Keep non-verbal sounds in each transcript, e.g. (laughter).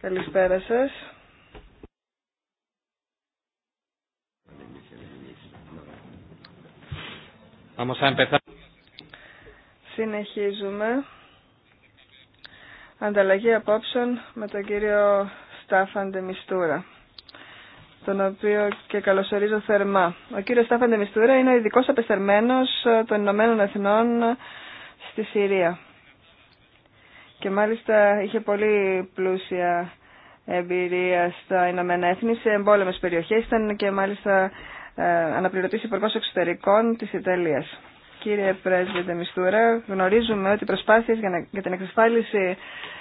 Καλησπέρα σας. Συνεχίζουμε. Ανταλλαγή απόψεων με τον κύριο Στάφαν Μιστούρα, τον οποίο και καλωσορίζω θερμά. Ο κύριος Στάφαν Μιστούρα είναι ο ειδικός απεστερμένο των Ηνωμένων Εθνών στη Συρία και μάλιστα είχε πολύ πλούσια εμπειρία στα Ηνωμένα Έθνη σε εμπόλεμες περιοχές. Ήταν και μάλιστα ε, αναπληρωτής υπουργός εξωτερικών της Ιταλίας. Κύριε Πρέσβη Μιστουρά, γνωρίζουμε ότι οι προσπάθειες για την εξασφάλιση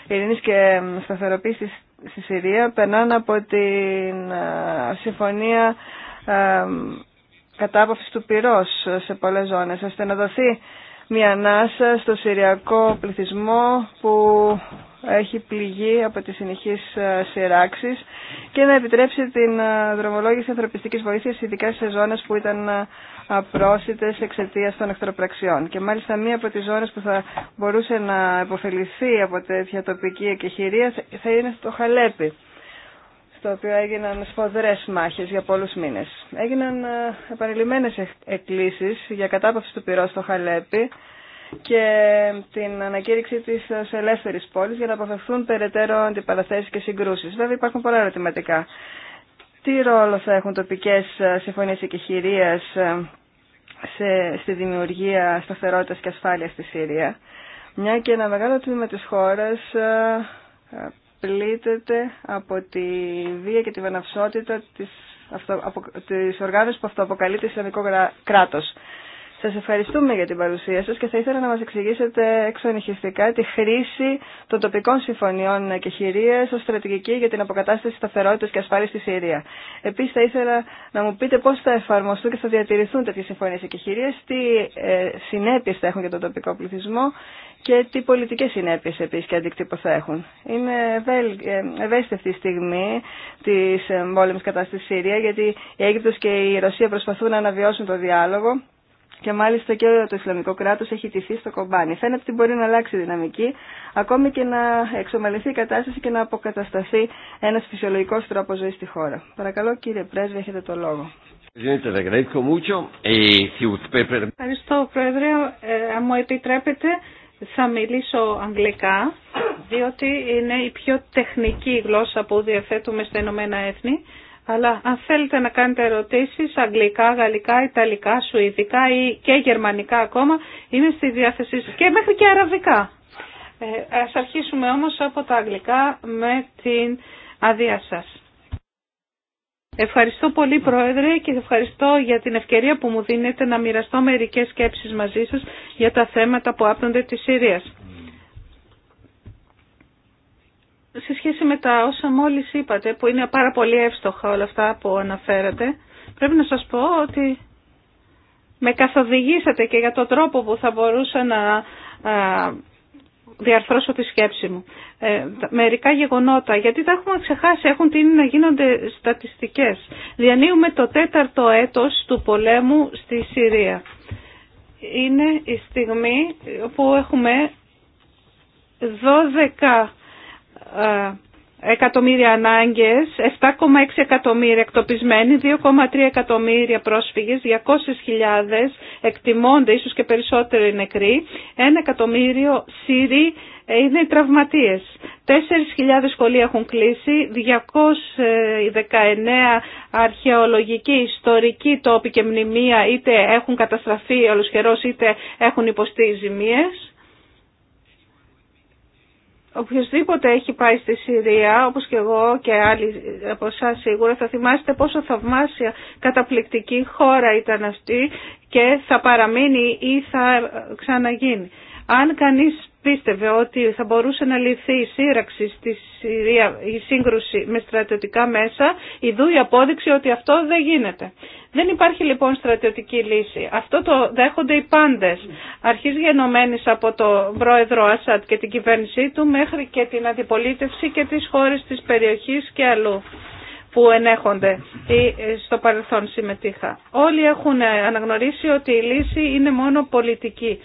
ειρήνης και ε, σταθεροποίηση στη Συρία περνάνε από την ε, συμφωνία κατάπαυσης του πυρός σε πολλές ζώνες, ώστε να δοθεί μια ανάσα στο συριακό πληθυσμό που έχει πληγεί από τις συνεχείς ε, σειράξεις και να επιτρέψει την ε, δρομολόγηση ανθρωπιστικής βοήθειας ειδικά σε ζώνες που ήταν ε, απρόσιτες εξαιτία των εχθροπραξιών. Και μάλιστα μία από τις ζώνες που θα μπορούσε να υποφεληθεί από τέτοια τοπική εκεχηρία θα είναι στο Χαλέπι το οποίο έγιναν σφοδρές μάχες για πολλούς μήνες. Έγιναν ε, επανειλημμένες εκκλήσεις για κατάπαυση του πυρός στο Χαλέπι και την ανακήρυξη της ε, ελεύθερης πόλης για να αποφευθούν περαιτέρω αντιπαραθέσεις και συγκρούσεις. Βέβαια υπάρχουν πολλά ερωτηματικά. Τι ρόλο θα έχουν τοπικές ε, συμφωνίες και σε, στη δημιουργία σταθερότητας και ασφάλειας στη Συρία, μια και ένα μεγάλο τμήμα της χώρας πλήττεται από τη βία και τη βαναυσότητα της, αυτο, της οργάνωσης που αυτοαποκαλείται Ισλαμικό κράτος. Σας ευχαριστούμε για την παρουσία σας και θα ήθελα να μας εξηγήσετε εξονυχιστικά τη χρήση των τοπικών συμφωνιών και χειρίες ως στρατηγική για την αποκατάσταση σταθερότητας και ασφάλειας στη Συρία. Επίσης θα ήθελα να μου πείτε πώς θα εφαρμοστούν και θα διατηρηθούν τέτοιες συμφωνίες και χειρίες, τι ε, συνέπειες θα έχουν για τον τοπικό πληθυσμό και τι πολιτικές συνέπειες επίσης και αντίκτυπο θα έχουν. Είναι ε, ευαίσθητη αυτή τη στιγμή της πόλεμης ε, κατάστασης Συρία γιατί η Αίγυπτος και η Ρωσία προσπαθούν να αναβιώσουν το διάλογο και μάλιστα και το Ισλαμικό κράτος έχει τηθεί στο κομπάνι. Φαίνεται ότι μπορεί να αλλάξει η δυναμική, ακόμη και να εξομαλυνθεί η κατάσταση και να αποκατασταθεί ένας φυσιολογικός τρόπος ζωής στη χώρα. Παρακαλώ κύριε Πρέσβη, έχετε το λόγο. E, Ευχαριστώ Πρόεδρε. Ε, αν μου επιτρέπετε θα μιλήσω αγγλικά, διότι είναι η πιο τεχνική γλώσσα που διαθέτουμε στα Ηνωμένα Έθνη. Αλλά αν θέλετε να κάνετε ερωτήσεις, αγγλικά, γαλλικά, ιταλικά, σουηδικά ή και γερμανικά ακόμα, είναι στη διάθεσή σας και μέχρι και αραβικά. Ε, ας αρχίσουμε όμως από τα αγγλικά με την άδεια σας. Ευχαριστώ πολύ Πρόεδρε και ευχαριστώ για την ευκαιρία που μου δίνετε να μοιραστώ μερικές σκέψεις μαζί σας για τα θέματα που άπτονται της Συρίας. Σε σχέση με τα όσα μόλις είπατε, που είναι πάρα πολύ εύστοχα όλα αυτά που αναφέρατε, πρέπει να σας πω ότι με καθοδηγήσατε και για τον τρόπο που θα μπορούσα να διαρθρώσω τη σκέψη μου. Ε, μερικά γεγονότα, γιατί τα έχουμε ξεχάσει, έχουν τίνει να γίνονται στατιστικές. Διανύουμε το τέταρτο έτος του πολέμου στη Συρία. Είναι η στιγμή που έχουμε 12 εκατομμύρια ανάγκες, 7,6 εκατομμύρια εκτοπισμένοι, 2,3 εκατομμύρια πρόσφυγες, 200.000 εκτιμώνται, ίσως και περισσότεροι νεκροί, 1 εκατομμύριο Σύριοι ε, είναι τραυματίες. 4.000 σχολεία έχουν κλείσει, 219 αρχαιολογικοί, ιστορικοί τόποι και μνημεία είτε έχουν καταστραφεί ολοσχερός είτε έχουν υποστεί ζημίες. Οποιοςδήποτε έχει πάει στη Συρία, όπως και εγώ και άλλοι από εσά σίγουρα, θα θυμάστε πόσο θαυμάσια καταπληκτική χώρα ήταν αυτή και θα παραμείνει ή θα ξαναγίνει. Αν κανείς πίστευε ότι θα μπορούσε να λυθεί η σύραξη στη η σύγκρουση με στρατιωτικά μέσα, ιδού η απόδειξη ότι αυτό δεν γίνεται. Δεν υπάρχει λοιπόν στρατιωτική λύση. Αυτό το δέχονται οι πάντε, αρχίζει γενομένης από τον πρόεδρο Ασάτ και την κυβέρνησή του, μέχρι και την αντιπολίτευση και τι χώρες τη περιοχή και αλλού που ενέχονται ή ε, στο παρελθόν συμμετείχα. Όλοι έχουν ε, αναγνωρίσει ότι η λύση είναι μόνο πολιτική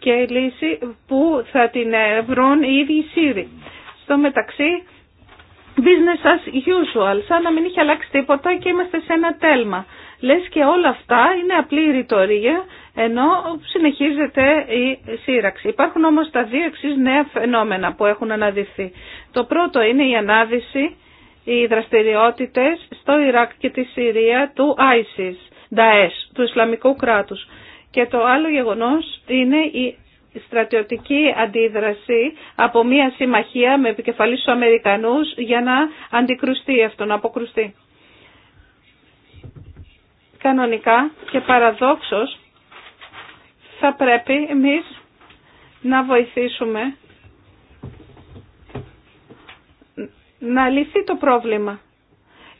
και λύση που θα την βρουν οι ίδιοι οι Στο μεταξύ, business as usual, σαν να μην είχε αλλάξει τίποτα και είμαστε σε ένα τέλμα. Λες και όλα αυτά είναι απλή ρητορία, ενώ συνεχίζεται η σύραξη. Υπάρχουν όμως τα δύο εξή νέα φαινόμενα που έχουν αναδειθεί. Το πρώτο είναι η ανάδυση, οι δραστηριότητες στο Ιράκ και τη Συρία του ISIS, του Ισλαμικού κράτους. Και το άλλο γεγονός είναι η στρατιωτική αντίδραση από μια συμμαχία με επικεφαλής του Αμερικανούς για να αντικρουστεί αυτό, να αποκρουστεί. Κανονικά και παραδόξως θα πρέπει εμείς να βοηθήσουμε να λυθεί το πρόβλημα.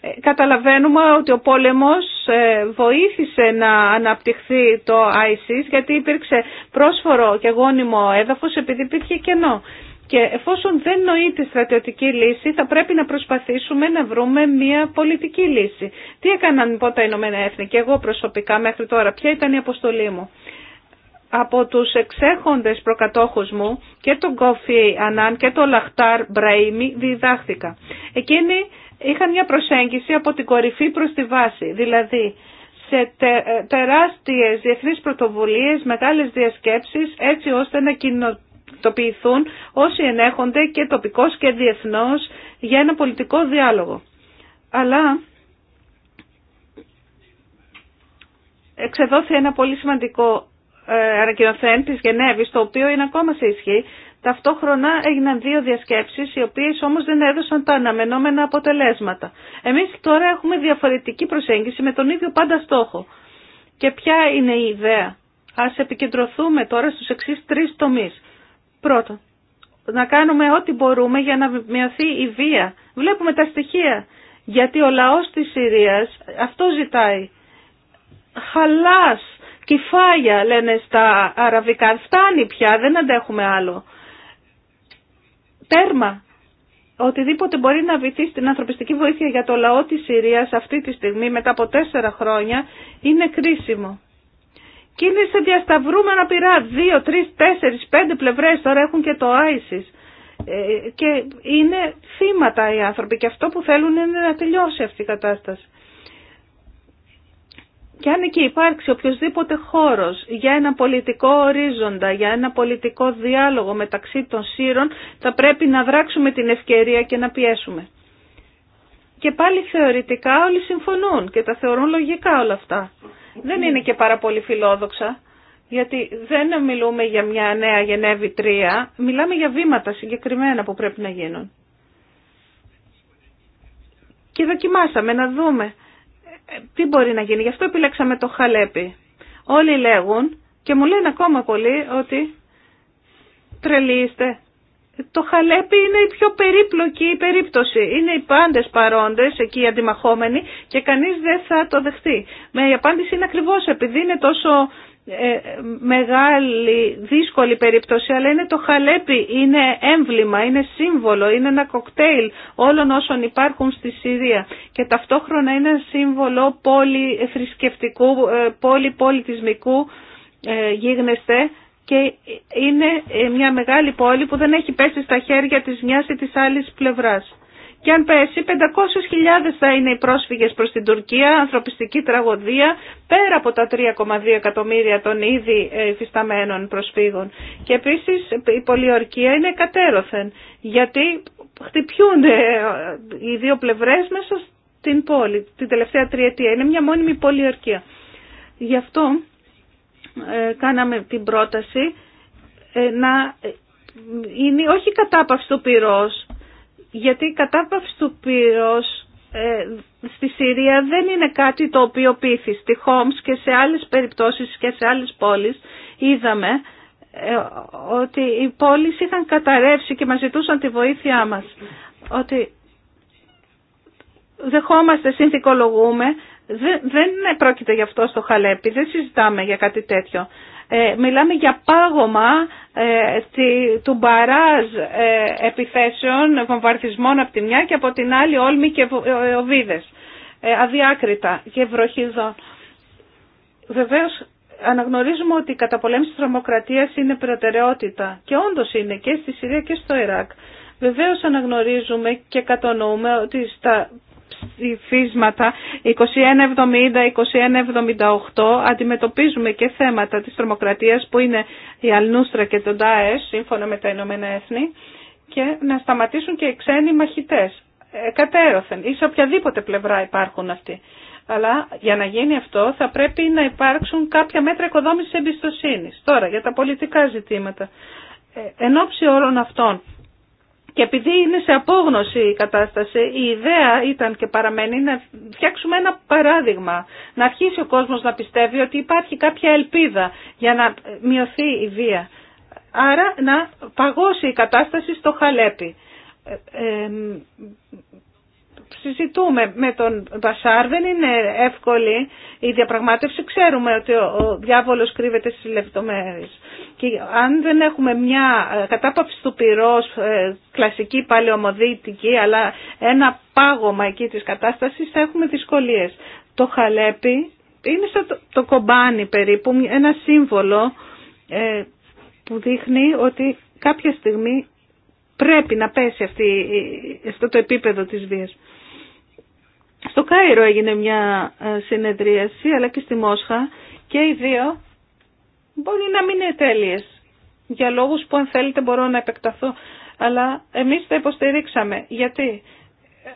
Ε, καταλαβαίνουμε ότι ο πόλεμος ε, βοήθησε να αναπτυχθεί το ISIS γιατί υπήρξε πρόσφορο και γόνιμο έδαφος επειδή υπήρχε κενό. Και εφόσον δεν νοεί τη στρατιωτική λύση θα πρέπει να προσπαθήσουμε να βρούμε μια πολιτική λύση. Τι έκαναν λοιπόν τα Ηνωμένα Έθνη και εγώ προσωπικά μέχρι τώρα, ποια ήταν η αποστολή μου. Από τους εξέχοντες προκατόχους μου και τον Κόφι Ανάν και τον Λαχτάρ Μπραήμι διδάχθηκα. Εκείνοι είχαν μια προσέγγιση από την κορυφή προς τη βάση. Δηλαδή, σε ε, τεράστιες διεθνείς πρωτοβουλίες, μεγάλες διασκέψεις, έτσι ώστε να κοινοτοποιηθούν όσοι ενέχονται και τοπικός και διεθνώς για ένα πολιτικό διάλογο. Αλλά εξεδόθη ένα πολύ σημαντικό ε, ανακοινωθέν της Γενέβης, το οποίο είναι ακόμα σε ισχύ, Ταυτόχρονα έγιναν δύο διασκέψεις, οι οποίες όμως δεν έδωσαν τα αναμενόμενα αποτελέσματα. Εμείς τώρα έχουμε διαφορετική προσέγγιση με τον ίδιο πάντα στόχο. Και ποια είναι η ιδέα. Ας επικεντρωθούμε τώρα στους εξή τρεις τομείς. Πρώτον, να κάνουμε ό,τι μπορούμε για να μειωθεί η βία. Βλέπουμε τα στοιχεία. Γιατί ο λαός της Συρίας αυτό ζητάει. Χαλάς, κυφάγια λένε στα αραβικά. Φτάνει πια, δεν αντέχουμε άλλο τέρμα οτιδήποτε μπορεί να βυθεί στην ανθρωπιστική βοήθεια για το λαό της Συρίας αυτή τη στιγμή μετά από τέσσερα χρόνια είναι κρίσιμο. Και είναι σε διασταυρούμενα πειρά. Δύο, τρεις, τέσσερις, πέντε πλευρές τώρα έχουν και το ISIS. Ε, και είναι θύματα οι άνθρωποι και αυτό που θέλουν είναι να τελειώσει αυτή η κατάσταση. Και αν εκεί υπάρξει οποιοδήποτε χώρος για ένα πολιτικό ορίζοντα, για ένα πολιτικό διάλογο μεταξύ των σύρων, θα πρέπει να δράξουμε την ευκαιρία και να πιέσουμε. Και πάλι θεωρητικά όλοι συμφωνούν και τα θεωρούν λογικά όλα αυτά. Δεν είναι και πάρα πολύ φιλόδοξα, γιατί δεν μιλούμε για μια νέα Γενέβη 3, μιλάμε για βήματα συγκεκριμένα που πρέπει να γίνουν. Και δοκιμάσαμε να δούμε ε, τι μπορεί να γίνει. Γι' αυτό επιλέξαμε το Χαλέπι. Όλοι λέγουν και μου λένε ακόμα πολύ ότι τρελίστε. Το Χαλέπι είναι η πιο περίπλοκη περίπτωση. Είναι οι πάντες παρόντες εκεί οι αντιμαχόμενοι και κανείς δεν θα το δεχτεί. Με η απάντηση είναι ακριβώς επειδή είναι τόσο ε, ε, μεγάλη, δύσκολη περίπτωση, αλλά είναι το χαλέπι, είναι έμβλημα, είναι σύμβολο, είναι ένα κοκτέιλ όλων όσων υπάρχουν στη Συρία και ταυτόχρονα είναι ένα σύμβολο πόλη θρησκευτικού, ε, πόλη πολιτισμικού γίγνεσθε και είναι μια μεγάλη πόλη που δεν έχει πέσει στα χέρια της μιας ή της άλλης πλευράς. Και αν πέσει, 500.000 θα είναι οι πρόσφυγες προς την Τουρκία, ανθρωπιστική τραγωδία, πέρα από τα 3,2 εκατομμύρια των ήδη υφισταμένων προσφύγων. Και επίσης η πολιορκία είναι κατέρωθεν, γιατί χτυπιούνται ε, οι δύο πλευρές μέσα στην πόλη. Την τελευταία τριετία είναι μια μόνιμη πολιορκία. Γι' αυτό ε, κάναμε την πρόταση ε, να είναι όχι κατάπαυση του πυρός, γιατί η κατάπαυση του πύρος ε, στη Συρία δεν είναι κάτι το οποίο πείθει. Στη Χόμς και σε άλλες περιπτώσεις και σε άλλες πόλεις είδαμε ε, ότι οι πόλεις είχαν καταρρεύσει και μας ζητούσαν τη βοήθειά μας. Ότι δεχόμαστε, συνθηκολογούμε, δεν, δεν πρόκειται γι' αυτό στο Χαλέπι, δεν συζητάμε για κάτι τέτοιο. Ε, μιλάμε για πάγωμα ε, του μπαράζ ε, επιθέσεων, βομβαρδισμών από τη μια και από την άλλη όλμοι και οβίδες, αδιάκριτα και βροχίδων. Βεβαίως αναγνωρίζουμε ότι η καταπολέμηση της τρομοκρατίας είναι προτεραιότητα και όντως είναι και στη Συρία και στο Ιράκ. Βεβαίως αναγνωρίζουμε και κατονοούμε ότι στα ψηφίσματα 2170-2178 αντιμετωπίζουμε και θέματα της τρομοκρατίας που είναι η Αλνούστρα και το ΝΤΑΕΣ σύμφωνα με τα Ηνωμένα Έθνη και να σταματήσουν και οι ξένοι μαχητές ε, κατέρωθεν ή σε οποιαδήποτε πλευρά υπάρχουν αυτοί. Αλλά για να γίνει αυτό θα πρέπει να υπάρξουν κάποια μέτρα οικοδόμησης εμπιστοσύνης. Τώρα για τα πολιτικά ζητήματα. Ε, εν ώψη όλων αυτών και επειδή είναι σε απόγνωση η κατάσταση, η ιδέα ήταν και παραμένει να φτιάξουμε ένα παράδειγμα. Να αρχίσει ο κόσμος να πιστεύει ότι υπάρχει κάποια ελπίδα για να μειωθεί η βία. Άρα να παγώσει η κατάσταση στο χαλέπι. Ε, ε, συζητούμε με τον Μπασάρ. Δεν είναι εύκολη η διαπραγμάτευση. Ξέρουμε ότι ο διάβολος κρύβεται στις λεπτομέρειες. Και αν δεν έχουμε μια ε, κατάπαυση του πυρός ε, κλασική παλαιομοδίτικη, αλλά ένα πάγωμα εκεί της κατάστασης, θα έχουμε δυσκολίες. Το χαλέπι είναι σαν το κομπάνι περίπου, ένα σύμβολο ε, που δείχνει ότι κάποια στιγμή πρέπει να πέσει αυτή, αυτό το επίπεδο της βίας. Στο Κάιρο έγινε μια ε, συνεδρίαση, αλλά και στη Μόσχα και οι δύο μπορεί να μην είναι τέλειες. Για λόγους που αν θέλετε μπορώ να επεκταθώ. Αλλά εμείς τα υποστηρίξαμε. Γιατί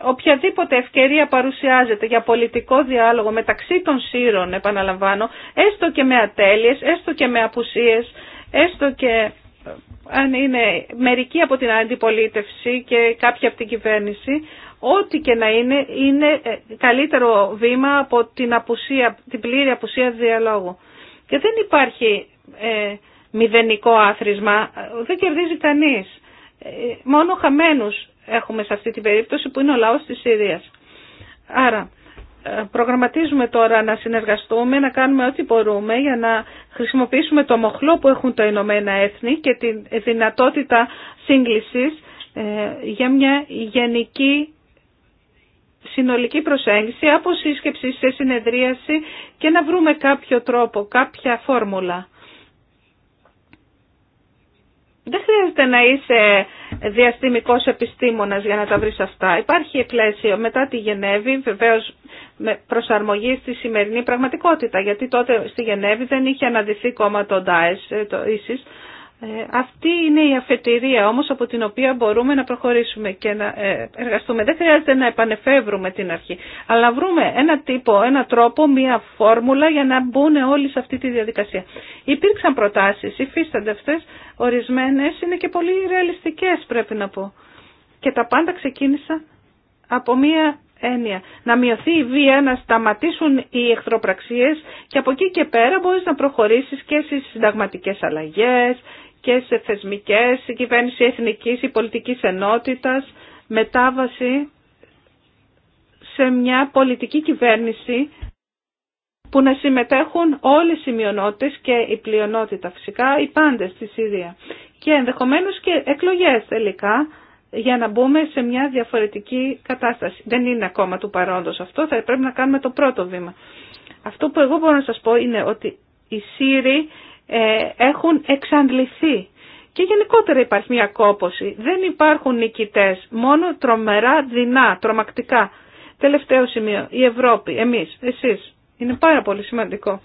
οποιαδήποτε ευκαιρία παρουσιάζεται για πολιτικό διάλογο μεταξύ των σύρων, επαναλαμβάνω, έστω και με ατέλειες, έστω και με απουσίες, έστω και ε, αν είναι μερικοί από την αντιπολίτευση και κάποιοι από την κυβέρνηση, ό,τι και να είναι, είναι ε, καλύτερο βήμα από την, απουσία, την πλήρη απουσία διαλόγου. Και δεν υπάρχει ε, μηδενικό άθροισμα, δεν κερδίζει κανείς. Ε, μόνο χαμένους έχουμε σε αυτή την περίπτωση που είναι ο λαός της Συρίας. Άρα, ε, προγραμματίζουμε τώρα να συνεργαστούμε, να κάνουμε ό,τι μπορούμε για να χρησιμοποιήσουμε το μοχλό που έχουν τα Ηνωμένα Έθνη και τη δυνατότητα σύγκλησης για μια γενική συνολική προσέγγιση από σύσκεψη σε συνεδρίαση και να βρούμε κάποιο τρόπο, κάποια φόρμουλα. Δεν χρειάζεται να είσαι διαστημικός επιστήμονας για να τα βρεις αυτά. Υπάρχει πλαίσιο μετά τη Γενέβη, βεβαίως με προσαρμογή στη σημερινή πραγματικότητα, γιατί τότε στη Γενέβη δεν είχε αναδυθεί κόμμα το ΝΤΑΕΣ, ε, το ίσις, ε, αυτή είναι η αφετηρία όμως από την οποία μπορούμε να προχωρήσουμε και να ε, εργαστούμε. Δεν χρειάζεται να επανεφεύρουμε την αρχή, αλλά βρούμε ένα τύπο, ένα τρόπο, μία φόρμουλα για να μπουν όλοι σε αυτή τη διαδικασία. Υπήρξαν προτάσεις, υφίστανται αυτές, ορισμένες είναι και πολύ ρεαλιστικές πρέπει να πω. Και τα πάντα ξεκίνησαν από μία έννοια. Να μειωθεί η βία, να σταματήσουν οι εχθροπραξίες και από εκεί και πέρα μπορείς να προχωρήσεις και στις συνταγματικές αλλαγές, και σε θεσμικές, η κυβέρνηση εθνικής ή πολιτική ενότητας, μετάβαση σε μια πολιτική κυβέρνηση που να συμμετέχουν όλες οι μειονότητες και η πλειονότητα φυσικά, οι πάντες στη Συρία. Και ενδεχομένως και εκλογές τελικά για να μπούμε σε μια διαφορετική κατάσταση. Δεν είναι ακόμα του παρόντος αυτό, θα πρέπει να κάνουμε το πρώτο βήμα. Αυτό που εγώ μπορώ να σας πω είναι ότι οι Σύριοι ε, έχουν εξαντληθεί. Και γενικότερα υπάρχει μια κόπωση. Δεν υπάρχουν νικητές, μόνο τρομερά δεινά, τρομακτικά. Τελευταίο σημείο, η Ευρώπη, εμείς, εσείς. Είναι πάρα πολύ σημαντικό.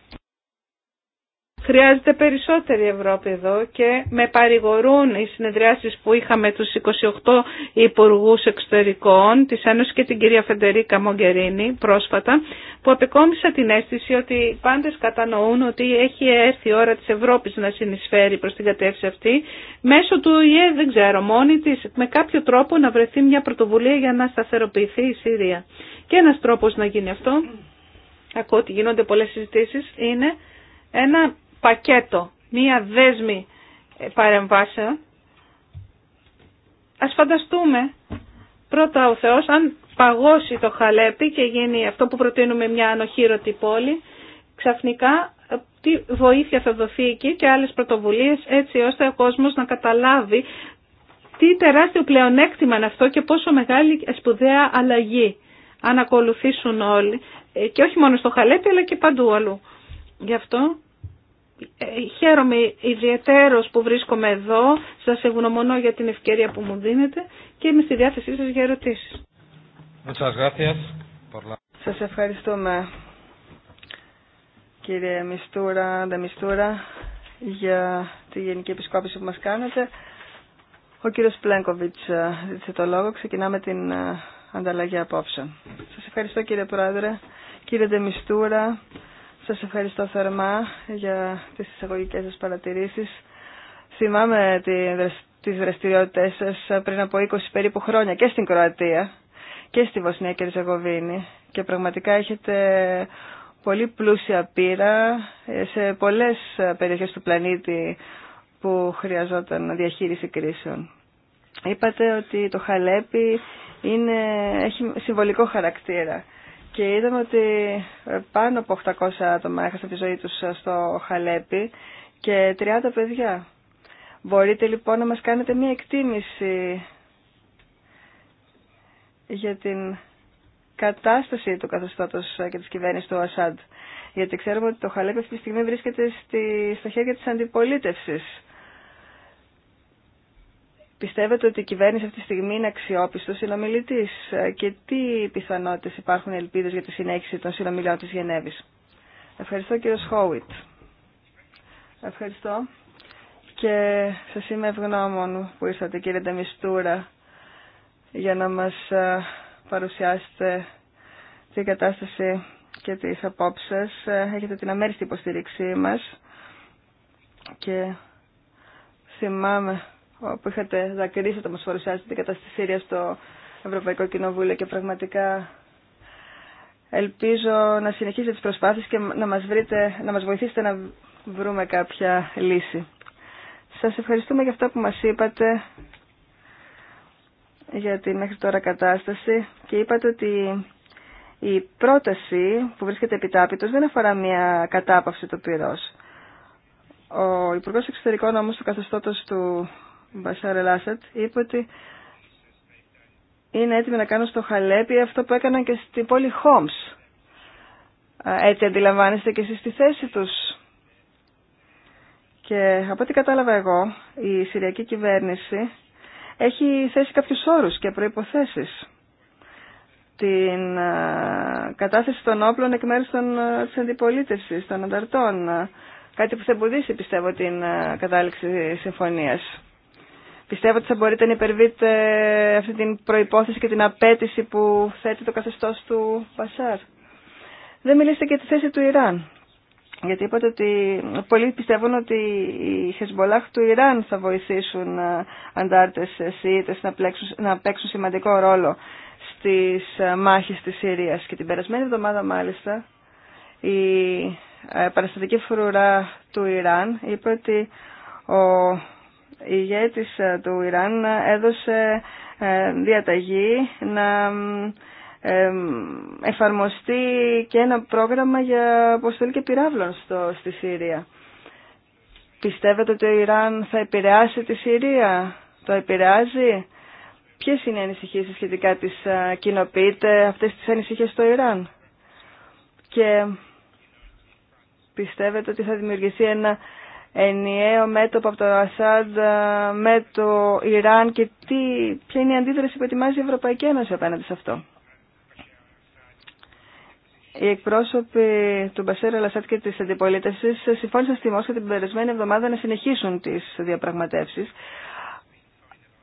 Χρειάζεται περισσότερη Ευρώπη εδώ και με παρηγορούν οι συνεδριάσεις που είχαμε τους 28 υπουργούς εξωτερικών της Ένωσης και την κυρία Φεντερίκα Μογκερίνη πρόσφατα που απεκόμισα την αίσθηση ότι πάντες κατανοούν ότι έχει έρθει η ώρα της Ευρώπης να συνεισφέρει προς την κατεύθυνση αυτή μέσω του ΙΕ δεν ξέρω μόνη της με κάποιο τρόπο να βρεθεί μια πρωτοβουλία για να σταθεροποιηθεί η Συρία. Και ένας τρόπος να γίνει αυτό, ακούω ότι γίνονται πολλές συζητήσεις, είναι ένα πακέτο, μία δέσμη ε, παρεμβάσεων, ας φανταστούμε πρώτα ο Θεός αν παγώσει το χαλέπι και γίνει αυτό που προτείνουμε μια ανοχήρωτη πόλη, ξαφνικά ε, τι βοήθεια θα δοθεί εκεί και άλλες πρωτοβουλίες έτσι ώστε ο κόσμος να καταλάβει τι τεράστιο πλεονέκτημα είναι αυτό και πόσο μεγάλη σπουδαία αλλαγή αν ακολουθήσουν όλοι ε, και όχι μόνο στο χαλέπι αλλά και παντού αλλού. Γι' αυτό ε, χαίρομαι ιδιαίτερος που βρίσκομαι εδώ. Σας ευγνωμονώ για την ευκαιρία που μου δίνετε και είμαι στη διάθεσή σας για ερωτήσεις. Σας ευχαριστούμε κύριε Μιστούρα, Μιστούρα, για τη Γενική Επισκόπηση που μας κάνετε. Ο κύριος Πλένκοβιτς ε, ζήτησε το λόγο. Ξεκινάμε την ε, ανταλλαγή απόψε. Σας ευχαριστώ κύριε Πρόεδρε, κύριε μιστούρα σας ευχαριστώ θερμά για τις εισαγωγικές σας παρατηρήσεις. Θυμάμαι τις δραστηριότητες σας πριν από 20 περίπου χρόνια και στην Κροατία και στη Βοσνία και Ριζεγοβίνη και πραγματικά έχετε πολύ πλούσια πείρα σε πολλές περιοχές του πλανήτη που χρειαζόταν διαχείριση κρίσεων. Είπατε ότι το Χαλέπι είναι, έχει συμβολικό χαρακτήρα και είδαμε ότι πάνω από 800 άτομα έχασαν τη ζωή τους στο Χαλέπι και 30 παιδιά. Μπορείτε λοιπόν να μας κάνετε μια εκτίμηση για την κατάσταση του καθεστώτος και της κυβέρνησης του Ασάντ. Γιατί ξέρουμε ότι το Χαλέπι αυτή τη στιγμή βρίσκεται στη, στα χέρια της αντιπολίτευσης. Πιστεύετε ότι η κυβέρνηση αυτή τη στιγμή είναι αξιόπιστο συνομιλητή ε, και τι πιθανότητε υπάρχουν ελπίδε για τη συνέχιση των συνομιλιών τη Γενέβη. Ευχαριστώ κύριο Σχόουιτ. Ευχαριστώ και σα είμαι ευγνώμων που ήρθατε κύριε Νταμιστούρα για να μα ε, παρουσιάσετε την κατάσταση και απόψει σα. Ε, έχετε την αμέριστη υποστήριξή μα. και θυμάμαι που είχατε δακρύσει όταν μας φορουσιάσετε την κατάσταση Σύρια στο Ευρωπαϊκό Κοινοβούλιο και πραγματικά ελπίζω να συνεχίσετε τις προσπάθειες και να μας, βρείτε, να μας βοηθήσετε να βρούμε κάποια λύση. Σας ευχαριστούμε για αυτά που μας είπατε για την μέχρι τώρα κατάσταση και είπατε ότι η πρόταση που βρίσκεται επιτάπητος δεν αφορά μια κατάπαυση του πυρός. Ο Υπουργός Εξωτερικών όμως του καθεστώτος του Μπασάρ Ελάσατ, είπε ότι είναι έτοιμοι να κάνουν στο Χαλέπι αυτό που έκαναν και στην πόλη Χόμς. Έτσι αντιλαμβάνεστε και εσείς τη θέση τους. Και από ό,τι κατάλαβα εγώ, η Συριακή κυβέρνηση έχει θέσει κάποιους όρους και προϋποθέσεις. Την κατάθεση των όπλων εκ μέρους των, της αντιπολίτευσης, των ανταρτών. Κάτι που θα εμποδίσει πιστεύω την κατάληξη συμφωνίας. Πιστεύω ότι θα μπορείτε να υπερβείτε ε, αυτή την προϋπόθεση και την απέτηση που θέτει το καθεστώς του Πασάρ. Δεν μιλήσετε και τη θέση του Ιράν. Γιατί είπατε ότι πολλοί πιστεύουν ότι οι Χεσμολάχ του Ιράν θα βοηθήσουν ε, αντάρτες ε, ΣΥΙΤΕΣ να, να παίξουν σημαντικό ρόλο στις μάχες της Συρίας. Και την περασμένη εβδομάδα μάλιστα η παραστατική φρουρά του Ιράν είπε ότι η ηγέτης ε, του Ιράν έδωσε ε, διαταγή να ε, εφαρμοστεί και ένα πρόγραμμα για αποστολή και πυράβλων στο, στη Σύρια. Πιστεύετε ότι ο Ιράν θα επηρεάσει τη Σύρια, το επηρεάζει. Ποιες είναι οι ανησυχίες σχετικά τι κοινοποιείται αυτές τις ανησυχίες στο Ιράν. Και πιστεύετε ότι θα δημιουργηθεί ένα ενιαίο μέτωπο από το Ασάντ ε, με το Ιράν και τι, ποια είναι η αντίδραση που ετοιμάζει η Ευρωπαϊκή Ένωση απέναντι σε αυτό. Οι εκπρόσωποι του Μπασέρ Αλασάτ και τη αντιπολίτευση συμφώνησαν στη Μόσχα την περασμένη εβδομάδα να συνεχίσουν τι διαπραγματεύσει.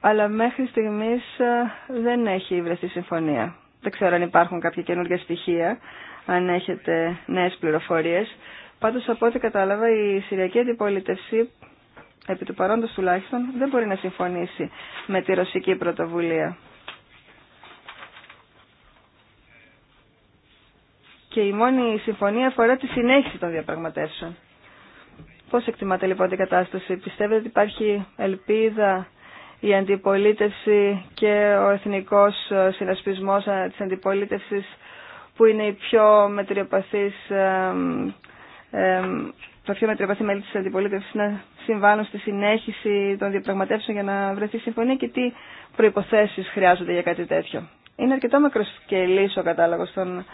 Αλλά μέχρι στιγμή ε, δεν έχει βρεθεί συμφωνία. Δεν ξέρω αν υπάρχουν κάποια καινούργια στοιχεία, αν έχετε νέε πληροφορίε. Πάντω από ό,τι κατάλαβα η Συριακή Αντιπολίτευση επί του παρόντο τουλάχιστον δεν μπορεί να συμφωνήσει με τη ρωσική πρωτοβουλία. Και η μόνη συμφωνία αφορά τη συνέχιση των διαπραγματεύσεων. Πώς εκτιμάτε λοιπόν την κατάσταση. Πιστεύετε ότι υπάρχει ελπίδα η αντιπολίτευση και ο εθνικός συνασπισμός της αντιπολίτευσης που είναι η πιο μετριοπαθή το πιο μετριοπαθή μέλη της αντιπολίτευσης να συμβάλλουν στη συνέχιση των διαπραγματεύσεων για να βρεθεί συμφωνία και τι προϋποθέσεις χρειάζονται για κάτι τέτοιο. Είναι αρκετό μακροσκελής ο κατάλογος των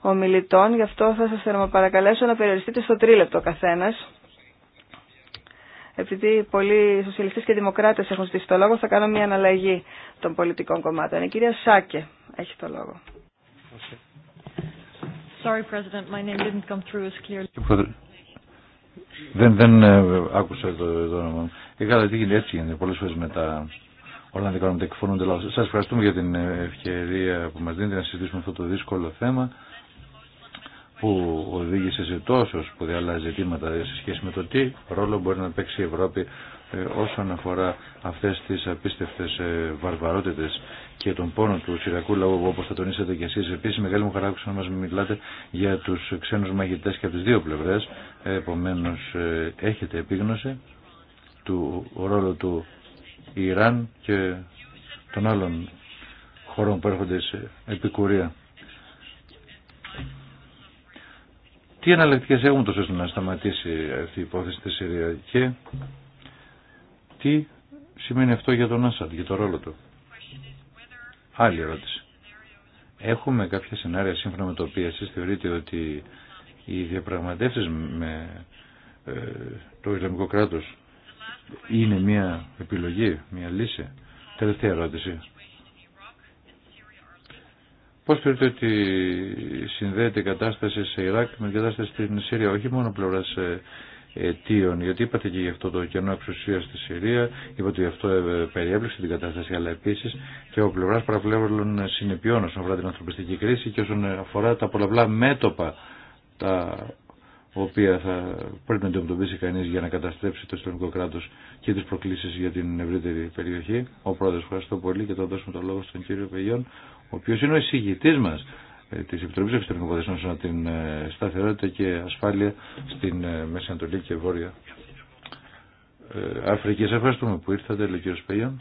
ομιλητών, γι' αυτό θα σας θερμοπαρακαλέσω να περιοριστείτε στο τρίλεπτο καθένας. Επειδή πολλοί σοσιαλιστές και δημοκράτες έχουν ζητήσει το λόγο, θα κάνω μια αναλλαγή των πολιτικών κομμάτων. Η κυρία Σάκε έχει το λόγο. Sorry, President, my name didn't come through as clearly. Δεν, δεν ε, άκουσα το, το όνομα μου. Είχατε τι γίνεται, έτσι γίνεται πολλές φορές με τα Ολλανδικά τα εκφωνούνται λάθο. Σας ευχαριστούμε για την ευκαιρία που μας δίνετε να συζητήσουμε αυτό το δύσκολο θέμα που οδήγησε σε τόσο σπουδαία άλλα ζητήματα σε σχέση με το τι ρόλο μπορεί να παίξει η Ευρώπη ε, όσον αφορά αυτές τις απίστευτες ε, βαρβαρότητες και τον πόνο του Συριακού λαού, όπω θα τονίσατε κι εσεί. Επίση, μεγάλη μου χαρά που να μα μιλάτε για του ξένου μαγητέ και από τι δύο πλευρέ. Επομένω, ε, έχετε επίγνωση του ρόλου του Ιράν και των άλλων χωρών που έρχονται σε επικουρία. Τι εναλλακτικές έχουμε τόσο ώστε να σταματήσει αυτή η υπόθεση στη Συρία και τι σημαίνει αυτό για τον Άσαντ, για το ρόλο του. Άλλη ερώτηση. Έχουμε κάποια σενάρια σύμφωνα με το οποία εσείς θεωρείτε ότι οι διαπραγματεύσεις με ε, το Ισλαμικό κράτος είναι μια επιλογή, μια λύση. Τελευταία ερώτηση. Πώς θεωρείτε ότι συνδέεται η κατάσταση σε Ιράκ με την κατάσταση στην Συρία, όχι μόνο πλευράς ε, αιτίων. Γιατί είπατε και γι' αυτό το κενό εξουσία στη Συρία, είπατε ότι αυτό ε, περιέπλεξε την κατάσταση, αλλά επίση και ο πλευρά παραβλέπων συνεπειών όσον αφορά την ανθρωπιστική κρίση και όσον αφορά τα πολλαπλά μέτωπα τα οποία θα πρέπει να αντιμετωπίσει κανεί για να καταστρέψει το ιστορικό κράτο και τι προκλήσει για την ευρύτερη περιοχή. Ο πρόεδρο, ευχαριστώ πολύ και θα δώσουμε το λόγο στον κύριο Πεγιόν, ο οποίο είναι ο εισηγητή μα ε, της Επιτροπής Εξωτερικών Υποθέσεων να την ε, σταθερότητα και ασφάλεια στην ε, Μέση Ανατολή και Βόρεια Αφρική. Σε ευχαριστούμε που ήρθατε, λέει ο κ. Πέγιον.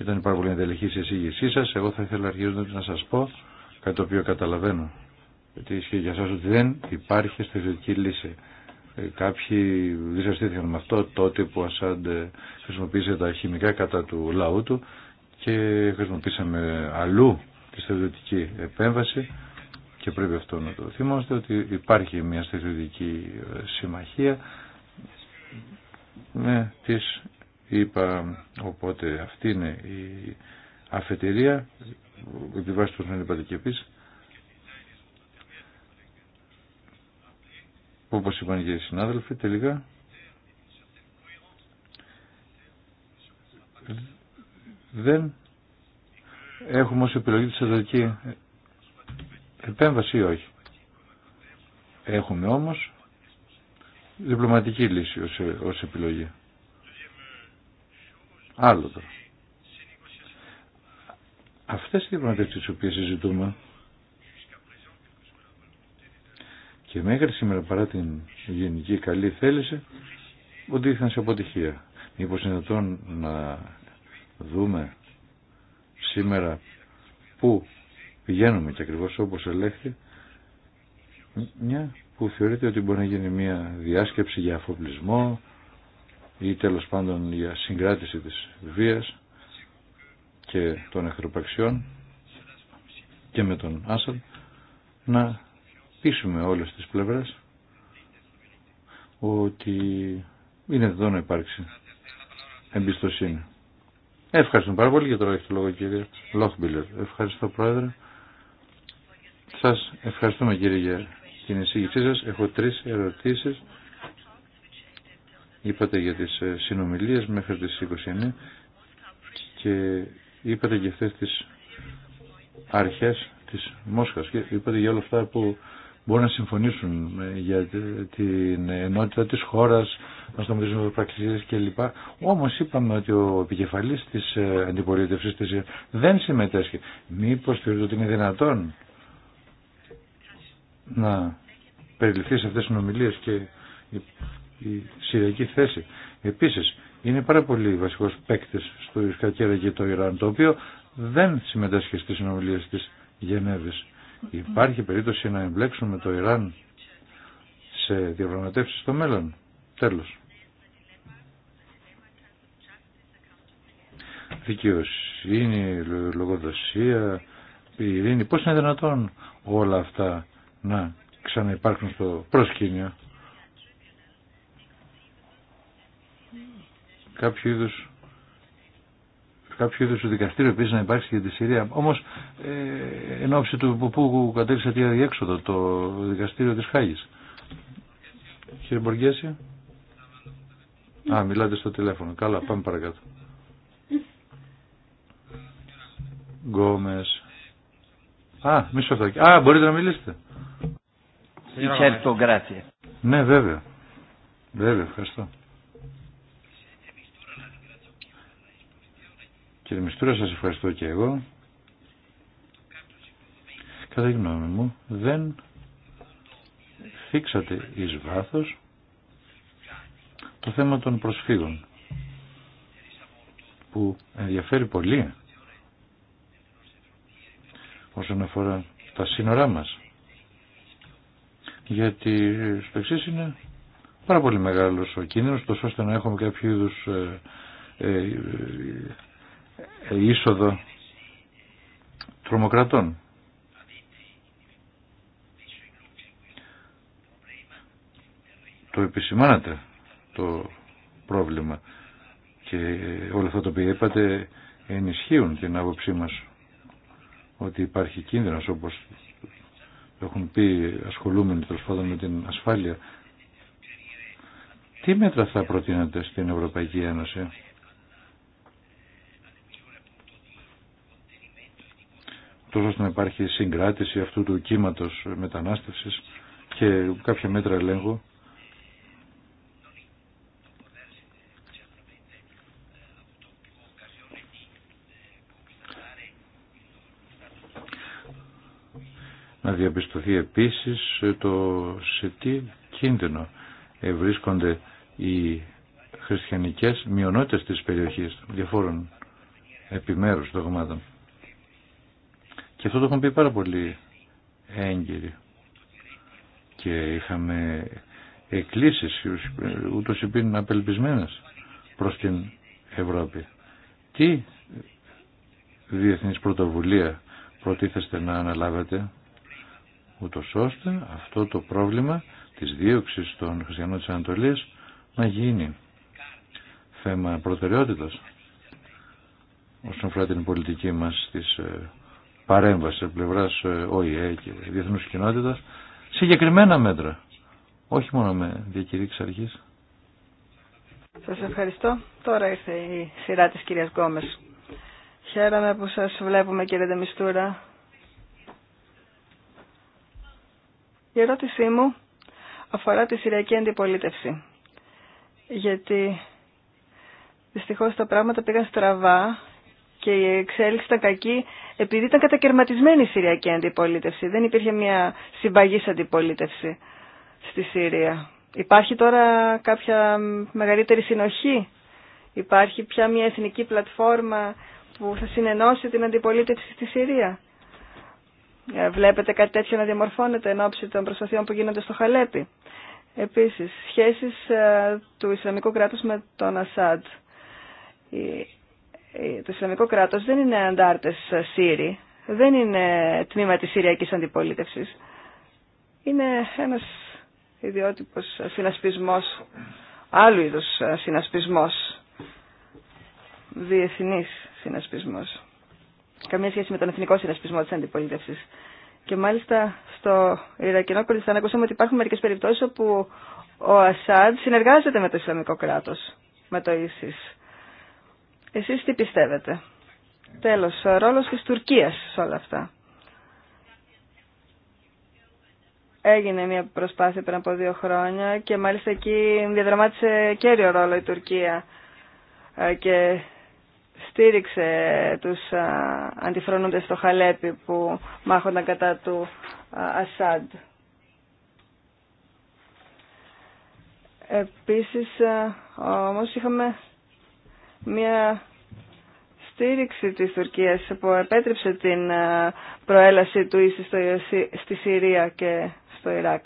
Ήταν πάρα πολύ εντελεχή η εισήγησή σα. Εγώ θα ήθελα αρχίζοντα να σα πω κάτι το οποίο καταλαβαίνω. Γιατί ισχύει για εσά ότι δεν υπάρχει στρατιωτική λύση. Κάποιοι δυσαρεστήθηκαν με αυτό τότε που ο Ασάντ χρησιμοποίησε τα χημικά κατά του λαού του και χρησιμοποίησαμε αλλού τη στρατιωτική επέμβαση και πρέπει αυτό να το θυμόμαστε ότι υπάρχει μια στρατιωτική ε, συμμαχία με τις είπα οπότε αυτή είναι η αφετηρία τη τους του είπατε και επίσης όπως είπαν και οι συνάδελφοι τελικά δεν έχουμε ως επιλογή τη ερωτική επέμβαση ή όχι. Έχουμε όμως διπλωματική λύση ως, επιλογή. Άλλο τώρα. Αυτές οι διπλωματικές τις οποίες συζητούμε και μέχρι σήμερα παρά την γενική καλή θέληση ήρθαν σε αποτυχία. Μήπως είναι να δούμε σήμερα πού πηγαίνουμε και ακριβώς όπως ελέγχθη μια που θεωρείται ότι μπορεί να γίνει μια διάσκεψη για αφοπλισμό ή τέλος πάντων για συγκράτηση της βίας και των εχθροπαξιών και με τον Άσαν να πείσουμε όλες τις πλευρές ότι είναι εδώ να υπάρξει εμπιστοσύνη. Ευχαριστούμε πάρα πολύ για το λόγο κύριε Λόχμπιλερ. Ευχαριστώ πρόεδρε. Σας ευχαριστούμε κύριε για την εισήγησή σας. Έχω τρεις ερωτήσεις. Είπατε για τις ε, συνομιλίες μέχρι τις 29 και είπατε για αυτές τις αρχές της Μόσχας και είπατε για όλα αυτά που μπορούν να συμφωνήσουν για την ενότητα της χώρας, να σταματήσουν τις πραξίες κλπ. Όμως είπαμε ότι ο επικεφαλής της ε, αντιπολίτευσης της ε, δεν συμμετέσχει. Μήπως θεωρείτε ότι είναι δυνατόν να περιληφθεί σε αυτές τις ομιλίες και η συριακή θέση. Επίσης, είναι πάρα πολύ βασικός παίκτης στο Ισκακέρα και το Ιράν, το οποίο δεν συμμετέσχει στις συνομιλίες της Γενέβης. Υπάρχει περίπτωση να εμπλέξουμε το Ιράν σε διαπραγματεύσει στο μέλλον. Τέλος. Δικαιοσύνη, λογοδοσία, η ειρήνη. Πώς είναι δυνατόν όλα αυτά να ξαναυπάρχουν στο προσκήνιο. Κάποιο είδους κάποιο είδου δικαστήριο επίση να υπάρξει για τη Συρία. Όμω, ε, εν ώψη του που κατέληξε τη διέξοδο το δικαστήριο τη Χάγη. Κύριε Μποργέση. Α, μιλάτε στο τηλέφωνο. Καλά, πάμε παρακάτω. Γκόμε. Α, μισό λεπτό. Α, μπορείτε να μιλήσετε. Ναι, βέβαια. Βέβαια, ευχαριστώ. Κύριε Μιστούρα, σας ευχαριστώ και εγώ. Κατά γνώμη μου, δεν φίξατε εις βάθος το θέμα των προσφύγων που ενδιαφέρει πολύ όσον αφορά τα σύνορά μας γιατί στο εξή είναι πάρα πολύ μεγάλος ο κίνδυνος τόσο ώστε να έχουμε κάποιο είδους ε, ε, είσοδο τρομοκρατών. Το επισημάνατε το πρόβλημα και όλα αυτά το οποία είπατε ενισχύουν την άποψή μας ότι υπάρχει κίνδυνος όπως έχουν πει ασχολούμενοι με την ασφάλεια. Τι μέτρα θα προτείνετε στην Ευρωπαϊκή Ένωση τόσο ώστε να υπάρχει συγκράτηση αυτού του κύματος μετανάστευσης και κάποια μέτρα ελέγχου. Να διαπιστωθεί επίσης το σε τι κίνδυνο βρίσκονται οι χριστιανικές μειονότητες της περιοχής διαφόρων επιμέρους δογμάτων. Και αυτό το έχουν πει πάρα πολύ έγκυροι. Και είχαμε εκκλήσεις, ούτως υπήρουν απελπισμένες προς την Ευρώπη. Τι διεθνής πρωτοβουλία προτίθεστε να αναλάβετε ούτως ώστε αυτό το πρόβλημα της δίωξης των χριστιανών της Ανατολής να γίνει θέμα προτεραιότητας όσον αφορά την πολιτική μας στις ε, παρέμβαση από πλευρά ε, ΟΗΕ και διεθνού κοινότητα συγκεκριμένα μέτρα. Όχι μόνο με διακηρύξει αρχή. Σα ευχαριστώ. Τώρα ήρθε η σειρά τη κυρία Γκόμε. Χαίρομαι που σα βλέπουμε κύριε Ντεμιστούρα. Η ερώτησή μου αφορά τη Συριακή Αντιπολίτευση. Γιατί δυστυχώς τα πράγματα πήγαν στραβά και η εξέλιξη ήταν κακή επειδή ήταν κατακαιρματισμένη η Συριακή αντιπολίτευση. Δεν υπήρχε μια συμπαγής αντιπολίτευση στη Συρία. Υπάρχει τώρα κάποια μεγαλύτερη συνοχή. Υπάρχει πια μια εθνική πλατφόρμα που θα συνενώσει την αντιπολίτευση στη Συρία. Ε, βλέπετε κάτι τέτοιο να διαμορφώνεται εν ώψη των προσπαθειών που γίνονται στο Χαλέπι. Επίσης, σχέσεις ε, του Ισλαμικού κράτους με τον Ασάντ. Ε, το Ισλαμικό κράτος δεν είναι αντάρτε Σύριοι, δεν είναι τμήμα της Συριακής αντιπολίτευση. Είναι ένας ιδιότυπος συνασπισμό, άλλου είδου συνασπισμό, διεθνή συνασπισμό. Καμία σχέση με τον εθνικό συνασπισμό της αντιπολίτευση. Και μάλιστα στο Ιρακινό Κουρδιστάν ακούσαμε ότι υπάρχουν μερικέ περιπτώσει όπου ο Ασάντ συνεργάζεται με το Ισλαμικό κράτο με το ΙΣΙΣ. Εσείς τι πιστεύετε. Τέλος, ο ρόλος της Τουρκίας σε όλα αυτά. Έγινε μια προσπάθεια πριν από δύο χρόνια και μάλιστα εκεί διαδραμάτισε κέριο ρόλο η Τουρκία ε, και στήριξε τους ε, αντιφρονούντες στο Χαλέπι που μάχονταν κατά του ε, Ασάντ. Επίσης όμως είχαμε μια στήριξη της Τουρκίας που επέτρεψε την ε, προέλαση του ίσης στη Συρία και στο Ιράκ.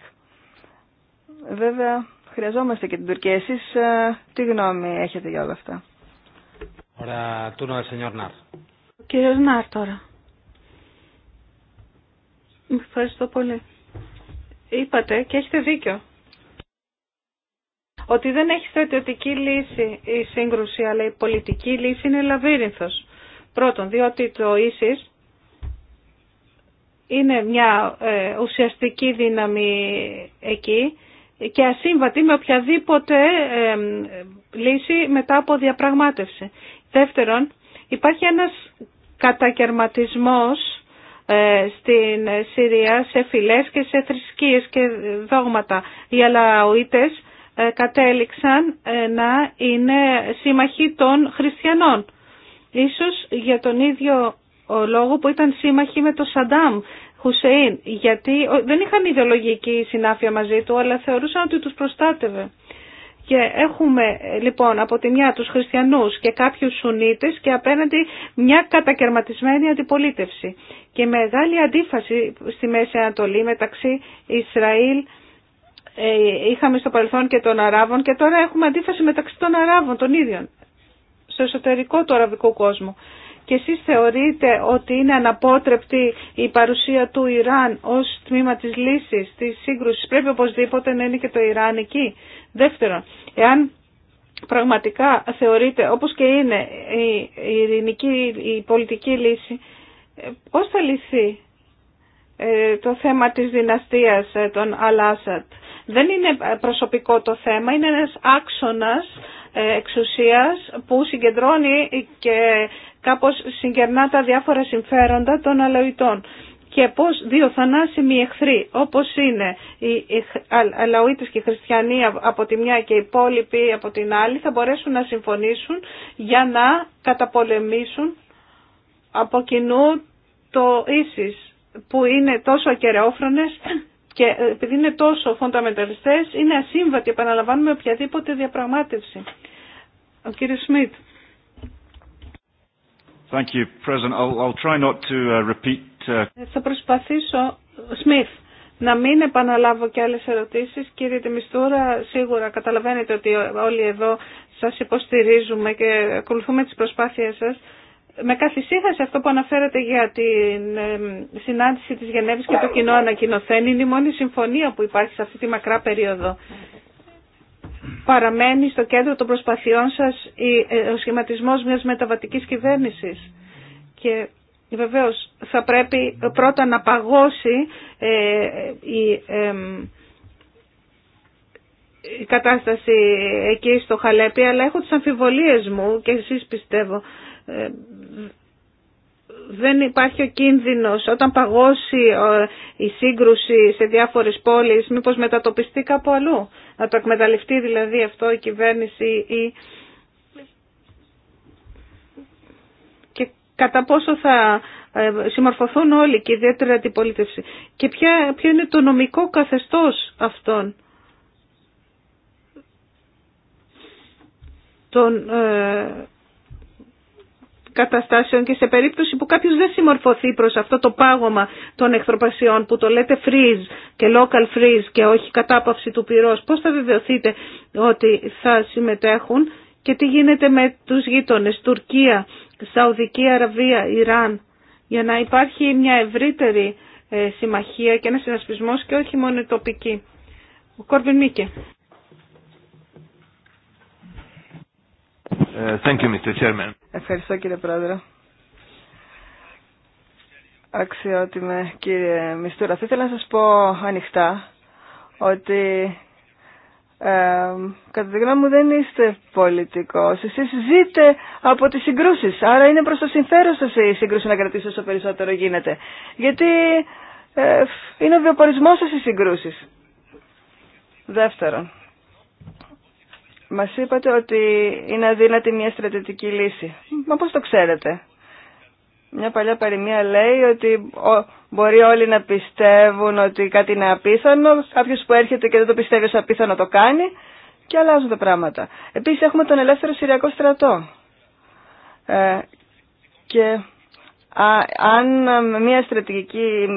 Βέβαια, χρειαζόμαστε και την Τουρκία. Εσείς ε, τι γνώμη έχετε για όλα αυτά. Ωραία, τούρνο ε, Νάρ. Ο κύριος Νάρ τώρα. Ευχαριστώ πολύ. Είπατε και έχετε δίκιο ότι δεν έχει στρατιωτική λύση η σύγκρουση, αλλά η πολιτική λύση είναι λαβύρινθος. Πρώτον, διότι το ίσις είναι μια ε, ουσιαστική δύναμη εκεί και ασύμβατη με οποιαδήποτε ε, λύση μετά από διαπραγμάτευση. Δεύτερον, υπάρχει ένας κατακαιρματισμός ε, στην Συρία σε φυλές και σε θρησκείες και δόγματα. Οι αλαοίτες ε, κατέληξαν ε, να είναι σύμμαχοι των χριστιανών. Ίσως για τον ίδιο λόγο που ήταν σύμμαχοι με τον Σαντάμ Χουσέιν, γιατί δεν είχαν ιδεολογική συνάφεια μαζί του, αλλά θεωρούσαν ότι τους προστάτευε. Και έχουμε λοιπόν από τη μια τους χριστιανούς και κάποιους σουνίτες και απέναντι μια κατακαιρματισμένη αντιπολίτευση. Και μεγάλη αντίφαση στη Μέση Ανατολή μεταξύ Ισραήλ ε, είχαμε στο παρελθόν και των Αράβων και τώρα έχουμε αντίφαση μεταξύ των Αράβων των ίδιων στο εσωτερικό του αραβικού κόσμου. Και εσείς θεωρείτε ότι είναι αναπότρεπτη η παρουσία του Ιράν ως τμήμα της λύσης, της σύγκρουσης. Πρέπει οπωσδήποτε να είναι και το Ιράν εκεί. Δεύτερον, εάν πραγματικά θεωρείτε, όπως και είναι η ειρηνική, η πολιτική λύση, ε, πώς θα λυθεί ε, το θέμα της δυναστείας των Αλάσατ δεν είναι προσωπικό το θέμα, είναι ένας άξονας ε, εξουσίας που συγκεντρώνει και κάπως συγκερνά τα διάφορα συμφέροντα των αλαοητών. Και πώς δύο θανάσιμοι εχθροί, όπως είναι οι αλαοίτες και οι χριστιανοί από τη μια και οι υπόλοιποι από την άλλη, θα μπορέσουν να συμφωνήσουν για να καταπολεμήσουν από κοινού το ίσις που είναι τόσο ακεραιόφρονες και ε, επειδή είναι τόσο φονταμεταλιστές, είναι ασύμβατοι, επαναλαμβάνουμε οποιαδήποτε διαπραγμάτευση. Ο κύριος Σμιτ. Θα προσπαθήσω, Σμιθ, να μην επαναλάβω και άλλες ερωτήσεις. Κύριε Τεμιστούρα, σίγουρα καταλαβαίνετε ότι όλοι εδώ σας υποστηρίζουμε και ακολουθούμε τις προσπάθειές σας με καθυσίχασε αυτό που αναφέρατε για την συνάντηση της Γενέβης και το κοινό ανακοινωθέν είναι η μόνη συμφωνία που υπάρχει σε αυτή τη μακρά περίοδο. Παραμένει στο κέντρο των προσπαθειών σας ε, ο σχηματισμός μιας μεταβατικής κυβέρνησης και βεβαίως θα πρέπει πρώτα να παγώσει ε, η η κατάσταση εκεί στο Χαλέπι, αλλά έχω τις αμφιβολίες μου και εσείς πιστεύω ε, δεν υπάρχει ο κίνδυνος όταν παγώσει η σύγκρουση σε διάφορες πόλεις μήπως μετατοπιστεί κάπου αλλού να το εκμεταλλευτεί δηλαδή αυτό η κυβέρνηση και κατά πόσο θα ε, συμμορφωθούν όλοι και ιδιαίτερα την πολίτευση και ποια, ποιο είναι το νομικό καθεστώς αυτών των ε, καταστάσεων και σε περίπτωση που κάποιος δεν συμμορφωθεί προς αυτό το πάγωμα των εχθροπασιών που το λέτε freeze και local freeze και όχι κατάπαυση του πυρός, πώς θα βεβαιωθείτε ότι θα συμμετέχουν και τι γίνεται με τους γείτονες Τουρκία, Σαουδική Αραβία, Ιράν για να υπάρχει μια ευρύτερη ε, συμμαχία και ένα συνασπισμός και όχι μόνο τοπική. Ο Κόρβιν Μίκε. Ε, thank you, Mr. Chairman. Ευχαριστώ κύριε Πρόεδρε. Αξιότιμε κύριε Μιστούρα, θα ήθελα να σας πω ανοιχτά ότι κατά τη γνώμη μου δεν είστε πολιτικός. Εσείς ζείτε από τις συγκρούσεις. Άρα είναι προς το συμφέρον σας η σύγκρουση να κρατήσει όσο περισσότερο γίνεται. Γιατί ε, είναι ο βιοπορισμός σας οι συγκρούσεις. Δεύτερον, μας είπατε ότι είναι αδύνατη μια στρατητική λύση. Μα πώς το ξέρετε. Μια παλιά παροιμία λέει ότι μπορεί όλοι να πιστεύουν ότι κάτι είναι απίθανο, κάποιος που έρχεται και δεν το πιστεύει ως απίθανο το κάνει και αλλάζουν τα πράγματα. Επίσης έχουμε τον ελεύθερο Συριακό στρατό. Ε, και αν μια στρατηγική,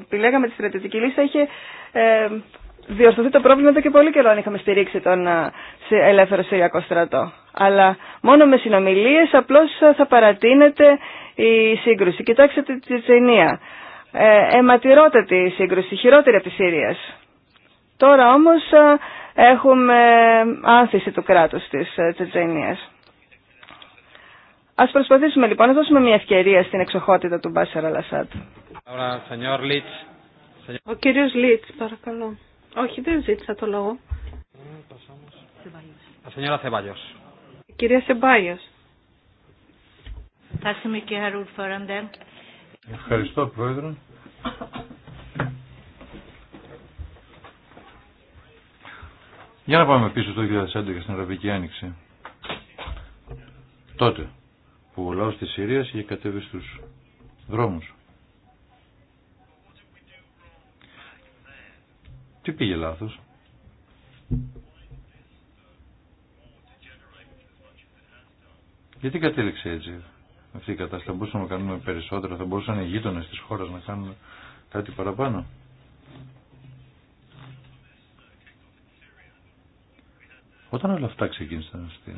επιλέγαμε τη στρατηγική λύση, θα είχε ε, διορθωθεί το πρόβλημα εδώ και πολύ καιρό αν είχαμε στηρίξει τον ε, ελεύθερο Συριακό στρατό. Αλλά μόνο με συνομιλίε απλώς ε, θα παρατείνεται η σύγκρουση. Κοιτάξτε τη Τσετσενία. Ε, αιματηρότατη σύγκρουση, χειρότερη από τη Σύρια. Τώρα όμως ε, έχουμε άνθηση του κράτου τη Τσετσενία. Ας προσπαθήσουμε λοιπόν να δώσουμε μια ευκαιρία στην εξοχότητα του Μπάσερα Λασάτ. Ο κύριος Λίτς, παρακαλώ. Όχι, δεν ζήτησα το λόγο. Κυρία Σεμπάγιος. Ευχαριστώ, Πρόεδρε. Για να πάμε πίσω το 2011 στην Αραβική Άνοιξη. Τότε που ο λαός της Συρίας είχε κατέβει στους δρόμους. Τι πήγε λάθο. Γιατί κατέληξε έτσι αυτή η κατάσταση. Θα μπορούσαμε να κάνουμε περισσότερα, θα μπορούσαν οι γείτονε τη χώρα να κάνουν κάτι παραπάνω. Όταν όλα αυτά ξεκίνησαν στην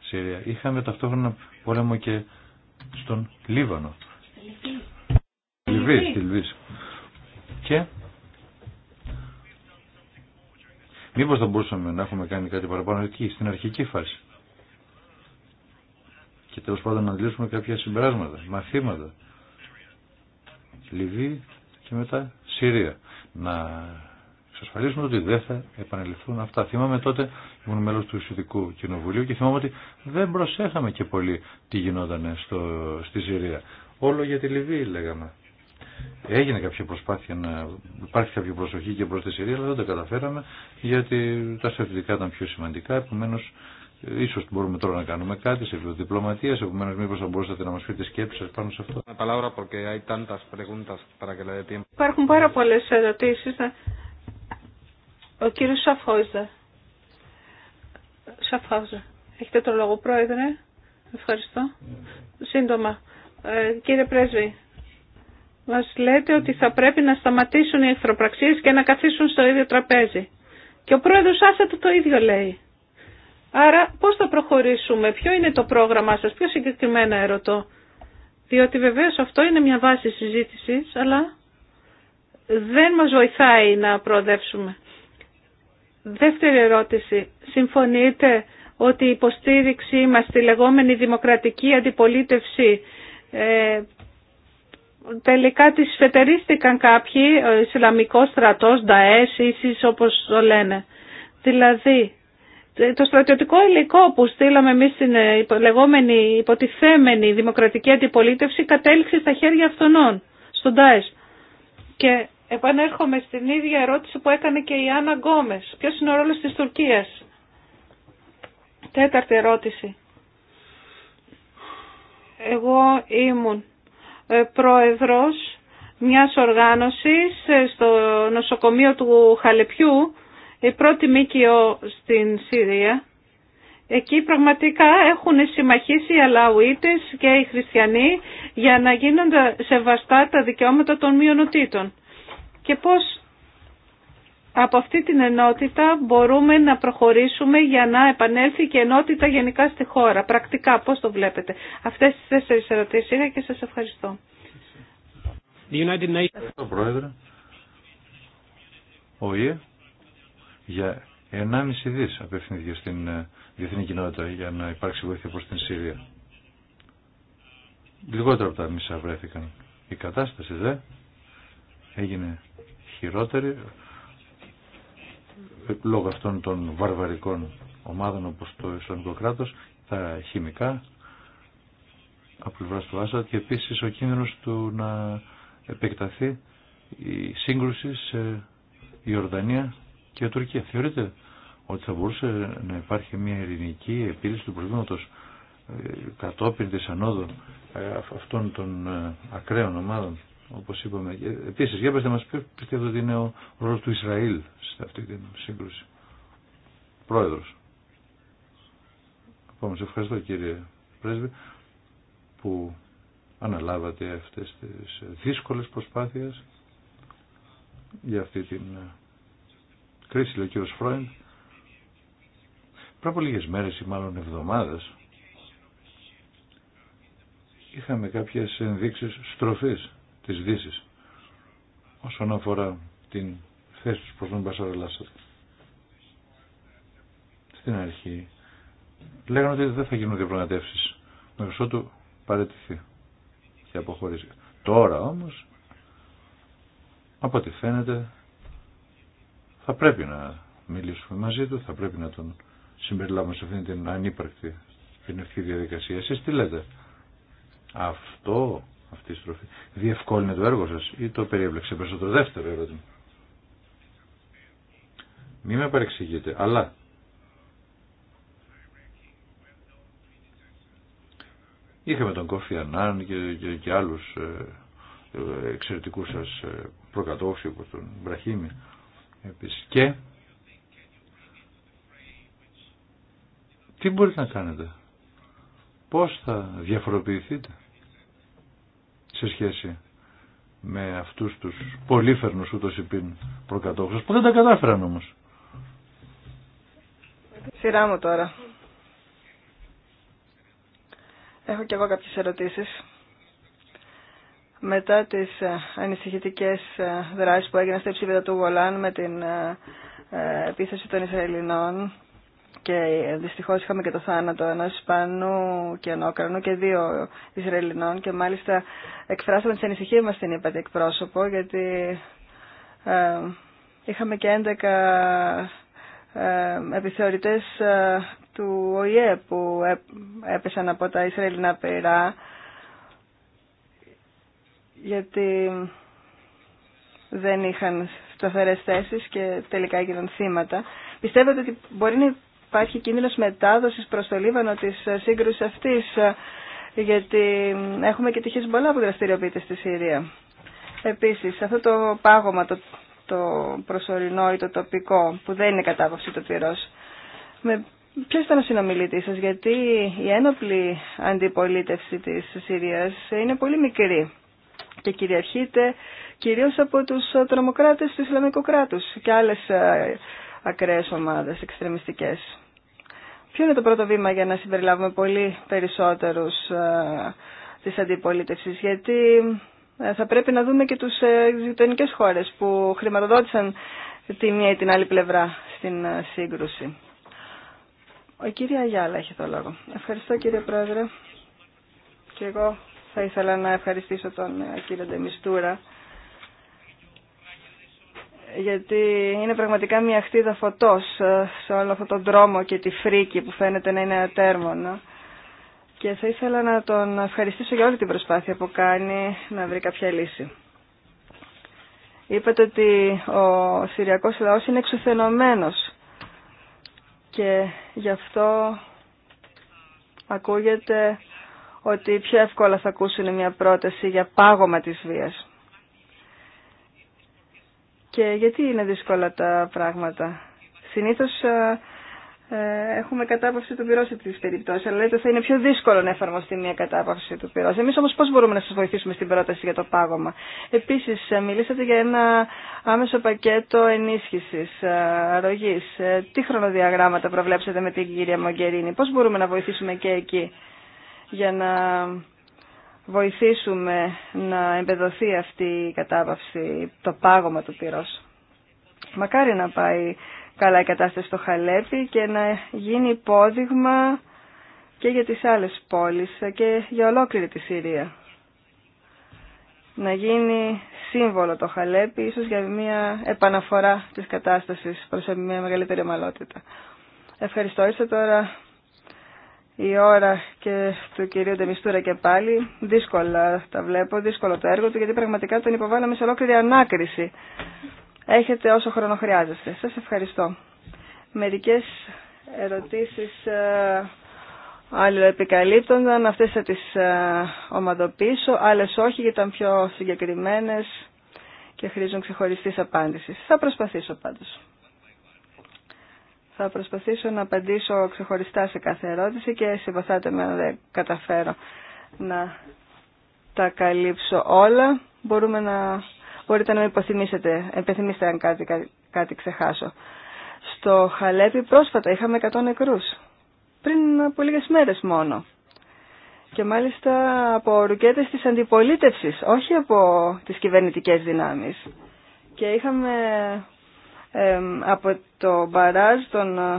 Συρία, είχαμε ταυτόχρονα πόλεμο και στον Λίβανο. Στη Λιβύη. Και Μήπω θα μπορούσαμε να έχουμε κάνει κάτι παραπάνω εκεί, στην αρχική φάση. Και τέλο πάντων να αντιλήσουμε κάποια συμπεράσματα, μαθήματα. Λιβύη και μετά Συρία. Να εξασφαλίσουμε ότι δεν θα επανεληφθούν αυτά. Θυμάμαι τότε, ήμουν μέλο του Ισουδικού Κοινοβουλίου και θυμάμαι ότι δεν προσέχαμε και πολύ τι γινόταν στη Συρία. Όλο για τη Λιβύη λέγαμε. Έγινε κάποια προσπάθεια να υπάρχει κάποια προσοχή και προστασία τη Συρία, αλλά δεν τα καταφέραμε γιατί τα στρατιωτικά ήταν πιο σημαντικά. Επομένω, ίσω μπορούμε τώρα να κάνουμε κάτι σε επίπεδο διπλωματία. Επομένω, μήπω θα μπορούσατε να μα πείτε σκέψει πάνω σε αυτό. Υπάρχουν πάρα πολλέ ερωτήσει. Ο κύριο Σαφόζα. Σαφόζα. Έχετε τον λόγο, Πρόεδρε. Ευχαριστώ. Σύντομα. Ε, κύριε Πρέσβη, μας λέτε ότι θα πρέπει να σταματήσουν οι εχθροπραξίες και να καθίσουν στο ίδιο τραπέζι. Και ο πρόεδρος άσε το ίδιο λέει. Άρα πώς θα προχωρήσουμε, ποιο είναι το πρόγραμμά σας, πιο συγκεκριμένα ερωτώ. Διότι βεβαίως αυτό είναι μια βάση συζήτησης, αλλά δεν μας βοηθάει να προοδεύσουμε. Δεύτερη ερώτηση. Συμφωνείτε ότι η υποστήριξή μας στη λεγόμενη δημοκρατική αντιπολίτευση ε, τελικά τις φετερίστηκαν κάποιοι, ο Ισλαμικός στρατός, Νταές, Ισής, όπως το λένε. Δηλαδή, το στρατιωτικό υλικό που στείλαμε εμείς στην ε, λεγόμενη υποτιθέμενη δημοκρατική αντιπολίτευση κατέληξε στα χέρια αυτών, στον Νταέ. Και επανέρχομαι στην ίδια ερώτηση που έκανε και η Άννα Γκόμες. Ποιος είναι ο ρόλος της Τουρκίας. Τέταρτη ερώτηση. Εγώ ήμουν ε, πρόεδρος μιας οργάνωσης ε, στο νοσοκομείο του Χαλεπιού, η πρώτη μήκυο στην Σύρια. Εκεί πραγματικά έχουν συμμαχήσει οι Αλαουίτες και οι Χριστιανοί για να γίνονται σεβαστά τα δικαιώματα των μειονοτήτων. Και πώς από αυτή την ενότητα μπορούμε να προχωρήσουμε για να επανέλθει και ενότητα γενικά στη χώρα. Πρακτικά, πώς το βλέπετε. Αυτές τις τέσσερις ερωτήσεις είχα και σας ευχαριστώ. Ευχαριστώ, Πρόεδρε. Ο ΙΕ για 1,5 δις απευθύνθηκε στην ε, διεθνή κοινότητα για να υπάρξει βοήθεια προς την Συρία. Λιγότερο από τα μισά βρέθηκαν. Η κατάσταση δε έγινε χειρότερη λόγω αυτών των βαρβαρικών ομάδων όπως το Ισλαμικό κράτος, τα χημικά από πλευρά του Άσαντ και επίσης ο κίνδυνος του να επεκταθεί η σύγκρουση σε Ιορδανία και Τουρκία. Θεωρείτε ότι θα μπορούσε να υπάρχει μια ειρηνική επίλυση του προβλήματος ε, κατόπιν της ανόδου ε, αυτών των ε, ακραίων ομάδων όπως είπαμε. Επίσης, για πετε μας ποιο πιστεύετε ότι είναι ο ρόλο του Ισραήλ σε αυτή την σύγκρουση. Πρόεδρος. Επόμενος, λοιπόν, ευχαριστώ κύριε Πρέσβη που αναλάβατε αυτές τις δύσκολες προσπάθειες για αυτή την κρίση, λέει ο κύριος Φρόιντ. Πριν από λίγες μέρες ή μάλλον εβδομάδες είχαμε κάποιες ενδείξεις στροφής της Δύσης όσον αφορά την θέση τους προς τον Στην αρχή λέγανε ότι δεν θα γίνουν διαπραγματεύσεις μέχρι ότου παρετηθεί και αποχωρήσει. Τώρα όμως από ό,τι φαίνεται θα πρέπει να μιλήσουμε μαζί του, θα πρέπει να τον συμπεριλάβουμε σε αυτήν την ανύπαρκτη την διαδικασία. Εσείς τι λέτε. Αυτό αυτή η στροφή. Διευκόλυνε το έργο σας ή το περιέβλεξε περισσότερο δεύτερο ερώτημα. Μη με παρεξηγείτε, αλλά είχαμε τον Κόφι Ανάν και, και, και άλλους ε, ε, εξαιρετικούς σας ε, προκατόφιου όπως τον Μπραχήμι επίσης και τι μπορείτε να κάνετε πώς θα διαφοροποιηθείτε σε σχέση με αυτούς τους πολύφερνους ούτως υπήν προκατόχους που δεν τα κατάφεραν όμως. Σειρά μου τώρα. Έχω και εγώ κάποιες ερωτήσεις. Μετά τις ε, ανησυχητικές ε, δράσεις που έγιναν στα ψήφιδα του Γολάν με την ε, επίθεση των Ισραηλινών και δυστυχώ είχαμε και το θάνατο ενό Ισπανού και ενόκρανου και δύο Ισραηλινών και μάλιστα εκφράσαμε τι ανησυχίε μα στην είπατε εκπρόσωπο γιατί ε, είχαμε και 11 ε, επιθεωρητές ε, του ΟΗΕ που ε, έπεσαν από τα Ισραηλινά πυρά γιατί δεν είχαν σταθερές θέσεις και τελικά έγιναν θύματα. Πιστεύετε ότι μπορεί να υπάρχει κίνδυνος μετάδοσης προς το Λίβανο της σύγκρουσης αυτής, ε, γιατί έχουμε και τη πολλά που δραστηριοποιείται στη Συρία. Επίσης, αυτό το πάγωμα, το, το προσωρινό ή το τοπικό, που δεν είναι κατάποψη το πυρός, με Ποιο ήταν ο συνομιλητή σα, γιατί η ένοπλη αντιπολίτευση τη Συρία είναι πολύ μικρή και κυριαρχείται κυρίω από του τρομοκράτε του Ισλαμικού κράτου και άλλε ε, Ακραίε ομάδε εξτρεμιστικέ. Ποιο είναι το πρώτο βήμα για να συμπεριλάβουμε πολύ περισσότερους ε, τη αντιπολίτευση. γιατί ε, θα πρέπει να δούμε και τους ε, γειτονικέ χώρες που χρηματοδότησαν τη μία ή την άλλη πλευρά στην σύγκρουση. Ο κύριο Αγιάλα έχει το λόγο. Ευχαριστώ κύριε Πρόεδρε. Και εγώ θα ήθελα να ευχαριστήσω τον κύριο Ντεμιστούρα γιατί είναι πραγματικά μια χτίδα φωτός ε, σε όλο αυτόν τον δρόμο και τη φρίκη που φαίνεται να είναι ατέρμονα. Και θα ήθελα να τον ευχαριστήσω για όλη την προσπάθεια που κάνει να βρει κάποια λύση. Είπατε ότι ο Συριακός λαός είναι εξουθενωμένος και γι' αυτό ακούγεται ότι πιο εύκολα θα ακούσουν μια πρόταση για πάγωμα της βίας. Και γιατί είναι δύσκολα τα πράγματα. Συνήθως ε, ε, έχουμε κατάπαυση του πυρός σε τις περιπτώσεις, αλλά λέτε θα είναι πιο δύσκολο να εφαρμοστεί μια κατάπαυση του πυρός. Εμείς όμως πώς μπορούμε να σας βοηθήσουμε στην πρόταση για το πάγωμα. Επίσης, ε, μιλήσατε για ένα άμεσο πακέτο ενίσχυσης, αρρωγής. Τι χρονοδιαγράμματα προβλέψατε με την κυρία Μογκερίνη, πώς μπορούμε να βοηθήσουμε και εκεί για να βοηθήσουμε να εμπεδοθεί αυτή η κατάπαυση, το πάγωμα του πυρός. Μακάρι να πάει καλά η κατάσταση στο Χαλέπι και να γίνει υπόδειγμα και για τις άλλες πόλεις και για ολόκληρη τη Συρία. Να γίνει σύμβολο το Χαλέπι, ίσως για μια επαναφορά της κατάστασης προς μια μεγαλύτερη ομαλότητα. Ευχαριστώ. τώρα η ώρα και του κυρίου Ντεμιστούρα και πάλι. Δύσκολα τα βλέπω, δύσκολο το έργο του, γιατί πραγματικά τον υποβάλαμε σε ολόκληρη ανάκριση. Έχετε όσο χρόνο χρειάζεστε. Σας ευχαριστώ. Μερικές ερωτήσεις ε, αλληλοεπικαλύπτονταν, αυτές θα τις ε, ομαδοποιήσω, άλλες όχι, γιατί ήταν πιο συγκεκριμένες και χρήζουν ξεχωριστής απάντησης. Θα προσπαθήσω πάντως. Θα προσπαθήσω να απαντήσω ξεχωριστά σε κάθε ερώτηση και βοηθάτε με αν δεν καταφέρω να τα καλύψω όλα. Μπορούμε να... Μπορείτε να με υποθυμίσετε, επιθυμίστε αν κάτι, κάτι ξεχάσω. Στο Χαλέπι πρόσφατα είχαμε 100 νεκρούς, πριν από λίγες μέρες μόνο. Και μάλιστα από ρουκέτες της αντιπολίτευσης, όχι από τις κυβερνητικές δυνάμεις. Και είχαμε από το μπαράζ των ε,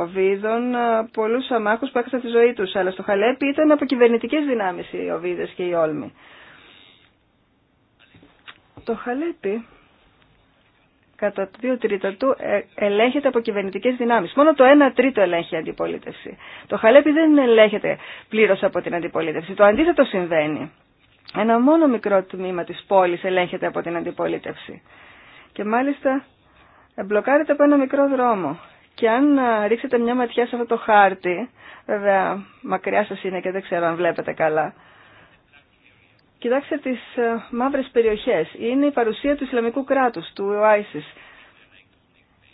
Οβίδων ε, πολλούς αμάχους που έχασαν τη ζωή τους. Αλλά στο Χαλέπι ήταν από κυβερνητικές δυνάμεις οι Οβίδες και οι Όλμοι. Το Χαλέπι κατά το 2 τρίτα του ε, ελέγχεται από κυβερνητικές δυνάμεις. Μόνο το 1 τρίτο ελέγχει η αντιπολίτευση. Το Χαλέπι δεν ελέγχεται πλήρως από την αντιπολίτευση. Το αντίθετο συμβαίνει. Ένα μόνο μικρό τμήμα της πόλης ελέγχεται από την αντιπολίτευση. Και μάλιστα εμπλοκάρετε από ένα μικρό δρόμο. Και αν ε, ρίξετε μια ματιά σε αυτό το χάρτη, βέβαια μακριά σας είναι και δεν ξέρω αν βλέπετε καλά, κοιτάξτε τις ε, μαύρες περιοχές. Είναι η παρουσία του Ισλαμικού κράτους, του ISIS.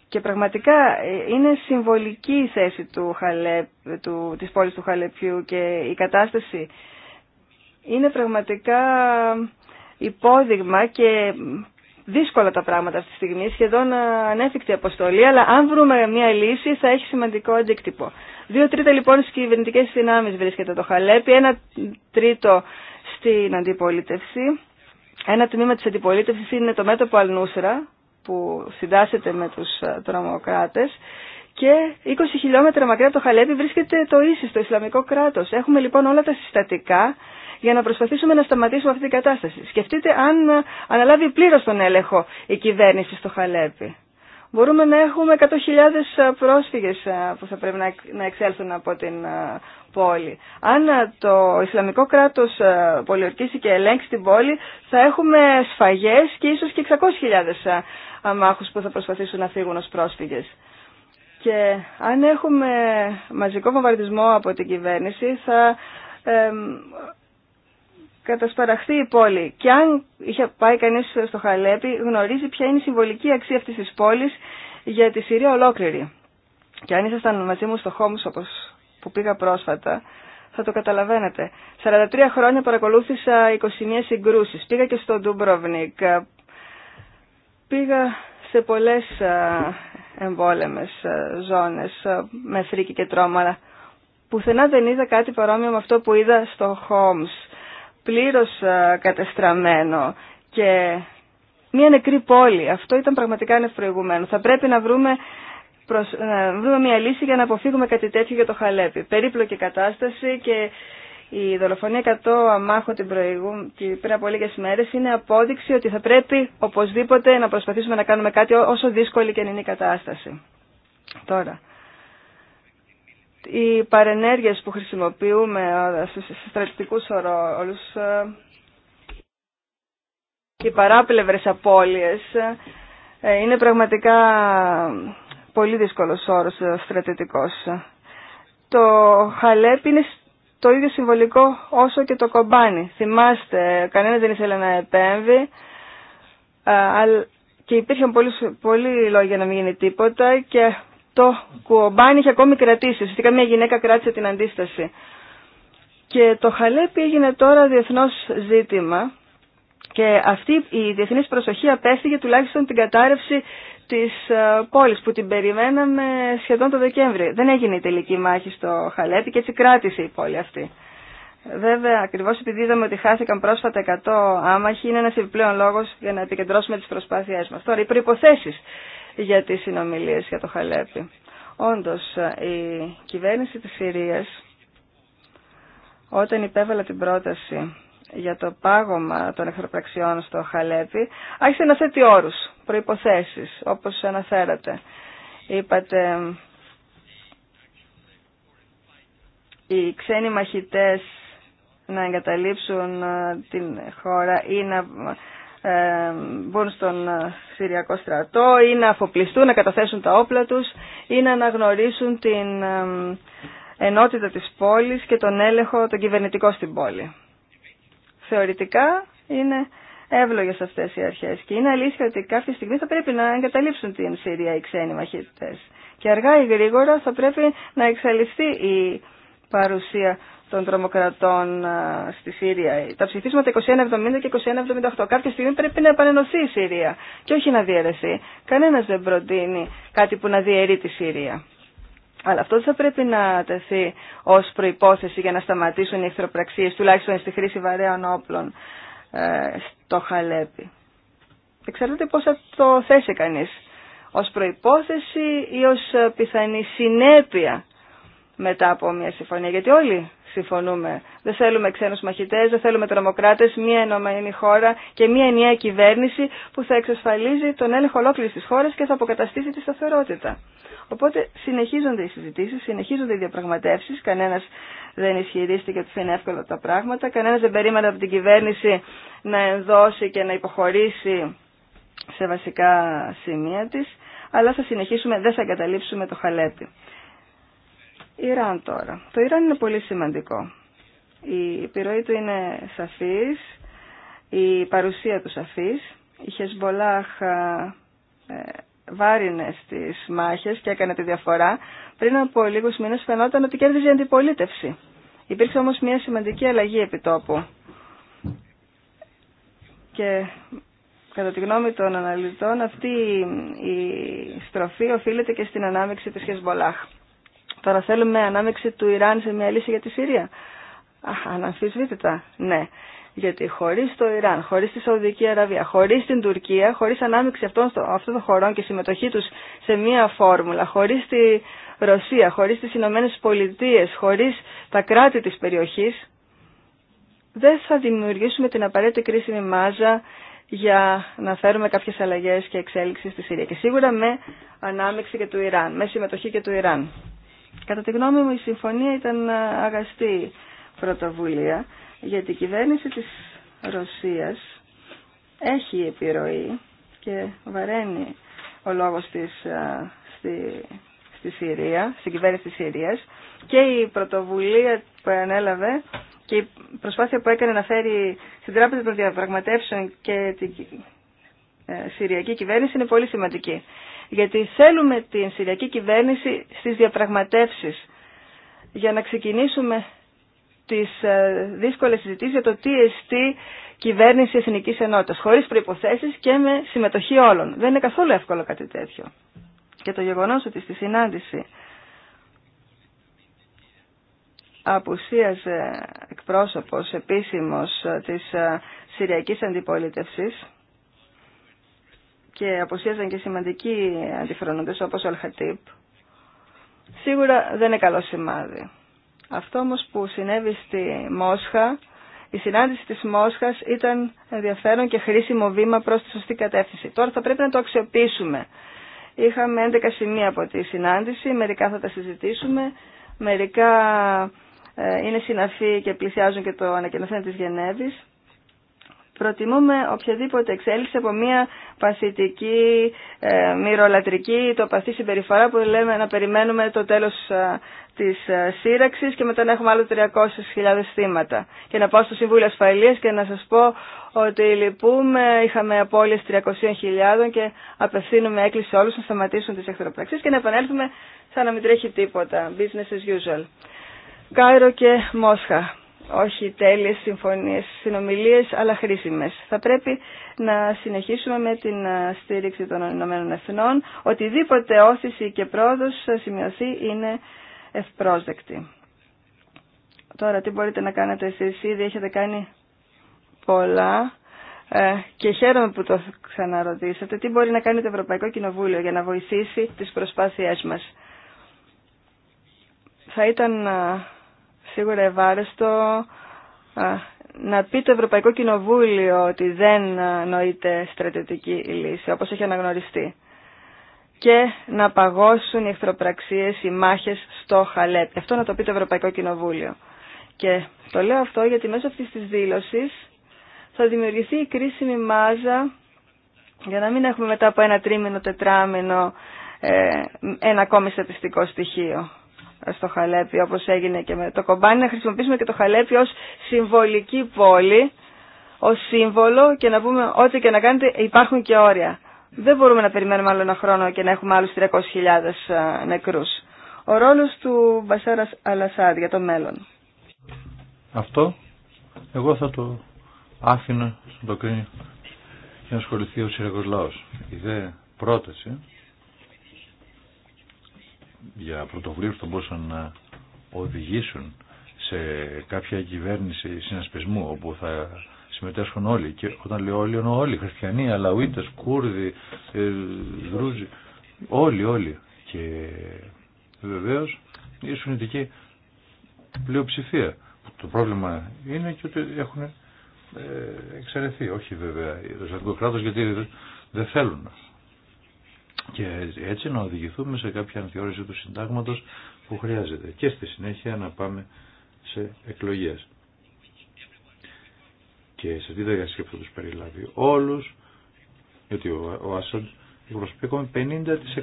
Και πραγματικά ε, είναι συμβολική η θέση του Χαλέπ, του, της πόλης του Χαλεπιού και η κατάσταση είναι πραγματικά υπόδειγμα και δύσκολα τα πράγματα αυτή τη στιγμή, σχεδόν ανέφικτη αποστολή, αλλά αν βρούμε μια λύση θα έχει σημαντικό αντίκτυπο. Δύο τρίτα λοιπόν στι κυβερνητικέ δυνάμει βρίσκεται το Χαλέπι, ένα τρίτο στην αντιπολίτευση. Ένα τμήμα της αντιπολίτευσης είναι το μέτωπο Αλνούσρα που συντάσσεται με τους ε, τρομοκράτες και 20 χιλιόμετρα μακριά από το Χαλέπι βρίσκεται το ίσις, το Ισλαμικό κράτος. Έχουμε λοιπόν όλα τα συστατικά για να προσπαθήσουμε να σταματήσουμε αυτή την κατάσταση. Σκεφτείτε αν αναλάβει πλήρω τον έλεγχο η κυβέρνηση στο Χαλέπι. Μπορούμε να έχουμε 100.000 πρόσφυγες ε, που θα πρέπει να εξέλθουν από την ε, πόλη. Αν ε, το Ισλαμικό κράτος πολιορκήσει και ελέγξει την πόλη, θα έχουμε σφαγές και ίσως και 600.000 αμάχου που θα προσπαθήσουν να φύγουν ως πρόσφυγες. Και αν έχουμε μαζικό βομβαρδισμό από την κυβέρνηση, θα κατασπαραχθεί η πόλη. Και αν είχε πάει κανεί στο Χαλέπι, γνωρίζει ποια είναι η συμβολική αξία αυτής της πόλης για τη Συρία ολόκληρη. Και αν ήσασταν μαζί μου στο Χόμς, όπως που πήγα πρόσφατα, θα το καταλαβαίνετε. 43 χρόνια παρακολούθησα 21 συγκρούσει. Πήγα και στο Ντουμπροβνίκ. Πήγα σε πολλέ εμβόλεμε ζώνε με φρίκη και τρόμα, πουθενά δεν είδα κάτι παρόμοιο με αυτό που είδα στο Χόμς πλήρως ε, κατεστραμμένο και μια νεκρή πόλη. Αυτό ήταν πραγματικά ανευπροηγουμένο. Θα πρέπει να βρούμε, ε, βρούμε μια λύση για να αποφύγουμε κάτι τέτοιο για το Χαλέπι. Περίπλοκη κατάσταση και η δολοφονία 100 αμάχων την πριν από λίγε μέρε είναι απόδειξη ότι θα πρέπει οπωσδήποτε να προσπαθήσουμε να κάνουμε κάτι όσο δύσκολη και είναι η κατάσταση. Τώρα, οι παρενέργειες που χρησιμοποιούμε στους στρατιωτικούς και οι παράπλευρες απώλειες, είναι πραγματικά πολύ δύσκολος όρος στρατιωτικός. Το Χαλέπ είναι το ίδιο συμβολικό όσο και το κομπάνι. Θυμάστε, κανένα δεν ήθελε να επέμβει και υπήρχαν πολλοί, πολλοί λόγοι για να μην γίνει τίποτα και το κουομπάνι είχε ακόμη κρατήσει. Ουσιαστικά μια γυναίκα κράτησε την αντίσταση. Και το Χαλέπι έγινε τώρα διεθνώς ζήτημα και αυτή η διεθνής προσοχή απέστηκε τουλάχιστον την κατάρρευση της ε, πόλης που την περιμέναμε σχεδόν το Δεκέμβρη. Δεν έγινε η τελική μάχη στο Χαλέπι και έτσι κράτησε η πόλη αυτή. Βέβαια, ακριβώ επειδή είδαμε ότι χάθηκαν πρόσφατα 100 άμαχοι, είναι ένα επιπλέον λόγο για να επικεντρώσουμε τι προσπάθειέ μα. Τώρα, οι προποθέσει για τις συνομιλίες για το Χαλέπι. Όντως, η κυβέρνηση της Συρίας, όταν υπέβαλε την πρόταση για το πάγωμα των εχθροπραξιών στο Χαλέπι, άρχισε να θέτει όρους, προϋποθέσεις, όπως αναφέρατε. Είπατε, οι ξένοι μαχητές να εγκαταλείψουν ε, την χώρα ή να ε, μπουν στον Συριακό στρατό ή να αφοπλιστούν, να καταθέσουν τα όπλα τους ή να αναγνωρίσουν την ε, ενότητα της πόλης και τον έλεγχο τον κυβερνητικό στην πόλη. Θεωρητικά είναι εύλογες αυτές οι αρχές και είναι αλήθεια ότι κάποια στιγμή θα πρέπει να εγκαταλείψουν την Συρία οι ξένοι μαχητές και αργά ή γρήγορα θα πρέπει να εξαλειφθεί η παρουσία των τρομοκρατών στη Σύρια. Τα ψηφίσματα 2170 και 2178. Κάποια στιγμή πρέπει να επανενωθεί η Συρία και όχι να διαιρεθεί. Κανένα δεν προτείνει κάτι που να διαιρεί τη Συρία. Αλλά αυτό δεν θα πρέπει να τεθεί ω προπόθεση για να σταματήσουν οι εχθροπραξίε, τουλάχιστον στη χρήση βαρέων όπλων ε, στο Χαλέπι. Εξαρτάται πώ θα το θέσει κανεί. Ω προπόθεση ή ω πιθανή συνέπεια μετά από μια συμφωνία. Γιατί όλοι συμφωνούμε. Δεν θέλουμε ξένους μαχητές, δεν θέλουμε τρομοκράτες, μια ενωμένη χώρα και μια ενιαία κυβέρνηση που θα εξασφαλίζει τον έλεγχο ολόκληρη της χώρας και θα αποκαταστήσει τη σταθερότητα. Οπότε συνεχίζονται οι συζητήσεις, συνεχίζονται οι διαπραγματεύσεις, κανένας δεν ισχυρίστηκε ότι θα είναι εύκολα τα πράγματα, κανένας δεν περίμενε από την κυβέρνηση να ενδώσει και να υποχωρήσει σε βασικά σημεία της, αλλά θα συνεχίσουμε, δεν θα εγκαταλείψουμε το χαλέπι. Ιράν τώρα. Το Ιράν είναι πολύ σημαντικό. Η επιρροή του είναι σαφής, η παρουσία του σαφής. Η Χεσμολάχ ε, βάρινε στις μάχες και έκανε τη διαφορά. Πριν από λίγους μήνες φαινόταν ότι κέρδιζε η αντιπολίτευση. Υπήρξε όμως μια σημαντική αλλαγή επιτόπου. Και κατά τη γνώμη των αναλυτών αυτή η στροφή οφείλεται και στην ανάμειξη της Χεσμολάχ. Τώρα θέλουμε ανάμεξη του Ιράν σε μια λύση για τη Συρία. Αναμφισβήτητα, ναι. Γιατί χωρίς το Ιράν, χωρίς τη Σαουδική Αραβία, χωρίς την Τουρκία, χωρίς ανάμεξη αυτών, αυτών των χωρών και συμμετοχή τους σε μία φόρμουλα, χωρίς τη Ρωσία, χωρίς τις Ηνωμένε Πολιτείε, χωρίς τα κράτη της περιοχής, δεν θα δημιουργήσουμε την απαραίτητη κρίσιμη μάζα για να φέρουμε κάποιες αλλαγές και εξέλιξη στη Συρία. Και σίγουρα με ανάμεξη και του Ιράν, με συμμετοχή και του Ιράν. Κατά τη γνώμη μου η συμφωνία ήταν αγαστή πρωτοβουλία γιατί η κυβέρνηση της Ρωσίας έχει επιρροή και βαραίνει ο λόγος της στη, στη Συρία, στην κυβέρνηση της Συρίας και η πρωτοβουλία που ανέλαβε και η προσπάθεια που έκανε να φέρει στην Τράπεζα των Διαπραγματεύσεων και την ε, Συριακή κυβέρνηση είναι πολύ σημαντική γιατί θέλουμε την Συριακή κυβέρνηση στις διαπραγματεύσεις για να ξεκινήσουμε τις ε, δύσκολες συζητήσεις για το τι εστί κυβέρνηση Εθνικής Ενότητας, χωρίς προϋποθέσεις και με συμμετοχή όλων. Δεν είναι καθόλου εύκολο κάτι τέτοιο. Και το γεγονός ότι στη συνάντηση απουσίαζε εκπρόσωπος επίσημος ε, της ε, Συριακής Αντιπολίτευσης και αποσίαζαν και σημαντικοί αντιφρονούντες όπως ο Αλχατίπ, σίγουρα δεν είναι καλό σημάδι. Αυτό όμως που συνέβη στη Μόσχα, η συνάντηση της Μόσχας ήταν ενδιαφέρον και χρήσιμο βήμα προς τη σωστή κατεύθυνση. Τώρα θα πρέπει να το αξιοποιήσουμε. Είχαμε 11 σημεία από τη συνάντηση, μερικά θα τα συζητήσουμε, μερικά ε, είναι συναφή και πλησιάζουν και το ανακοινωθέν της Γενέβης. Προτιμούμε οποιαδήποτε εξέλιξη από μια παθητική, ε, μυρολατρική, το συμπεριφορά που λέμε να περιμένουμε το τέλος ε, της ε, σύραξης και μετά να έχουμε άλλο 300.000 θύματα. Και να πάω στο Συμβούλιο Ασφαλείας και να σας πω ότι λυπούμε, είχαμε απώλειες 300.000 και απευθύνουμε έκκληση σε όλους να σταματήσουν τις εχθροπραξίες και να επανέλθουμε σαν να μην τρέχει τίποτα. Business as usual. Κάιρο και Μόσχα όχι τέλειες συμφωνίες, συνομιλίες, αλλά χρήσιμες. Θα πρέπει να συνεχίσουμε με την ε, στήριξη των Ηνωμένων Εθνών. Οτιδήποτε όθηση και πρόοδος σημειωθεί είναι ευπρόσδεκτη. Τώρα τι μπορείτε να κάνετε εσείς, ήδη έχετε κάνει πολλά ε, και χαίρομαι που το ξαναρωτήσατε. Τι μπορεί να κάνει το Ευρωπαϊκό Κοινοβούλιο για να βοηθήσει τις προσπάθειές μας. Θα ήταν ε, σίγουρα ευάρεστο να πει το Ευρωπαϊκό Κοινοβούλιο ότι δεν νοείται στρατιωτική λύση, όπως έχει αναγνωριστεί. Και να παγώσουν οι εχθροπραξίες, οι μάχες στο Χαλέπ. Αυτό να το πει το Ευρωπαϊκό Κοινοβούλιο. Και το λέω αυτό γιατί μέσω αυτής της δήλωσης θα δημιουργηθεί η κρίσιμη μάζα για να μην έχουμε μετά από ένα τρίμηνο, τετράμινο ε, ένα ακόμη στατιστικό στοιχείο στο Χαλέπι όπως έγινε και με το κομπάνι να χρησιμοποιήσουμε και το Χαλέπι ως συμβολική πόλη ως σύμβολο και να πούμε ό,τι και να κάνετε υπάρχουν και όρια. Δεν μπορούμε να περιμένουμε άλλο ένα χρόνο και να έχουμε άλλους 300.000 ε, νεκρούς. Ο ρόλος του Μπασάρας Αλασάντ για το μέλλον. Αυτό εγώ θα το άφηνα να το κρίνει και να ασχοληθεί ο Συριακός Λαός. Η δε πρόταση για πρωτοβουλίες που θα μπορούσαν να οδηγήσουν σε κάποια κυβέρνηση συνασπισμού όπου θα συμμετέσχουν όλοι και όταν λέω όλοι εννοώ όλοι χριστιανοί, αλαουίτες, Κούρδοι, ε, Δρούζοι όλοι όλοι και βεβαίως η σουνητική πλειοψηφία το πρόβλημα είναι και ότι έχουν ε, εξαιρεθεί όχι βέβαια οι Ισλαμικό κράτος γιατί δεν θέλουν και έτσι να οδηγηθούμε σε κάποια ανθεώρηση του συντάγματος που χρειάζεται και στη συνέχεια να πάμε σε εκλογές. Και σε τι δεν θα τους περιλάβει όλους, γιατί ο, ο Άσαντ εκπροσωπεί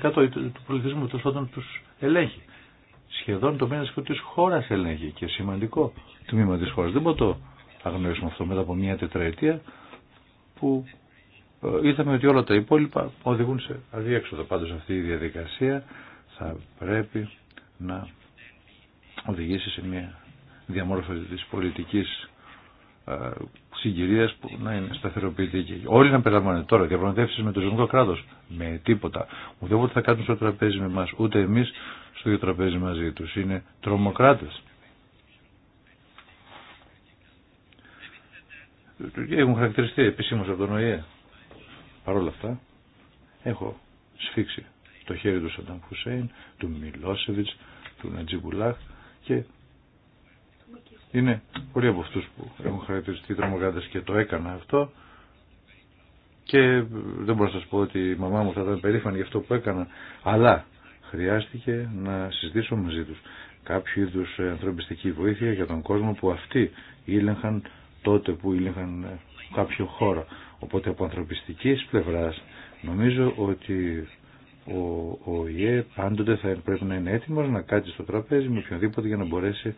50% του πολιτισμού, τόσο όταν τους ελέγχει. Σχεδόν το μένα της χώρας ελέγχει και σημαντικό τμήμα της χώρας. Δεν μπορώ το αγνοήσουμε αυτό μετά από μια τετραετία που ε, είδαμε ότι όλα τα υπόλοιπα οδηγούν σε αδιέξοδο. Πάντως αυτή η διαδικασία θα πρέπει να οδηγήσει σε μια διαμόρφωση της πολιτικής ε, συγκυρίας που να είναι σταθεροποιητική. Όλοι να περιλαμβάνουν τώρα διαπραγματεύσεις με το ζωικό κράτο. Με τίποτα. Ούτε ούτε θα κάνουν στο τραπέζι με εμάς. ούτε εμείς στο ίδιο τραπέζι μαζί του. Είναι τρομοκράτε. Έχουν χαρακτηριστεί επισήμως από τον ΟΗΕ. Παρ' όλα αυτά, έχω σφίξει το χέρι του Σαντάμ Χουσέιν, του Μιλόσεβιτς, του Νατζιμπουλάχ και είναι πολλοί από αυτούς που έχουν χαρακτηριστεί τρομοκράτε και το έκανα αυτό και δεν μπορώ να σας πω ότι η μαμά μου θα ήταν περήφανη για αυτό που έκανα αλλά χρειάστηκε να συζητήσω μαζί τους κάποιο είδου ανθρωπιστική βοήθεια για τον κόσμο που αυτοί ήλεγχαν τότε που ήλεγχαν κάποιο χώρο. Οπότε από ανθρωπιστικής πλευράς νομίζω ότι ο, ο ΙΕ πάντοτε θα πρέπει να είναι έτοιμος να κάτσει στο τραπέζι με οποιονδήποτε για να μπορέσει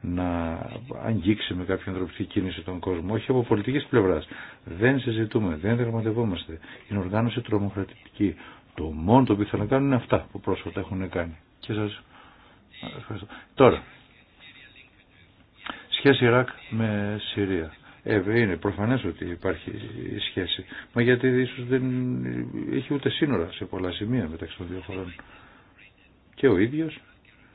να αγγίξει με κάποια ανθρωπιστική κίνηση τον κόσμο, όχι από πολιτική πλευρά. Δεν συζητούμε, δεν δραματευόμαστε. Είναι οργάνωση τρομοκρατική. Το μόνο το οποίο να κάνουν είναι αυτά που πρόσφατα έχουν κάνει. Και σας ευχαριστώ. Τώρα, σχέση Ιράκ με Συρία. Ε, είναι προφανές ότι υπάρχει σχέση. Μα γιατί ίσως δεν έχει ούτε σύνορα σε πολλά σημεία μεταξύ των δύο χωρών. Και ο ίδιος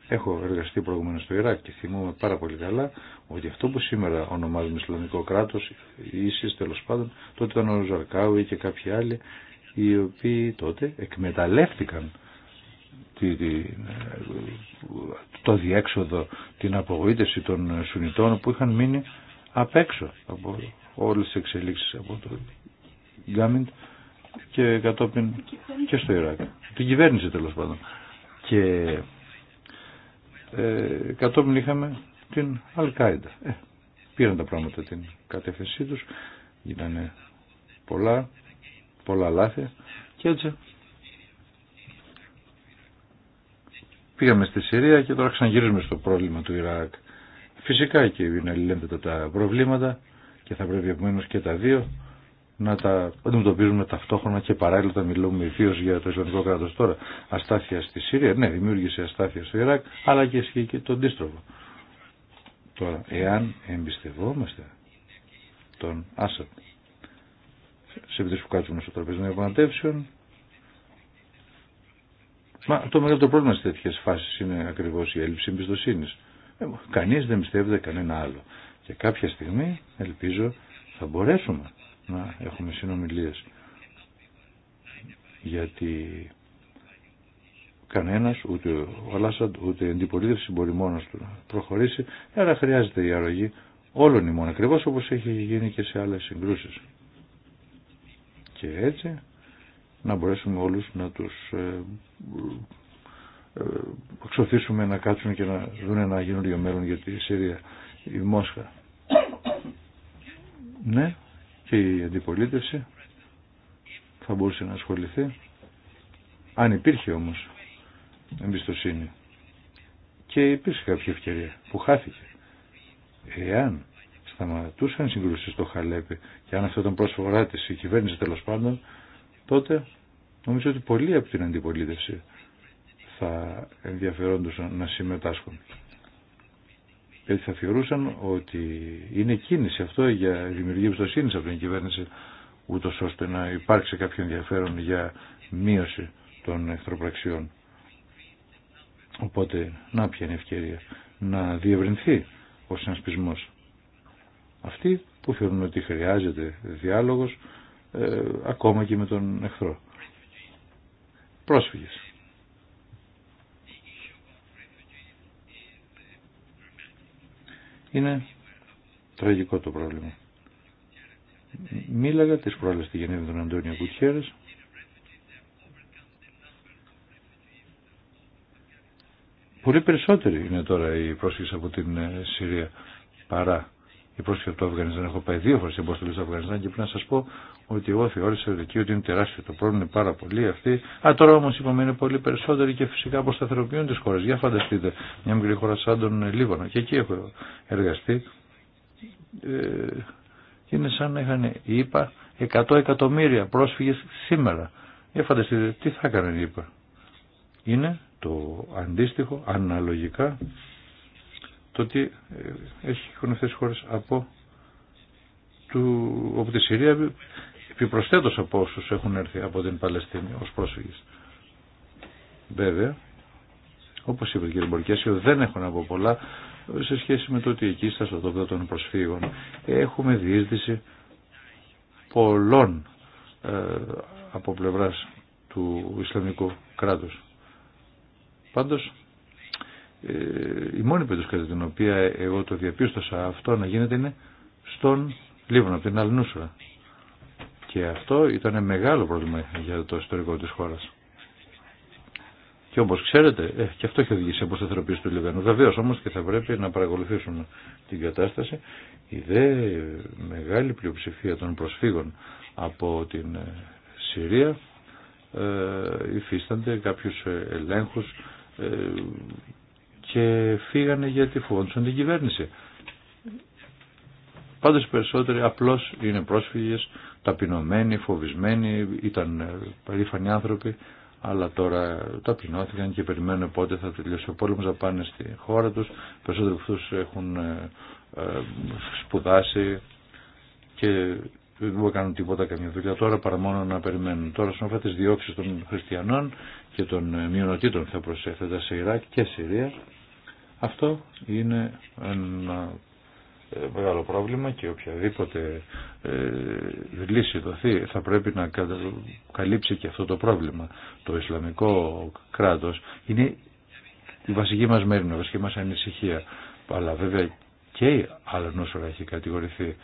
έχω εργαστεί προηγουμένως στο Ιράκ και θυμούμαι πάρα πολύ καλά ότι αυτό που σήμερα ονομάζουμε Ισλαμικό κράτος, ίσως τέλος πάντων, τότε ήταν ο Ζαρκάουι και κάποιοι άλλοι, οι οποίοι τότε εκμεταλλεύτηκαν το διέξοδο, την απογοήτευση των Σουνιτών που είχαν μείνει απ' έξω από όλες τι εξελίξεις από το Γκάμιντ και κατόπιν και στο Ιράκ. Την κυβέρνηση τέλο πάντων. Και ε, κατόπιν είχαμε την Αλκάιντα. Ε, πήραν τα πράγματα την κατεύθυνσή του. Ήταν πολλά, πολλά λάθη και έτσι πήγαμε στη Συρία και τώρα ξαναγυρίζουμε στο πρόβλημα του Ιράκ. Φυσικά και είναι αλληλένδετα τα προβλήματα και θα πρέπει επομένω και τα δύο να τα αντιμετωπίζουμε ταυτόχρονα και παράλληλα τα μιλούμε ιδίω για το Ισλαμικό κράτο τώρα. Αστάθεια στη Συρία, ναι, δημιούργησε αστάθεια στο Ιράκ, αλλά και ισχύει και το αντίστροφο. Τώρα, εάν εμπιστευόμαστε τον Άσαντ σε επιτρέψει που κάτσουμε στο τραπέζι των διαπραγματεύσεων, μα το μεγαλύτερο πρόβλημα σε τέτοιε φάσει είναι ακριβώ η έλλειψη εμπιστοσύνη. Ε, κανείς δεν πιστεύεται κανένα άλλο. Και κάποια στιγμή ελπίζω θα μπορέσουμε να έχουμε συνομιλίες. Γιατί κανένας, ούτε ο Λάσαντ, ούτε η αντιπολίτευση μπορεί μόνος του να προχωρήσει. Άρα χρειάζεται η αρρωγή όλων ημών, ακριβώ όπως έχει γίνει και σε άλλες συγκρούσεις. Και έτσι να μπορέσουμε όλους να τους ε, ε, εξωθήσουμε να κάτσουν και να δουν ένα γίνοντιο μέλλον για τη Συρία, η Μόσχα. Ναι, και η αντιπολίτευση θα μπορούσε να ασχοληθεί. Αν υπήρχε όμως εμπιστοσύνη και υπήρξε κάποια ευκαιρία που χάθηκε. Εάν σταματούσαν οι συγκρούσεις στο Χαλέπι και αν αυτό ήταν πρόσφορά της η κυβέρνηση τέλος πάντων, τότε νομίζω ότι πολλοί από την αντιπολίτευση θα ενδιαφερόντουσαν να συμμετάσχουν. Έτσι θα θεωρούσαν ότι είναι κίνηση αυτό για δημιουργία εμπιστοσύνη από την κυβέρνηση, ούτω ώστε να υπάρξει κάποιο ενδιαφέρον για μείωση των εχθροπραξιών. Οπότε, να πια είναι η ευκαιρία να διευρυνθεί ο συνασπισμό. Αυτοί που θεωρούν ότι χρειάζεται διάλογος ε, ακόμα και με τον εχθρό. Πρόσφυγες. Είναι τραγικό το πρόβλημα. Μίλαγα τις προάλλες στη Γενέβη των Αντώνιο Κουτιέρες Πολύ περισσότεροι είναι τώρα οι πρόσφυγες από την ε, Συρία παρά οι πρόσφυγες από το Αφγανιστάν. Έχω πάει δύο φορές στην πόστολη στο Αφγανιστάν και πρέπει να σας πω ότι εγώ θεώρησα εκεί ότι είναι τεράστιο το πρόβλημα, είναι πάρα πολύ αυτή. Α, τώρα όμω είπαμε είναι πολύ περισσότεροι και φυσικά αποσταθεροποιούν τι χώρε. Για φανταστείτε, μια μικρή χώρα σαν τον Λίβανο, και εκεί έχω εργαστεί. Ε, είναι σαν να είχαν, είπα, 100 εκατομμύρια πρόσφυγε σήμερα. Για φανταστείτε, τι θα οι είπα. Είναι το αντίστοιχο, αναλογικά, το ότι ε, έχει αυτές χώρε από του, από τη Συρία πιο από όσους έχουν έρθει από την Παλαιστίνη ως πρόσφυγες. Βέβαια, όπως είπε ο κ. Μπορκέσιο, δεν έχω να πω πολλά σε σχέση με το ότι εκεί στα στρατόπεδα των προσφύγων έχουμε διείσδυση πολλών ε, από πλευράς του Ισλαμικού κράτους. Πάντως, ε, η μόνη περίπτωση κατά την οποία εγώ το διαπίστωσα αυτό να γίνεται είναι στον Λίβανο, από την Αλνούσουρα. Και αυτό ήταν μεγάλο πρόβλημα για το ιστορικό της χώρας. Και όπως ξέρετε, ε, και αυτό έχει οδηγήσει από σταθεροποίηση του Λιβανού. Βεβαίως όμως και θα πρέπει να παρακολουθήσουν την κατάσταση. Η δε μεγάλη πλειοψηφία των προσφύγων από την ε, Συρία ε, υφίστανται κάποιους ε, ελέγχους ε, και φύγανε γιατί φοβόντουσαν την κυβέρνηση. Πάντως οι περισσότεροι απλώς είναι πρόσφυγες ταπεινωμένοι, φοβισμένοι, ήταν ε, περήφανοι άνθρωποι, αλλά τώρα ταπεινώθηκαν και περιμένουν πότε θα τελειώσει ο πόλεμος να πάνε στη χώρα τους. Περισσότεροι από αυτούς έχουν ε, ε, σπουδάσει και δεν μπορούν να κάνουν τίποτα καμία δουλειά τώρα παρά μόνο να περιμένουν. Τώρα σαν αυτές τις διώξεις των χριστιανών και των μειονοτήτων θα προσέθετα σε Ιράκ και Συρία. Αυτό είναι ένα ε, μεγάλο πρόβλημα και οποιαδήποτε ε, λύση δοθεί θα πρέπει να καλύψει και αυτό το πρόβλημα. Το Ισλαμικό κράτος είναι η βασική μας μέρη, η βασική μας ανησυχία. Αλλά βέβαια και η νόσορα έχει κατηγορηθεί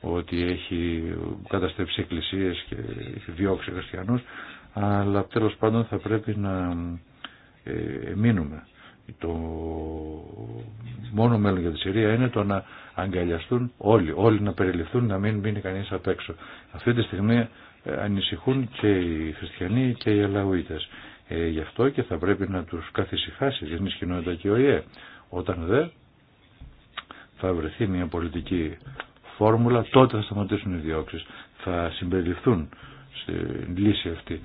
ότι έχει καταστρέψει εκκλησίες και έχει διώξει χριστιανούς, αλλά τέλος πάντων θα πρέπει να ε, μείνουμε το μόνο μέλλον για τη Συρία είναι το να αγκαλιαστούν όλοι, όλοι να περιληφθούν, να μην μείνει κανείς απ' έξω. Αυτή τη στιγμή ε, ανησυχούν και οι χριστιανοί και οι αλαουίτες. Ε, γι' αυτό και θα πρέπει να τους καθησυχάσει η διεθνής κοινότητα και ο ΙΕ. Όταν δε θα βρεθεί μια πολιτική φόρμουλα, τότε θα σταματήσουν οι διώξεις. Θα συμπεριληφθούν στη λύση αυτή.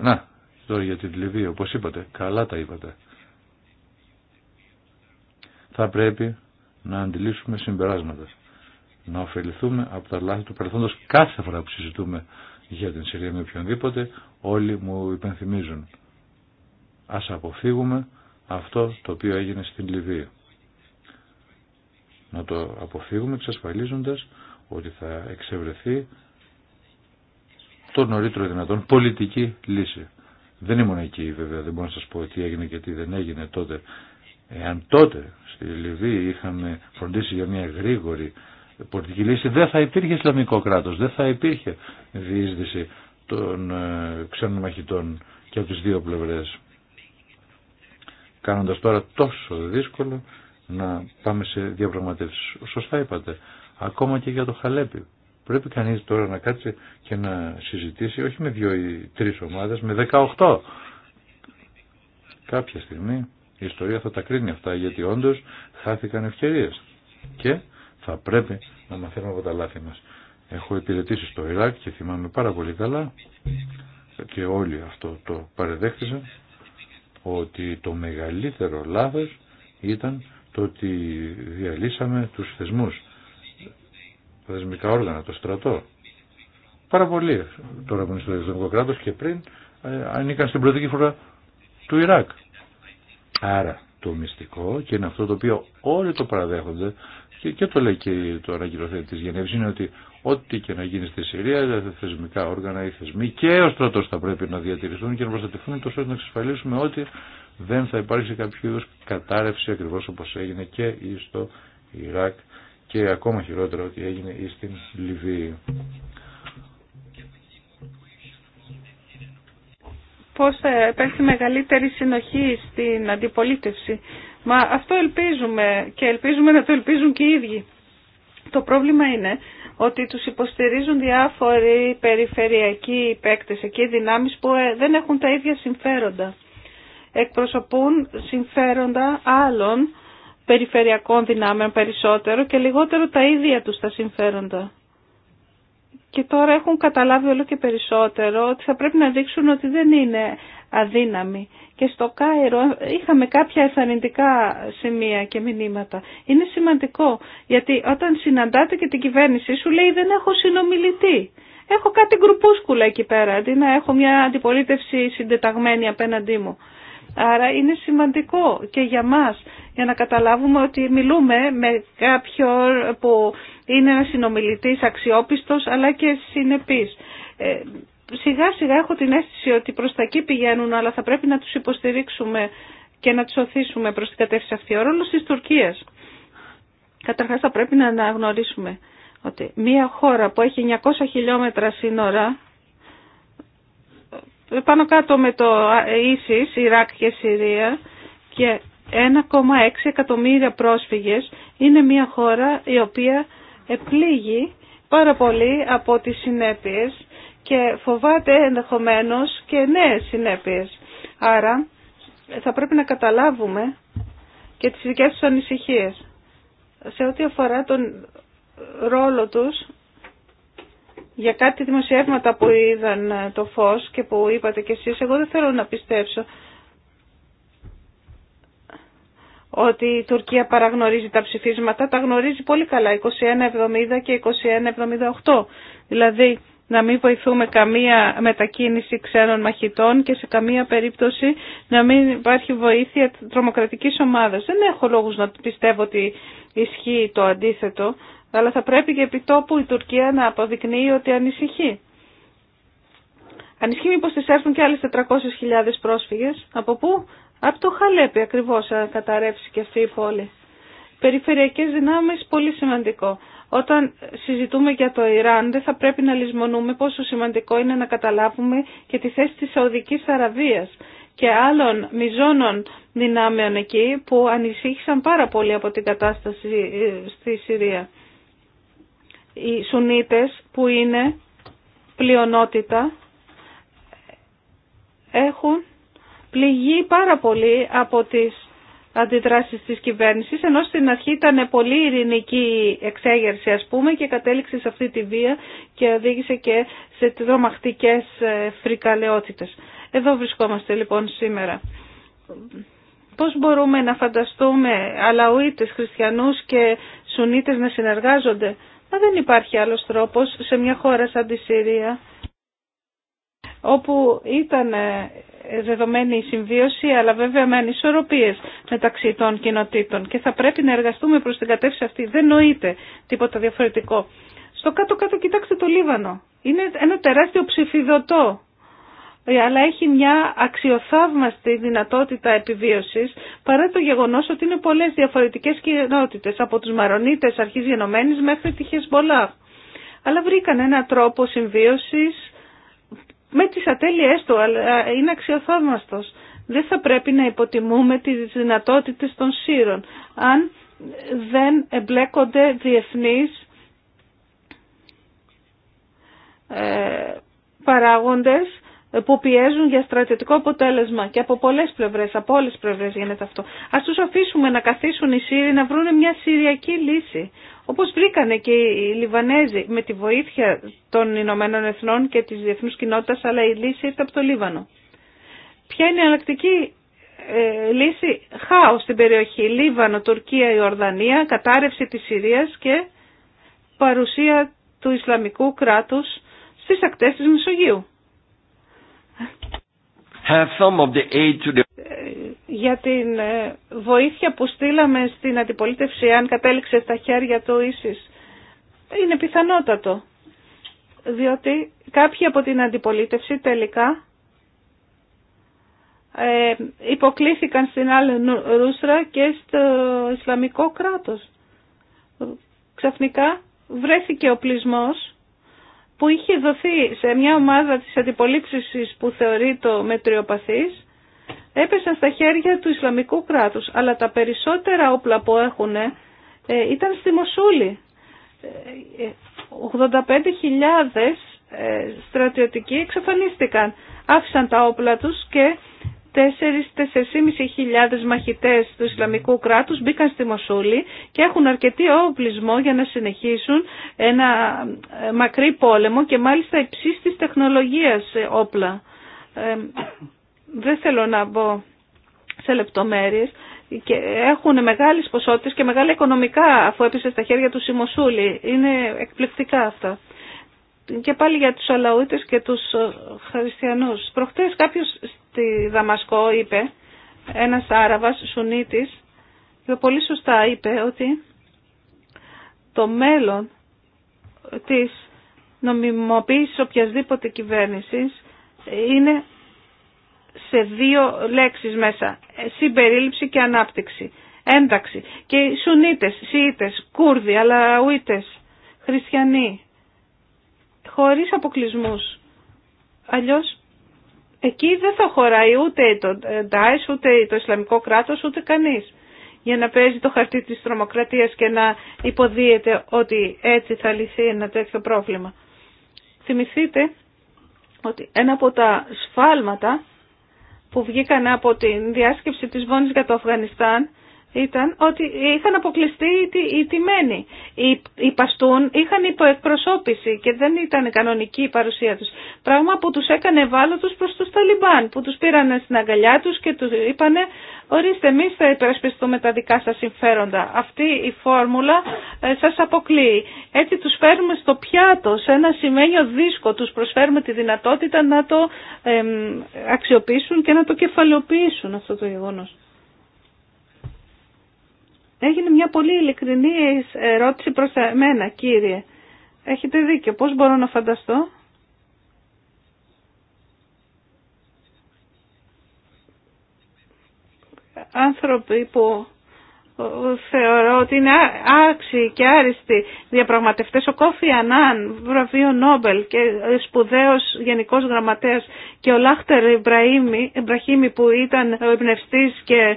Να, τώρα για την Λιβύη, όπως είπατε, καλά τα είπατε θα πρέπει να αντιλήσουμε συμπεράσματα. Να ωφεληθούμε από τα λάθη του παρελθόντος κάθε φορά που συζητούμε για την Συρία με οποιονδήποτε, όλοι μου υπενθυμίζουν. Ας αποφύγουμε αυτό το οποίο έγινε στην Λιβύη. Να το αποφύγουμε εξασφαλίζοντας ότι θα εξευρεθεί το νωρίτερο δυνατόν πολιτική λύση. Δεν ήμουν εκεί βέβαια, δεν μπορώ να σας πω τι έγινε και τι δεν έγινε τότε Εάν τότε στη Λιβύη είχαμε φροντίσει για μια γρήγορη πολιτική λύση, δεν θα υπήρχε Ισλαμικό κράτος, δεν θα υπήρχε διείσδυση των ε, ξένων μαχητών και από τις δύο πλευρές. Κάνοντας τώρα τόσο δύσκολο να πάμε σε διαπραγματεύσεις. Σωστά είπατε. Ακόμα και για το Χαλέπι. Πρέπει κανείς τώρα να κάτσει και να συζητήσει όχι με δύο ή τρεις ομάδες, με 18. Κάποια στιγμή η ιστορία θα τα κρίνει αυτά γιατί όντως χάθηκαν ευκαιρίες και θα πρέπει να μαθαίνουμε από τα λάθη μας. Έχω υπηρετήσει στο Ιράκ και θυμάμαι πάρα πολύ καλά και όλοι αυτό το παρεδέχτησαν ότι το μεγαλύτερο λάθος ήταν το ότι διαλύσαμε τους θεσμούς, τα θεσμικά όργανα, το στρατό. Πάρα πολύ τώρα που είναι στο Ισλαμικό και πριν ε, ανήκαν στην πρωτική φορά του Ιράκ. Άρα το μυστικό και είναι αυτό το οποίο όλοι το παραδέχονται και, και το λέει και το ανακοινωθέτη της Γενέβης είναι ότι ό,τι και να γίνει στη Συρία τα θεσμικά όργανα ή θεσμοί και ο στρατός θα πρέπει να διατηρηθούν και να προστατευτούν τόσο ώστε να εξασφαλίσουμε ότι δεν θα υπάρξει κάποιο είδους κατάρρευση ακριβώς όπως έγινε και στο Ιράκ και ακόμα χειρότερα ότι έγινε στην Λιβύη. πώς θα μεγαλύτερη συνοχή στην αντιπολίτευση. Μα αυτό ελπίζουμε και ελπίζουμε να το ελπίζουν και οι ίδιοι. Το πρόβλημα είναι ότι τους υποστηρίζουν διάφοροι περιφερειακοί παίκτες εκεί, δυνάμεις που ε, δεν έχουν τα ίδια συμφέροντα. Εκπροσωπούν συμφέροντα άλλων περιφερειακών δυνάμεων περισσότερο και λιγότερο τα ίδια τους τα συμφέροντα και τώρα έχουν καταλάβει όλο και περισσότερο ότι θα πρέπει να δείξουν ότι δεν είναι αδύναμοι. Και στο Κάιρο είχαμε κάποια εθαρρυντικά σημεία και μηνύματα. Είναι σημαντικό, γιατί όταν συναντάτε και την κυβέρνηση σου λέει δεν έχω συνομιλητή. Έχω κάτι γκρουπούσκουλα εκεί πέρα, αντί να έχω μια αντιπολίτευση συντεταγμένη απέναντί μου. Άρα είναι σημαντικό και για μας για να καταλάβουμε ότι μιλούμε με κάποιον που είναι ένας συνομιλητής αξιόπιστος αλλά και συνεπής. Ε, σιγά σιγά έχω την αίσθηση ότι προς τα εκεί πηγαίνουν αλλά θα πρέπει να τους υποστηρίξουμε και να τους οθήσουμε προς την κατεύθυνση αυτή. Ο ρόλος της Τουρκίας. Καταρχάς θα πρέπει να αναγνωρίσουμε ότι μια χώρα που έχει 900 χιλιόμετρα σύνορα πάνω κάτω με το ίσις, Ιράκ και Συρία και 1,6 εκατομμύρια πρόσφυγες είναι μια χώρα η οποία επλήγει πάρα πολύ από τις συνέπειες και φοβάται ενδεχομένως και νέες συνέπειες. Άρα θα πρέπει να καταλάβουμε και τις δικές τους ανησυχίες σε ό,τι αφορά τον ρόλο τους για κάτι δημοσιεύματα που είδαν ε, το φως και που είπατε κι εσείς, εγώ δεν θέλω να πιστέψω ότι η Τουρκία παραγνωρίζει τα ψηφίσματα, τα γνωρίζει πολύ καλά, 2170 και 2178. Δηλαδή, να μην βοηθούμε καμία μετακίνηση ξένων μαχητών και σε καμία περίπτωση να μην υπάρχει βοήθεια τρομοκρατικής ομάδας. Δεν έχω λόγους να πιστεύω ότι ισχύει το αντίθετο. Αλλά θα πρέπει και επί τόπου η Τουρκία να αποδεικνύει ότι ανησυχεί. Ανησυχεί μήπως τις έρθουν και άλλες 400.000 πρόσφυγες. Από πού? Από το Χαλέπι ακριβώς καταρρεύσει και αυτή η πόλη. Περιφερειακές δυνάμεις, πολύ σημαντικό. Όταν συζητούμε για το Ιράν δεν θα πρέπει να λησμονούμε πόσο σημαντικό είναι να καταλάβουμε και τη θέση της Σαουδικής Αραβίας και άλλων μιζώνων δυνάμεων εκεί που ανησύχησαν πάρα πολύ από την κατάσταση ε, στη Συρία οι Σουνίτες που είναι πλειονότητα έχουν πληγεί πάρα πολύ από τις αντιδράσεις της κυβέρνησης, ενώ στην αρχή ήταν πολύ ειρηνική εξέγερση ας πούμε και κατέληξε σε αυτή τη βία και οδήγησε και σε τρομακτικές ε, φρικαλαιότητες. Εδώ βρισκόμαστε λοιπόν σήμερα. Πώς μπορούμε να φανταστούμε αλαουίτες, χριστιανούς και σουνίτες να συνεργάζονται Μα δεν υπάρχει άλλος τρόπος σε μια χώρα σαν τη Συρία όπου ήταν ε, δεδομένη η συμβίωση, αλλά βέβαια με ανισορροπίες μεταξύ των κοινοτήτων και θα πρέπει να εργαστούμε προς την κατεύθυνση αυτή. Δεν νοείται τίποτα διαφορετικό. Στο κάτω-κάτω κοιτάξτε το Λίβανο. Είναι ένα τεράστιο ψηφιδωτό ε, αλλά έχει μια αξιοθαύμαστη δυνατότητα επιβίωσης παρά το γεγονός ότι είναι πολλές διαφορετικές κοινότητες από τους Μαρονίτες αρχής γενομένης μέχρι τη Χεσμολά. Αλλά βρήκαν ένα τρόπο συμβίωσης με τις ατέλειές του, αλλά είναι αξιοθαύμαστος. Δεν θα πρέπει να υποτιμούμε τις δυνατότητες των σύρων, αν δεν εμπλέκονται διεθνείς ε, παράγοντες που πιέζουν για στρατιωτικό αποτέλεσμα και από πολλέ πλευρέ, από όλε τις γίνεται αυτό. Α του αφήσουμε να καθίσουν οι Σύριοι να βρουν μια Συριακή λύση. Όπω βρήκανε και οι Λιβανέζοι με τη βοήθεια των Ηνωμένων Εθνών και τη διεθνού κοινότητα, αλλά η λύση ήρθε από το Λίβανο. Ποια είναι η εναλλακτική ε, λύση χάο στην περιοχή Λίβανο, Τουρκία, Ιορδανία, κατάρρευση τη Συρία και παρουσία του Ισλαμικού κράτου στι ακτέ τη Μεσογείου. Για την ε, βοήθεια που στείλαμε στην αντιπολίτευση αν κατέληξε στα χέρια του ίσης είναι πιθανότατο διότι κάποιοι από την αντιπολίτευση τελικά ε, υποκλήθηκαν στην άλλη ρούστρα και στο Ισλαμικό κράτος. Ξαφνικά βρέθηκε ο που είχε δοθεί σε μια ομάδα της αντιπολίψησης που θεωρεί το μετριοπαθής έπεσαν στα χέρια του Ισλαμικού κράτους. Αλλά τα περισσότερα όπλα που έχουν ε, ήταν στη Μοσούλη. 85.000 ε, ε, στρατιωτικοί εξαφανίστηκαν. Άφησαν τα όπλα τους και 4-4.500 μαχητές του Ισλαμικού κράτους μπήκαν στη Μοσούλη και έχουν αρκετή όπλισμό για να συνεχίσουν ένα ε, μακρύ πόλεμο και μάλιστα υψίστης τεχνολογίας ε, όπλα. Ε, δεν θέλω να μπω σε λεπτομέρειες και έχουν μεγάλες ποσότητες και μεγάλα οικονομικά αφού έπεσε στα χέρια του η Μοσούλη. Είναι εκπληκτικά αυτά και πάλι για τους Αλαούτες και τους ε, Χριστιανούς. Προχτές κάποιος στη Δαμασκό είπε, ένας Άραβας, Σουνίτης, και πολύ σωστά είπε ότι το μέλλον της νομιμοποίησης οποιασδήποτε κυβέρνησης είναι σε δύο λέξεις μέσα, συμπερίληψη και ανάπτυξη, ένταξη. Και οι Σουνίτες, Σιήτες, Κούρδοι, Αλαούιτες, Χριστιανοί, χωρίς αποκλισμούς, Αλλιώς εκεί δεν θα χωράει ούτε το ε, Ντάις, ούτε το Ισλαμικό κράτος, ούτε κανείς για να παίζει το χαρτί της τρομοκρατίας και να υποδίεται ότι έτσι θα λυθεί ένα τέτοιο πρόβλημα. Θυμηθείτε ότι ένα από τα σφάλματα που βγήκαν από τη διάσκεψη της Βόνης για το Αφγανιστάν ήταν ότι είχαν αποκλειστεί οι τιμένοι. Οι παστούν είχαν υποεκπροσώπηση και δεν ήταν κανονική η παρουσία τους. Πράγμα που τους έκανε ευάλωτους προς τους Ταλιμπάν που τους πήραν στην αγκαλιά τους και τους είπανε ορίστε εμεί θα υπερασπιστούμε τα δικά σας συμφέροντα. Αυτή η φόρμουλα ε, σας αποκλείει. Έτσι τους φέρουμε στο πιάτο, σε ένα σημαίνιο δίσκο, τους προσφέρουμε τη δυνατότητα να το αξιοποιήσουν και να το κεφαλαιοποιήσουν αυτό το γεγονός. Έγινε μια πολύ ειλικρινή ερώτηση προς εμένα, κύριε. Έχετε δίκιο. Πώς μπορώ να φανταστώ. Άνθρωποι που θεωρώ ότι είναι άξιοι και άριστοι διαπραγματευτές. Ο Κόφι Ανάν, βραβείο Νόμπελ και σπουδαίος γενικός γραμματέας και ο Λάχτερ Ιμπραχήμι που ήταν ο εμπνευστής και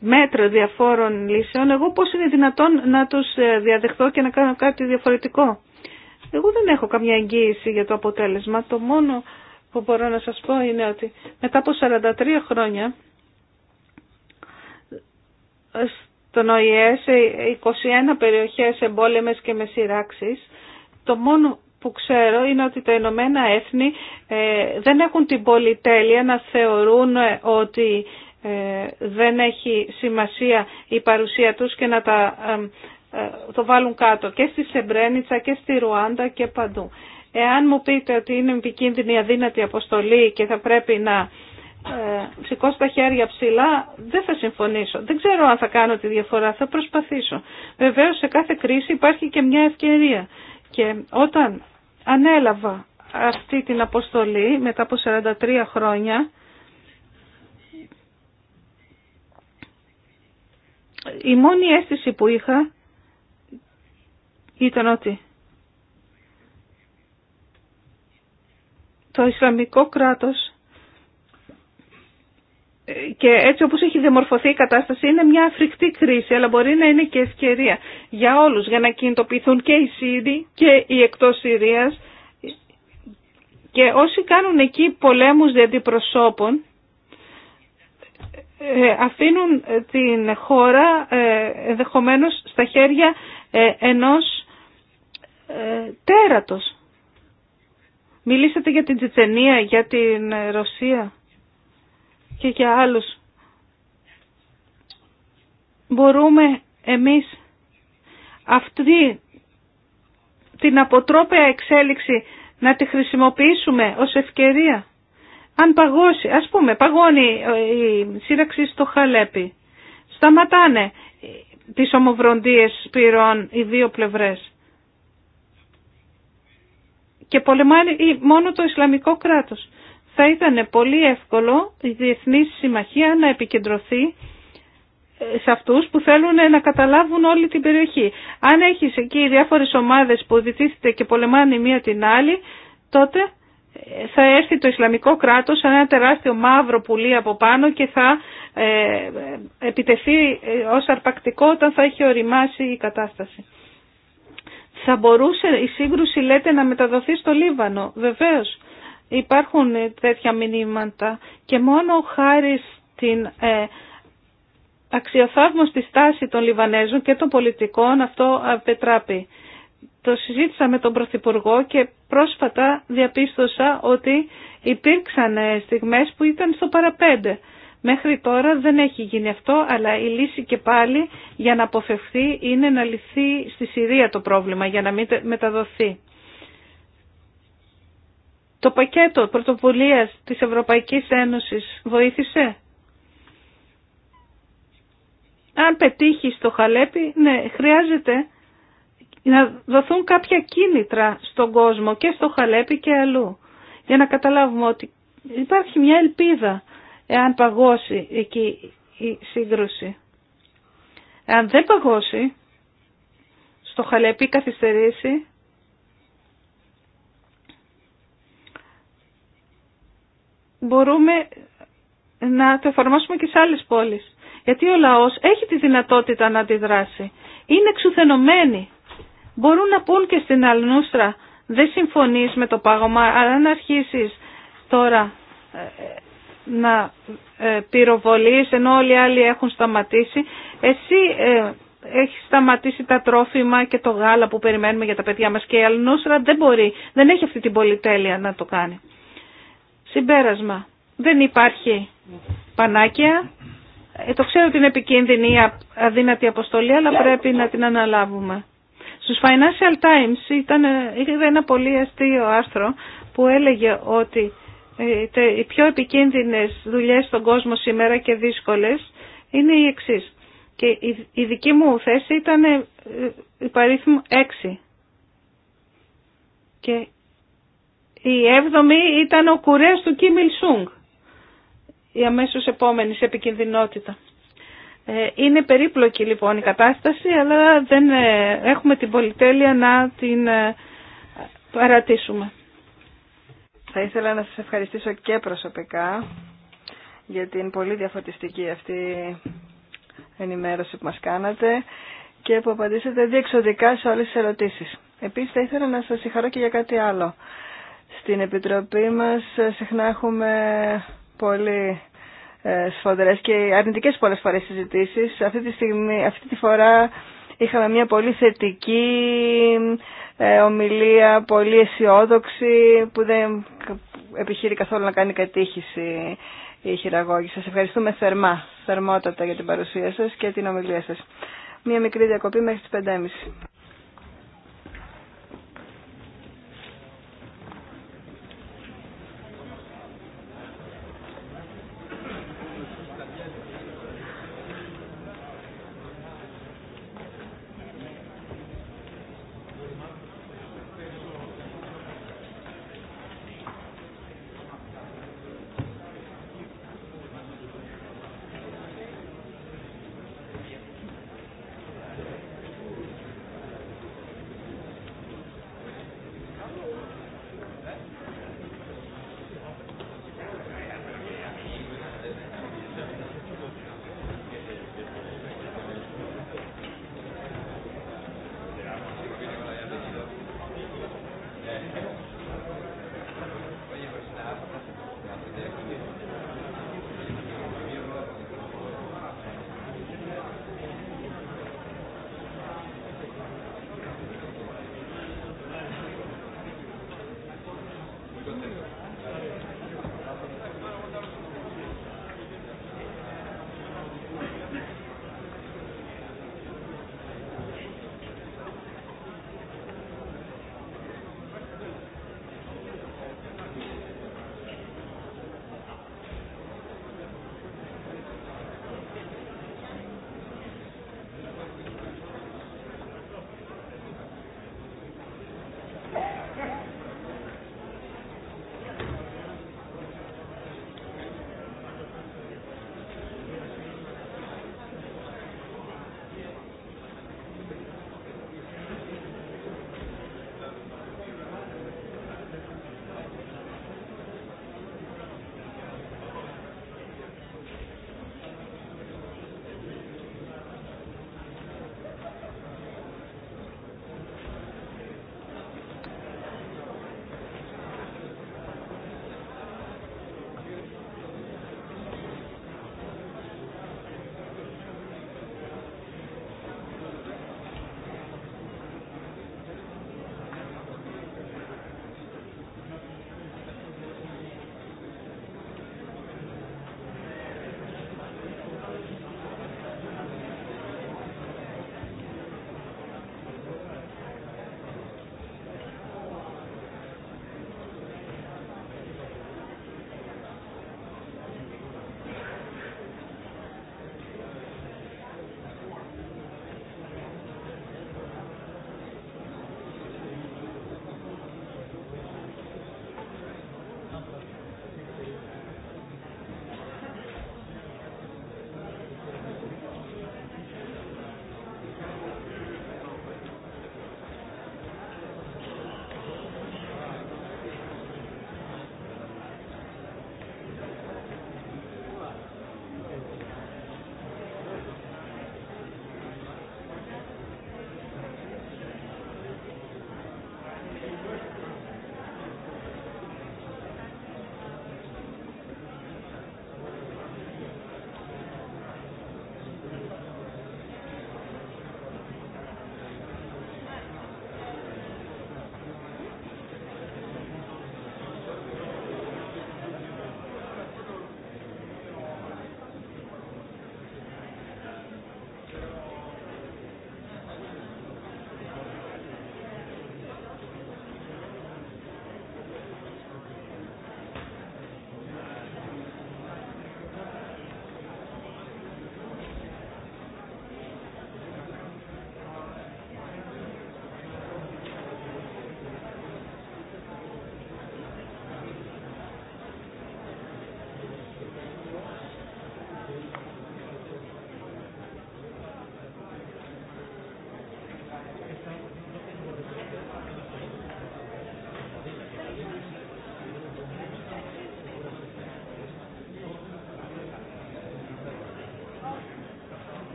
μέτρα διαφόρων λύσεων, εγώ πώς είναι δυνατόν να τους ε, διαδεχθώ και να κάνω κάτι διαφορετικό. Εγώ δεν έχω καμιά εγγύηση για το αποτέλεσμα. Το μόνο που μπορώ να σας πω είναι ότι μετά από 43 χρόνια στον ΟΗΕ σε 21 περιοχές εμπόλεμες και με σειράξεις, το μόνο που ξέρω είναι ότι τα Ηνωμένα Έθνη ε, δεν έχουν την πολυτέλεια να θεωρούν ε, ότι ε, δεν έχει σημασία η παρουσία τους και να τα, ε, ε, το βάλουν κάτω και στη Σεμπρένιτσα και στη Ρουάντα και παντού. Εάν μου πείτε ότι είναι επικίνδυνη αδύνατη αποστολή και θα πρέπει να ε, σηκώσω τα χέρια ψηλά, δεν θα συμφωνήσω. Δεν ξέρω αν θα κάνω τη διαφορά, θα προσπαθήσω. Βεβαίως σε κάθε κρίση υπάρχει και μια ευκαιρία. Και όταν ανέλαβα αυτή την αποστολή μετά από 43 χρόνια, η μόνη αίσθηση που είχα ήταν ότι το Ισλαμικό κράτος ε, και έτσι όπως έχει διαμορφωθεί η κατάσταση είναι μια φρικτή κρίση αλλά μπορεί να είναι και ευκαιρία για όλους για να κινητοποιηθούν και οι Σύριοι και οι εκτός Συρίας και όσοι κάνουν εκεί πολέμους δι' Ε, αφήνουν ε, την χώρα ε, ενδεχομένως στα χέρια ενός τέρατος. Μιλήσατε για την Τσετσενία, για την Ρωσία και για άλλους. Μπορούμε εμείς αυτή την αποτρόπαια εξέλιξη να τη χρησιμοποιήσουμε ως ευκαιρία αν παγώσει, ας πούμε, παγώνει ε, η σύραξη στο Χαλέπι. Σταματάνε τις ομοβροντίες πυρών οι δύο πλευρές. Και πολεμάει μόνο το Ισλαμικό κράτος. Θα ήταν πολύ εύκολο η Διεθνή Συμμαχία να επικεντρωθεί ε, σε αυτούς που θέλουν να καταλάβουν όλη την περιοχή. Αν έχεις εκεί διάφορες ομάδες που διτίθεται και πολεμάνε μία την άλλη, τότε θα έρθει το Ισλαμικό κράτος σαν ένα τεράστιο μαύρο πουλί από πάνω και θα ε, επιτεθεί ε, ως αρπακτικό όταν θα έχει οριμάσει η κατάσταση. Θα μπορούσε η σύγκρουση λέτε να μεταδοθεί στο Λίβανο. Βεβαίως υπάρχουν ε, τέτοια μηνύματα και μόνο χάρη στην αξιοθαύμαστη στάση των Λιβανέζων και των πολιτικών αυτό πετράπει το συζήτησα με τον Πρωθυπουργό και πρόσφατα διαπίστωσα ότι υπήρξαν ε, στιγμές που ήταν στο παραπέντε. Μέχρι τώρα δεν έχει γίνει αυτό, αλλά η λύση και πάλι για να αποφευθεί είναι να λυθεί στη Συρία το πρόβλημα, για να μην μεταδοθεί. Το πακέτο πρωτοβουλίας της Ευρωπαϊκής Ένωσης βοήθησε. Αν πετύχει στο Χαλέπι, ναι, χρειάζεται να δοθούν κάποια κίνητρα στον κόσμο και στο Χαλέπι και αλλού για να καταλάβουμε ότι υπάρχει μια ελπίδα εάν παγώσει εκεί η σύγκρουση. Εάν δεν παγώσει, στο Χαλέπι καθυστερήσει, μπορούμε να το εφαρμόσουμε και σε άλλες πόλεις. Γιατί ο λαός έχει τη δυνατότητα να αντιδράσει. Είναι εξουθενωμένοι μπορούν να πούν και στην Αλνούστρα δεν συμφωνείς με το πάγωμα, αλλά αν αρχίσεις τώρα ε, να ε, πυροβολείς ενώ όλοι οι άλλοι έχουν σταματήσει, εσύ ε, έχει σταματήσει τα τρόφιμα και το γάλα που περιμένουμε για τα παιδιά μας και η Αλνούστρα δεν μπορεί, δεν έχει αυτή την πολυτέλεια να το κάνει. Συμπέρασμα, δεν υπάρχει πανάκια, ε, το ξέρω ότι είναι επικίνδυνη η αδύνατη αποστολή, αλλά πρέπει να την αναλάβουμε. Στους Financial Times ήταν, ένα πολύ αστείο άρθρο που έλεγε ότι ε, οι πιο επικίνδυνες δουλειές στον κόσμο σήμερα και δύσκολες είναι οι εξή. Και η δική μου θέση ήταν ε, η παρήθμου 6. Και η 7η ήταν ο κουρέας του Κίμιλ Σούγκ. Η αμέσως επόμενη σε επικινδυνότητα. Ε, είναι περίπλοκη λοιπόν η κατάσταση, αλλά δεν ε, έχουμε την πολυτέλεια να την ε, παρατήσουμε. Θα ήθελα να σας ευχαριστήσω και προσωπικά για την πολύ διαφωτιστική αυτή ενημέρωση που μας κάνατε και που απαντήσατε διεξοδικά σε όλες τις ερωτήσεις. Επίσης θα ήθελα να σας συγχαρώ και για κάτι άλλο. Στην Επιτροπή μας συχνά έχουμε πολύ ε, σφοδρές και αρνητικές πολλές φορέ συζητήσει. Αυτή τη, αυτή τη φορά είχαμε μια πολύ θετική ε, ομιλία, πολύ αισιόδοξη που δεν επιχείρη καθόλου να κάνει κατήχηση η χειραγώγη. Σας ευχαριστούμε θερμά, θερμότατα για την παρουσία σας και την ομιλία σας. Μια μικρή διακοπή μέχρι τις 5.30.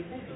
Ευχαριστώ.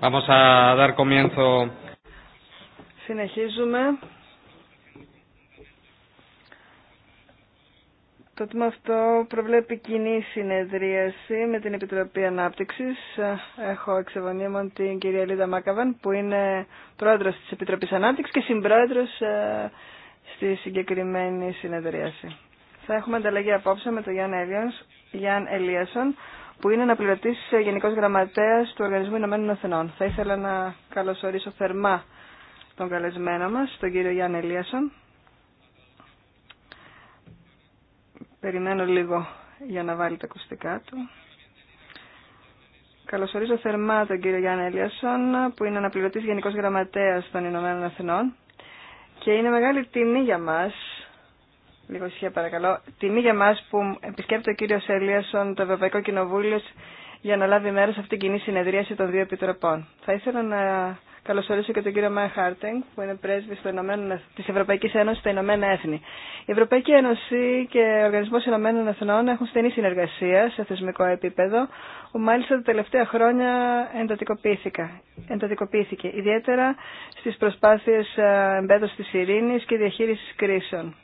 Vamos Συνεχίζουμε. Το τμήμα αυτό προβλέπει κοινή συνεδρίαση με την Επιτροπή Ανάπτυξης. Έχω εξεβονίμων την κυρία Λίδα Μάκαβαν που είναι πρόεδρος της Επιτροπής Ανάπτυξης και συμπρόεδρος ε, στη συγκεκριμένη συνεδρίαση. Θα έχουμε ανταλλαγή απόψε με τον Γιάννη Ελίασον, που είναι αναπληρωτή ε, Γενικό Γραμματέα του Οργανισμού Ηνωμένων Αθηνών. Θα ήθελα να καλωσορίσω θερμά τον καλεσμένο μα, τον κύριο Γιάννη Ελίασον. Περιμένω λίγο για να βάλει τα ακουστικά του. Καλωσορίζω θερμά τον κύριο Γιάννη Ελίασον, που είναι αναπληρωτής Γενικός Γραμματέας των Ηνωμένων Αθηνών. Και είναι μεγάλη τιμή για μας Λίγο ησυχία παρακαλώ. Τιμή για μας που επισκέπτεται ο κύριος Ελίασον το Ευρωπαϊκό Κοινοβούλιο για να λάβει μέρος σε αυτήν την κοινή συνεδρίαση των δύο επιτροπών. Θα ήθελα να καλωσορίσω και τον κύριο Μαϊν Χάρτινγκ, που είναι πρέσβη τη Ευρωπαϊκή Ένωση στα Ηνωμένα Έθνη. Η Ευρωπαϊκή Ένωση και ο Οργανισμό Ηνωμένων Εθνών έχουν στενή συνεργασία σε θεσμικό επίπεδο, που μάλιστα τα τελευταία χρόνια εντατικοποιήθηκε, ιδιαίτερα στι προσπάθειε ε, εμπέδωση τη ειρήνη και διαχείριση κρίσεων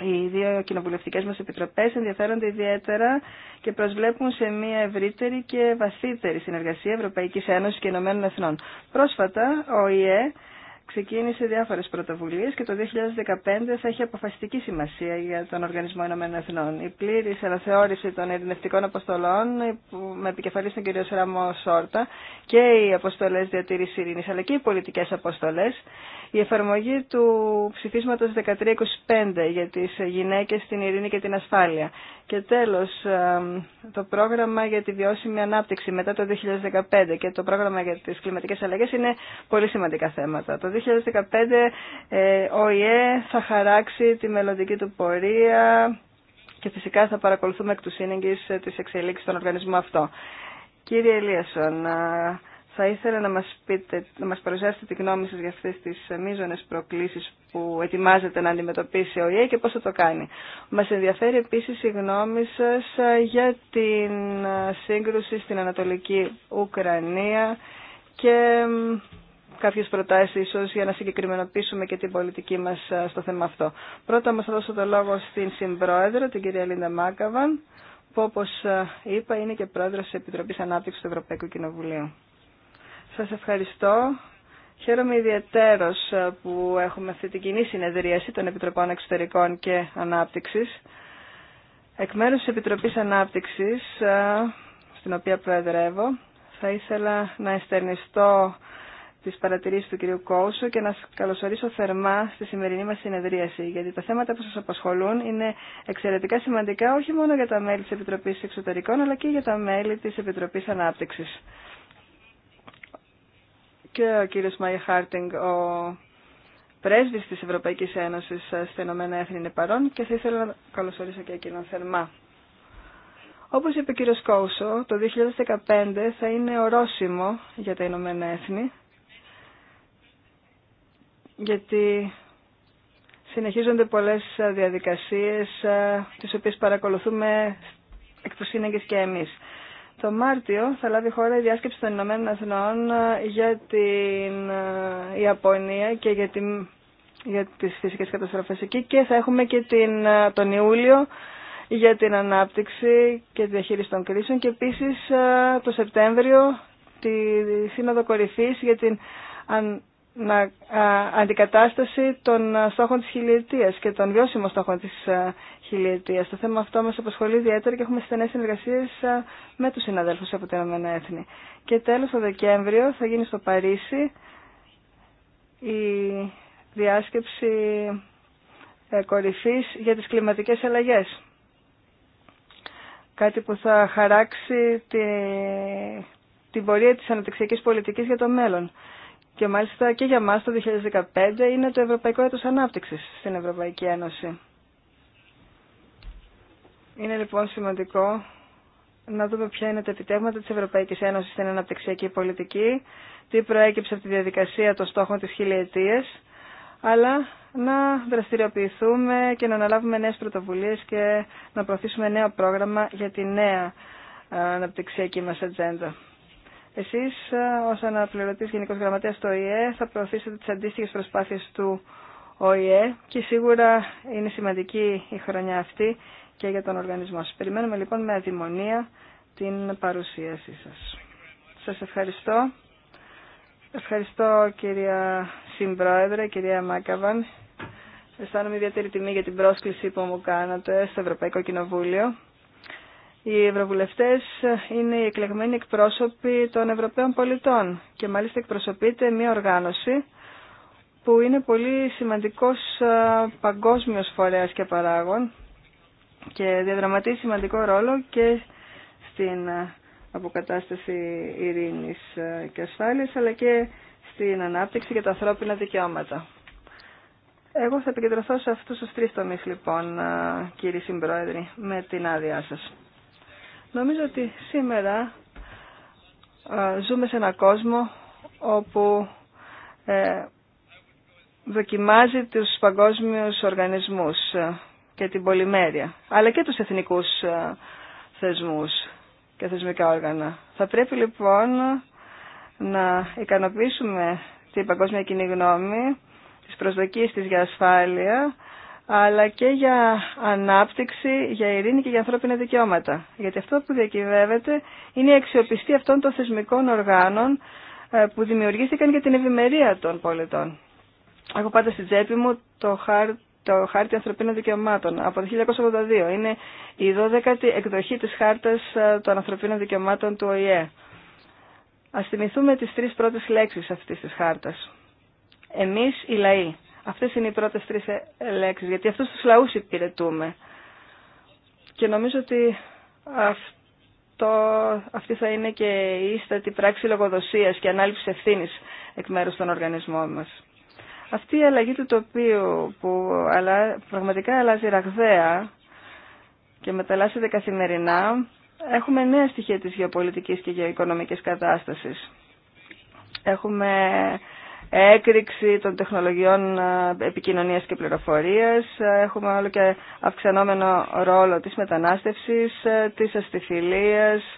οι δύο κοινοβουλευτικές μας επιτροπές ενδιαφέρονται ιδιαίτερα και προσβλέπουν σε μια ευρύτερη και βαθύτερη συνεργασία Ευρωπαϊκής Ένωσης και Ηνωμένων Εθνών. Πρόσφατα, ο ΙΕ ξεκίνησε διάφορες πρωτοβουλίες και το 2015 θα έχει αποφασιστική σημασία για τον Οργανισμό Ηνωμένων Εθνών. Η πλήρης αναθεώρηση των ειρηνευτικών αποστολών με επικεφαλή τον κ. Σραμό Σόρτα και οι αποστολές διατήρηση ειρήνης αλλά και οι πολιτικές αποστολέ. Η εφαρμογή του ψηφίσματος 1325 για τις γυναίκες, την ειρήνη και την ασφάλεια. Και τέλος, το πρόγραμμα για τη βιώσιμη ανάπτυξη μετά το 2015 και το πρόγραμμα για τις κλιματικές αλλαγές είναι πολύ σημαντικά θέματα. Το 2015 ε, ο ΙΕ θα χαράξει τη μελλοντική του πορεία και φυσικά θα παρακολουθούμε εκ του σύνεγγυς ε, τις εξελίξεις στον οργανισμό αυτό. Κύριε Ελίασον, ε, θα ήθελα να μας, πείτε, να μας παρουσιάσετε τη γνώμη σας για αυτές τις ε, μείζονες προκλήσεις που ετοιμάζεται να αντιμετωπίσει ο ΙΕ και πώς θα το κάνει. Μας ενδιαφέρει επίσης η γνώμη σας ε, για την ε, σύγκρουση στην Ανατολική Ουκρανία και κάποιες προτάσεις ίσως για να συγκεκριμενοποιήσουμε και την πολιτική μας στο θέμα αυτό. Πρώτα μας θα δώσω το λόγο στην Συμπρόεδρο, την κυρία Λίντα Μάκαβαν, που όπως είπα είναι και πρόεδρος της Επιτροπής Ανάπτυξης του Ευρωπαϊκού Κοινοβουλίου. Σας ευχαριστώ. Χαίρομαι ιδιαίτερος ε, που έχουμε αυτή την κοινή συνεδρίαση των Επιτροπών Εξωτερικών και Ανάπτυξης. Εκ μέρους της Επιτροπής Ανάπτυξης, ε, στην οποία προεδρεύω, θα ήθελα να εστερνιστώ τις παρατηρήσεις του κυρίου Κόουσου και να σας καλωσορίσω θερμά στη σημερινή μας συνεδρίαση, γιατί τα θέματα που σας απασχολούν είναι εξαιρετικά σημαντικά όχι μόνο για τα μέλη της Επιτροπής Εξωτερικών, αλλά και για τα μέλη της Επιτροπής Ανάπτυξης και ο κύριος Μάι Χάρτινγκ, ο πρέσβης της Ευρωπαϊκής Ένωσης στα Ηνωμένα Έθνη είναι παρόν και θα ήθελα να καλωσορίσω και εκείνον θερμά. Όπως είπε ο κύριος Κόουσο, το 2015 θα είναι ορόσημο για τα Ηνωμένα Έθνη, γιατί συνεχίζονται πολλές διαδικασίες ε, τις οποίες παρακολουθούμε εκ του και εμείς. Το Μάρτιο θα λάβει χώρα η διάσκεψη των Ηνωμένων Εθνών ε, για την ε, Ιαπωνία και για, την, για τις φυσικές καταστροφές εκεί και θα έχουμε και την, ε, τον Ιούλιο για την ανάπτυξη και τη διαχείριση των κρίσεων και επίσης το Σεπτέμβριο τη Σύνοδο Κορυφής για την αντικατάσταση των στόχων της χιλιετίας και των βιώσιμων στόχων της χιλιετία. θέμα αυτό μα απασχολεί ιδιαίτερα και έχουμε στενές συνεργασίε με του συναδέλφου από την Ηνωμένα Έθνη. Και τέλο το Δεκέμβριο θα γίνει στο Παρίσι η διάσκεψη ε, κορυφή για τι κλιματικέ αλλαγέ. Κάτι που θα χαράξει τη, την πορεία της αναπτυξιακής πολιτικής για το μέλλον. Και μάλιστα και για μας το 2015 είναι το Ευρωπαϊκό Έτος Ανάπτυξης στην Ευρωπαϊκή Ένωση. Είναι λοιπόν σημαντικό να δούμε ποια είναι τα επιτεύγματα της Ευρωπαϊκής Ένωσης στην αναπτυξιακή πολιτική, τι προέκυψε από τη διαδικασία των στόχων της χιλιετίας, αλλά να δραστηριοποιηθούμε και να αναλάβουμε νέες πρωτοβουλίες και να προωθήσουμε νέο πρόγραμμα για τη νέα ε, αναπτυξιακή μας ατζέντα. Εσείς, ε, ως αναπληρωτής Γενικός Γραμματέας του ΟΗΕ, θα προωθήσετε τις αντίστοιχες προσπάθειες του ΟΗΕ και σίγουρα είναι σημαντική η χρονιά αυτή και για τον οργανισμό σας. Περιμένουμε λοιπόν με αδημονία την παρουσίασή σας. Σας ευχαριστώ. Ευχαριστώ κυρία Συμπρόεδρε, κυρία Μάκαβαν. Αισθάνομαι ιδιαίτερη τιμή για την πρόσκληση που μου κάνατε στο Ευρωπαϊκό Κοινοβούλιο. Οι ευρωβουλευτές είναι οι εκλεγμένοι εκπρόσωποι των Ευρωπαίων πολιτών και μάλιστα εκπροσωπείται μια οργάνωση που είναι πολύ σημαντικός παγκόσμιος φορέας και παράγων και διαδραματίζει σημαντικό ρόλο και στην ε, αποκατάσταση ειρήνης ε, και ασφάλειας, αλλά και στην ανάπτυξη και τα ανθρώπινα δικαιώματα. Εγώ θα επικεντρωθώ σε αυτούς τους τρεις τομείς, λοιπόν, ε, κύριοι συμπρόεδροι, με την άδειά σας. Νομίζω ότι σήμερα ζούμε σε έναν κόσμο όπου δοκιμάζει τους παγκόσμιους οργανισμούς και την πολυμέρεια, αλλά και τους εθνικούς ε, θεσμούς και θεσμικά όργανα. Θα πρέπει λοιπόν να ικανοποιήσουμε την παγκόσμια κοινή γνώμη, τις προσδοκίες της για ασφάλεια, αλλά και για ανάπτυξη, για ειρήνη και για ανθρώπινα δικαιώματα. Γιατί αυτό που διακυβεύεται είναι η αξιοπιστία αυτών των θεσμικών οργάνων ε, που δημιουργήθηκαν για την ευημερία των πολιτών. Έχω πάντα στην τσέπη μου το χάρτη το Χάρτη Ανθρωπίνων Δικαιωμάτων από το 1982. Είναι η 12η εκδοχή της Χάρτας ε, των Ανθρωπίνων Δικαιωμάτων του ΟΗΕ. Ας θυμηθούμε τις τρεις πρώτες λέξεις αυτής της χάρτας. Εμείς οι λαοί. Αυτές είναι οι πρώτες τρεις ε, λέξεις, γιατί αυτούς τους λαούς υπηρετούμε. Και νομίζω ότι αυτό, αυτή θα είναι και η ίστατη πράξη λογοδοσίας και ανάληψη ευθύνης εκ μέρους των οργανισμών μας. Αυτή η αλλαγή του τοπίου που πραγματικά αλλάζει ραγδαία και μεταλλάσσεται καθημερινά, έχουμε νέα στοιχεία της γεωπολιτικής και γεωοικονομικής κατάστασης. Έχουμε έκρηξη των τεχνολογιών ε, επικοινωνίας και πληροφορίας, έχουμε όλο και αυξανόμενο ρόλο της μετανάστευσης, ε, της αστιφιλίας,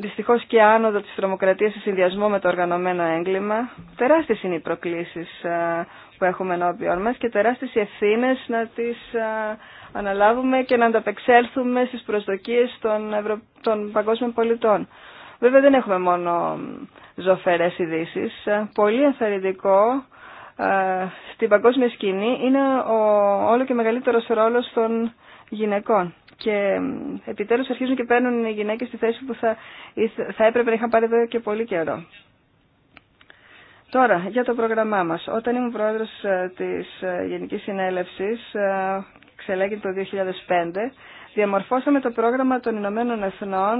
Δυστυχώ και άνοδο της τρομοκρατίας σε συνδυασμό με το οργανωμένο έγκλημα. Τεράστιες είναι οι προκλήσει ε, που έχουμε ενώπιον μα και τεράστιες οι ευθύνε να τις ε, αναλάβουμε και να ανταπεξέλθουμε στις προσδοκίες των, Ευρω... των παγκόσμιων πολιτών. Βέβαια δεν έχουμε μόνο ζωφερές ειδήσει. Ε, πολύ ενθαρρυντικό στην παγκόσμια σκηνή είναι ο όλο και μεγαλύτερο ρόλος των γυναικών και επιτέλους αρχίζουν και παίρνουν οι γυναίκες τη θέση που θα, θα έπρεπε να είχαν πάρει εδώ και πολύ καιρό. Τώρα, για το πρόγραμμά μας. Όταν ήμουν πρόεδρος ε, της ε, Γενικής Συνέλευσης, ε, ξελέγει το 2005, διαμορφώσαμε το πρόγραμμα των Ηνωμένων Εθνών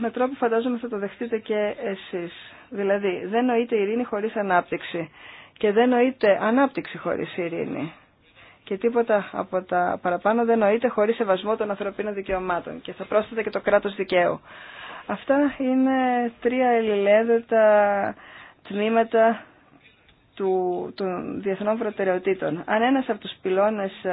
με τρόπο που φαντάζομαι θα το δεχτείτε και εσείς. Δηλαδή, δεν νοείται ειρήνη χωρίς ανάπτυξη και δεν νοείται ανάπτυξη χωρίς ειρήνη και τίποτα από τα παραπάνω δεν νοείται χωρίς σεβασμό των ανθρωπίνων δικαιωμάτων και θα πρόσθεται και το κράτος δικαίου. Αυτά είναι τρία ελληλέδετα τμήματα του, των διεθνών προτεραιοτήτων. Αν ένας από τους πυλώνες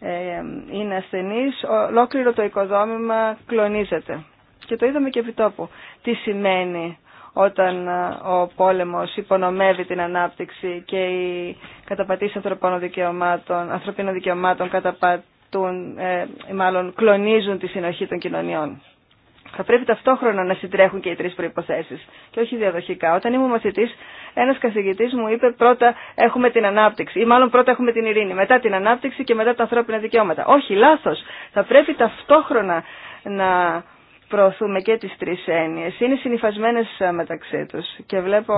ε, είναι ασθενής, ολόκληρο το οικοδόμημα κλονίζεται. Και το είδαμε και επί τόπου. Τι σημαίνει όταν ε, ο πόλεμος υπονομεύει την ανάπτυξη και οι καταπατήσεις ανθρωπίνων δικαιωμάτων, ανθρωπίνων δικαιωμάτων καταπατούν, ε, μάλλον κλονίζουν τη συνοχή των κοινωνιών. Θα πρέπει ταυτόχρονα να συντρέχουν και οι τρει προϋποθέσεις Και όχι διαδοχικά. Όταν ήμουν μαθητή, ένας καθηγητή μου είπε πρώτα έχουμε την ανάπτυξη. Ή μάλλον πρώτα έχουμε την ειρήνη. Μετά την ανάπτυξη και μετά τα ανθρώπινα δικαιώματα. Όχι, λάθος. Θα πρέπει ταυτόχρονα να προωθούμε και τις τρεις έννοιες. Είναι συνειφασμένες ε, μεταξύ τους. Και βλέπω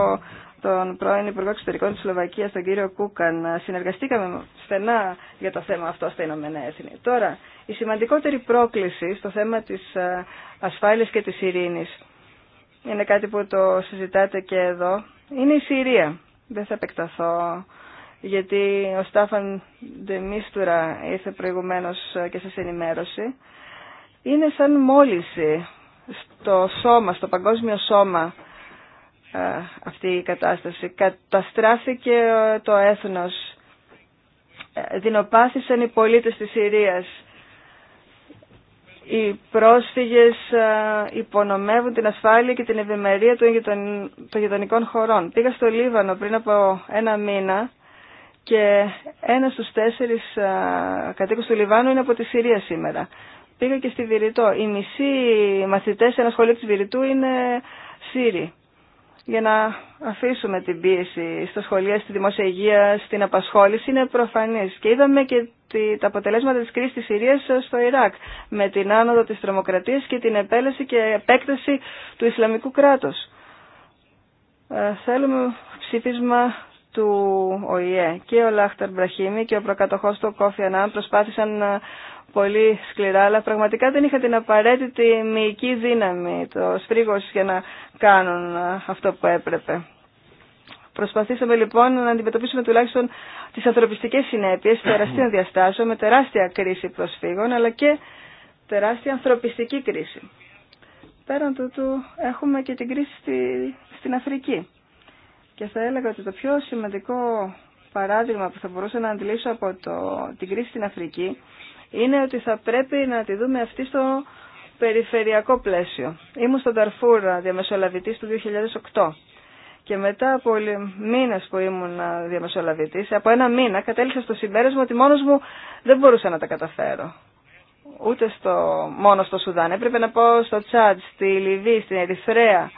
τον πρώην Υπουργό Εξωτερικών της Σλοβακίας, τον κύριο να ε, συνεργαστήκαμε στενά για το θέμα αυτό στα Ηνωμένα Έθνη. Τώρα, η σημαντικότερη πρόκληση στο θέμα της ε, ασφάλειας και της ειρήνης, είναι κάτι που το συζητάτε και εδώ, είναι η Συρία. Δεν θα επεκταθώ γιατί ο Στάφαν Ντεμίστουρα ήρθε προηγουμένως και σας ενημέρωσε είναι σαν μόλιση στο σώμα, στο παγκόσμιο σώμα ε, αυτή η κατάσταση. Καταστράφηκε ε, το έθνος, ε, δυνοπάθησαν οι πολίτες της Συρίας. Οι πρόσφυγες υπονομεύουν την ασφάλεια και την ευημερία των γειτονικών χωρών. Πήγα στο Λίβανο πριν από ένα μήνα και ένας στους τέσσερις κατοίκους του Λιβάνου είναι από τη Συρία σήμερα. Πήγα και στη Βηρητό. Οι μισοί μαθητές σε ένα σχολείο της Βηρητού είναι Σύριοι. Για να αφήσουμε την πίεση στα σχολεία, στη δημόσια υγεία, στην απασχόληση είναι προφανή. Και είδαμε και τα αποτελέσματα της κρίσης της Συρίας στο Ιράκ με την άνοδο της τρομοκρατίας και την επέλεση και επέκταση του Ισλαμικού κράτους. Ε, θέλουμε ψήφισμα του ΟΗΕ και ο Λάχταρ Μπραχίμη και ο προκατοχός του Κόφι Ανάν προσπάθησαν να πολύ σκληρά, αλλά πραγματικά δεν είχα την απαραίτητη μυϊκή δύναμη, το σφρίγος για να κάνουν αυτό που έπρεπε. Προσπαθήσαμε λοιπόν να αντιμετωπίσουμε τουλάχιστον τις ανθρωπιστικές συνέπειες τεράστια διαστάσεων με τεράστια κρίση προσφύγων αλλά και τεράστια ανθρωπιστική κρίση. Πέραν τούτου έχουμε και την κρίση στη, στην Αφρική. Και θα έλεγα ότι το πιο σημαντικό παράδειγμα που θα μπορούσα να αντιλήσω από την κρίση στην Αφρική είναι ότι θα πρέπει να τη δούμε αυτή στο περιφερειακό πλαίσιο. Ήμουν στον Ταρφούρα διαμεσολαβητής του 2008 και μετά από μήνες που ήμουν διαμεσολαβητής, από ένα μήνα κατέληξα στο συμπέρασμα ότι μόνος μου δεν μπορούσα να τα καταφέρω. Ούτε στο, μόνο στο Σουδάν. Έπρεπε να πω στο Τσάντ, στη Λιβύη, στην Ερυθρέα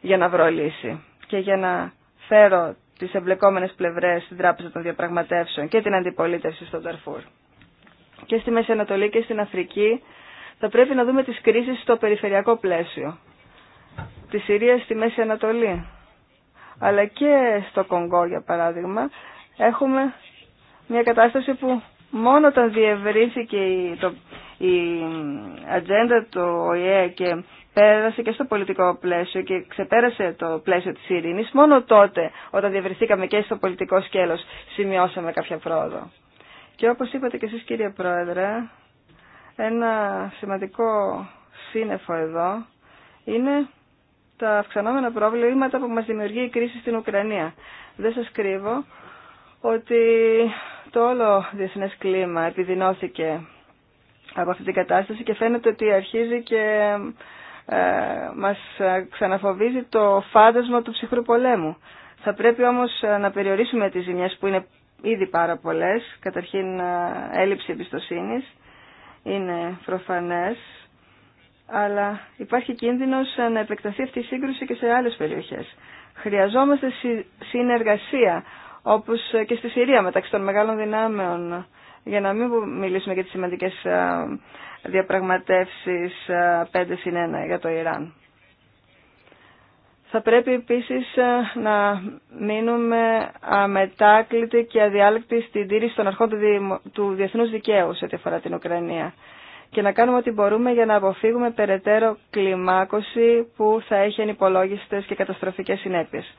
για να βρω λύση και για να φέρω τις εμπλεκόμενες πλευρές στην Τράπεζα των Διαπραγματεύσεων και την αντιπολίτευση στον Ταρφούρ και στη Μέση Ανατολή και στην Αφρική, θα πρέπει να δούμε τις κρίσεις στο περιφερειακό πλαίσιο. Τη Συρία στη Μέση Ανατολή, αλλά και στο Κονγκό για παράδειγμα, έχουμε μια κατάσταση που μόνο όταν διευρύθηκε η, το, η ατζέντα του ΟΗΕ και πέρασε και στο πολιτικό πλαίσιο και ξεπέρασε το πλαίσιο της ειρήνης, μόνο τότε όταν διευρυθήκαμε και στο πολιτικό σκέλος σημειώσαμε κάποια πρόοδο. Και όπως είπατε και εσείς κύριε Πρόεδρε, ένα σημαντικό σύννεφο εδώ είναι τα αυξανόμενα προβλήματα που μας δημιουργεί η κρίση στην Ουκρανία. Δεν σας κρύβω ότι το όλο διεθνές κλίμα επιδεινώθηκε από αυτή την κατάσταση και φαίνεται ότι αρχίζει και ε, μας ξαναφοβίζει το φάντασμα του ψυχρού πολέμου. Θα πρέπει όμως να περιορίσουμε τις ζημιές που είναι ήδη πάρα πολλές. Καταρχήν ε, έλλειψη εμπιστοσύνης είναι προφανές, αλλά υπάρχει κίνδυνος ε, να επεκταθεί αυτή η σύγκρουση και σε άλλες περιοχές. Χρειαζόμαστε συνεργασία, όπως ε, και στη Συρία μεταξύ των μεγάλων δυνάμεων, για να μην μιλήσουμε για τις σημαντικές διαπραγματεύσεις 5 συν 1 για το Ιράν. Θα πρέπει επίσης ε, να μείνουμε αμετάκλητοι και αδιάλεκτοι στην τήρηση των αρχών του, διεθνούς δικαίου σε ό,τι αφορά την Ουκρανία και να κάνουμε ό,τι μπορούμε για να αποφύγουμε περαιτέρω κλιμάκωση που θα έχει ανυπολόγιστες και καταστροφικές συνέπειες.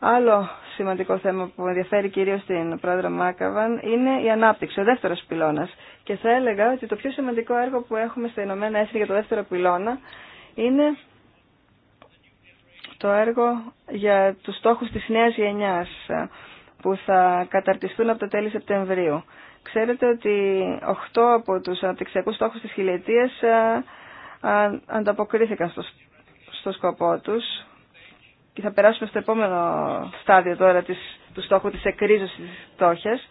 Άλλο σημαντικό θέμα που ενδιαφέρει κυρίως την πρόεδρο Μάκαβαν είναι η ανάπτυξη, ο δεύτερο πυλώνα. Και θα έλεγα ότι το πιο σημαντικό έργο που έχουμε στα Ηνωμένα Έθνη για το δεύτερο πυλώνα είναι το έργο για τους στόχους της νέας γενιάς ε, που θα καταρτιστούν από το τέλη Σεπτεμβρίου. Ξέρετε ότι 8 από τους αναπτυξιακούς στόχους της χιλιετίας ε, ανταποκρίθηκαν στο, στο σκοπό τους και θα περάσουμε στο επόμενο στάδιο τώρα της, του στόχου της εκρίζωσης της φτώχειας.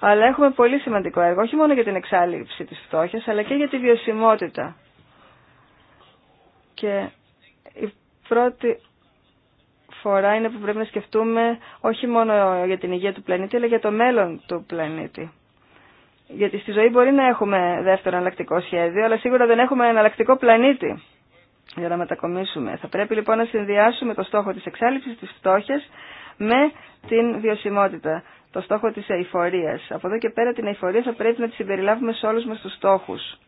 Αλλά έχουμε πολύ σημαντικό έργο, όχι μόνο για την εξάλληψη της φτώχειας, αλλά και για τη βιωσιμότητα. Και η πρώτη φορά είναι που πρέπει να σκεφτούμε όχι μόνο για την υγεία του πλανήτη, αλλά για το μέλλον του πλανήτη. Γιατί στη ζωή μπορεί να έχουμε δεύτερο εναλλακτικό σχέδιο, αλλά σίγουρα δεν έχουμε εναλλακτικό πλανήτη για να μετακομίσουμε. Θα πρέπει λοιπόν να συνδυάσουμε το στόχο της εξάλληψης της φτώχειας με την βιωσιμότητα, το στόχο της αηφορίας. Από εδώ και πέρα την αηφορία θα πρέπει να τη συμπεριλάβουμε σε όλους μας τους στόχους.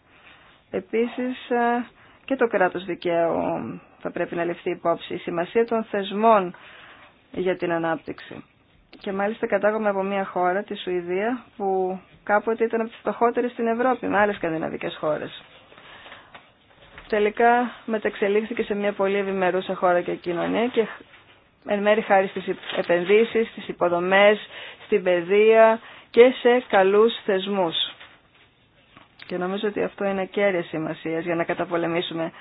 Επίσης, ε, και το κράτος δικαίου θα πρέπει να ληφθεί υπόψη, η σημασία των θεσμών για την ανάπτυξη. Και μάλιστα κατάγομαι από μια χώρα, τη Σουηδία, που κάποτε ήταν από τις φτωχότερες στην Ευρώπη, με άλλες σκανδιναβικές χώρες. Τελικά μεταξελίχθηκε σε μια πολύ ευημερούσα χώρα και κοινωνία και εν μέρη χάρη στις επενδύσεις, στις υποδομές, στην παιδεία και σε καλούς θεσμούς. Και νομίζω ότι αυτό είναι κέρια σημασία για να καταπολεμήσουμε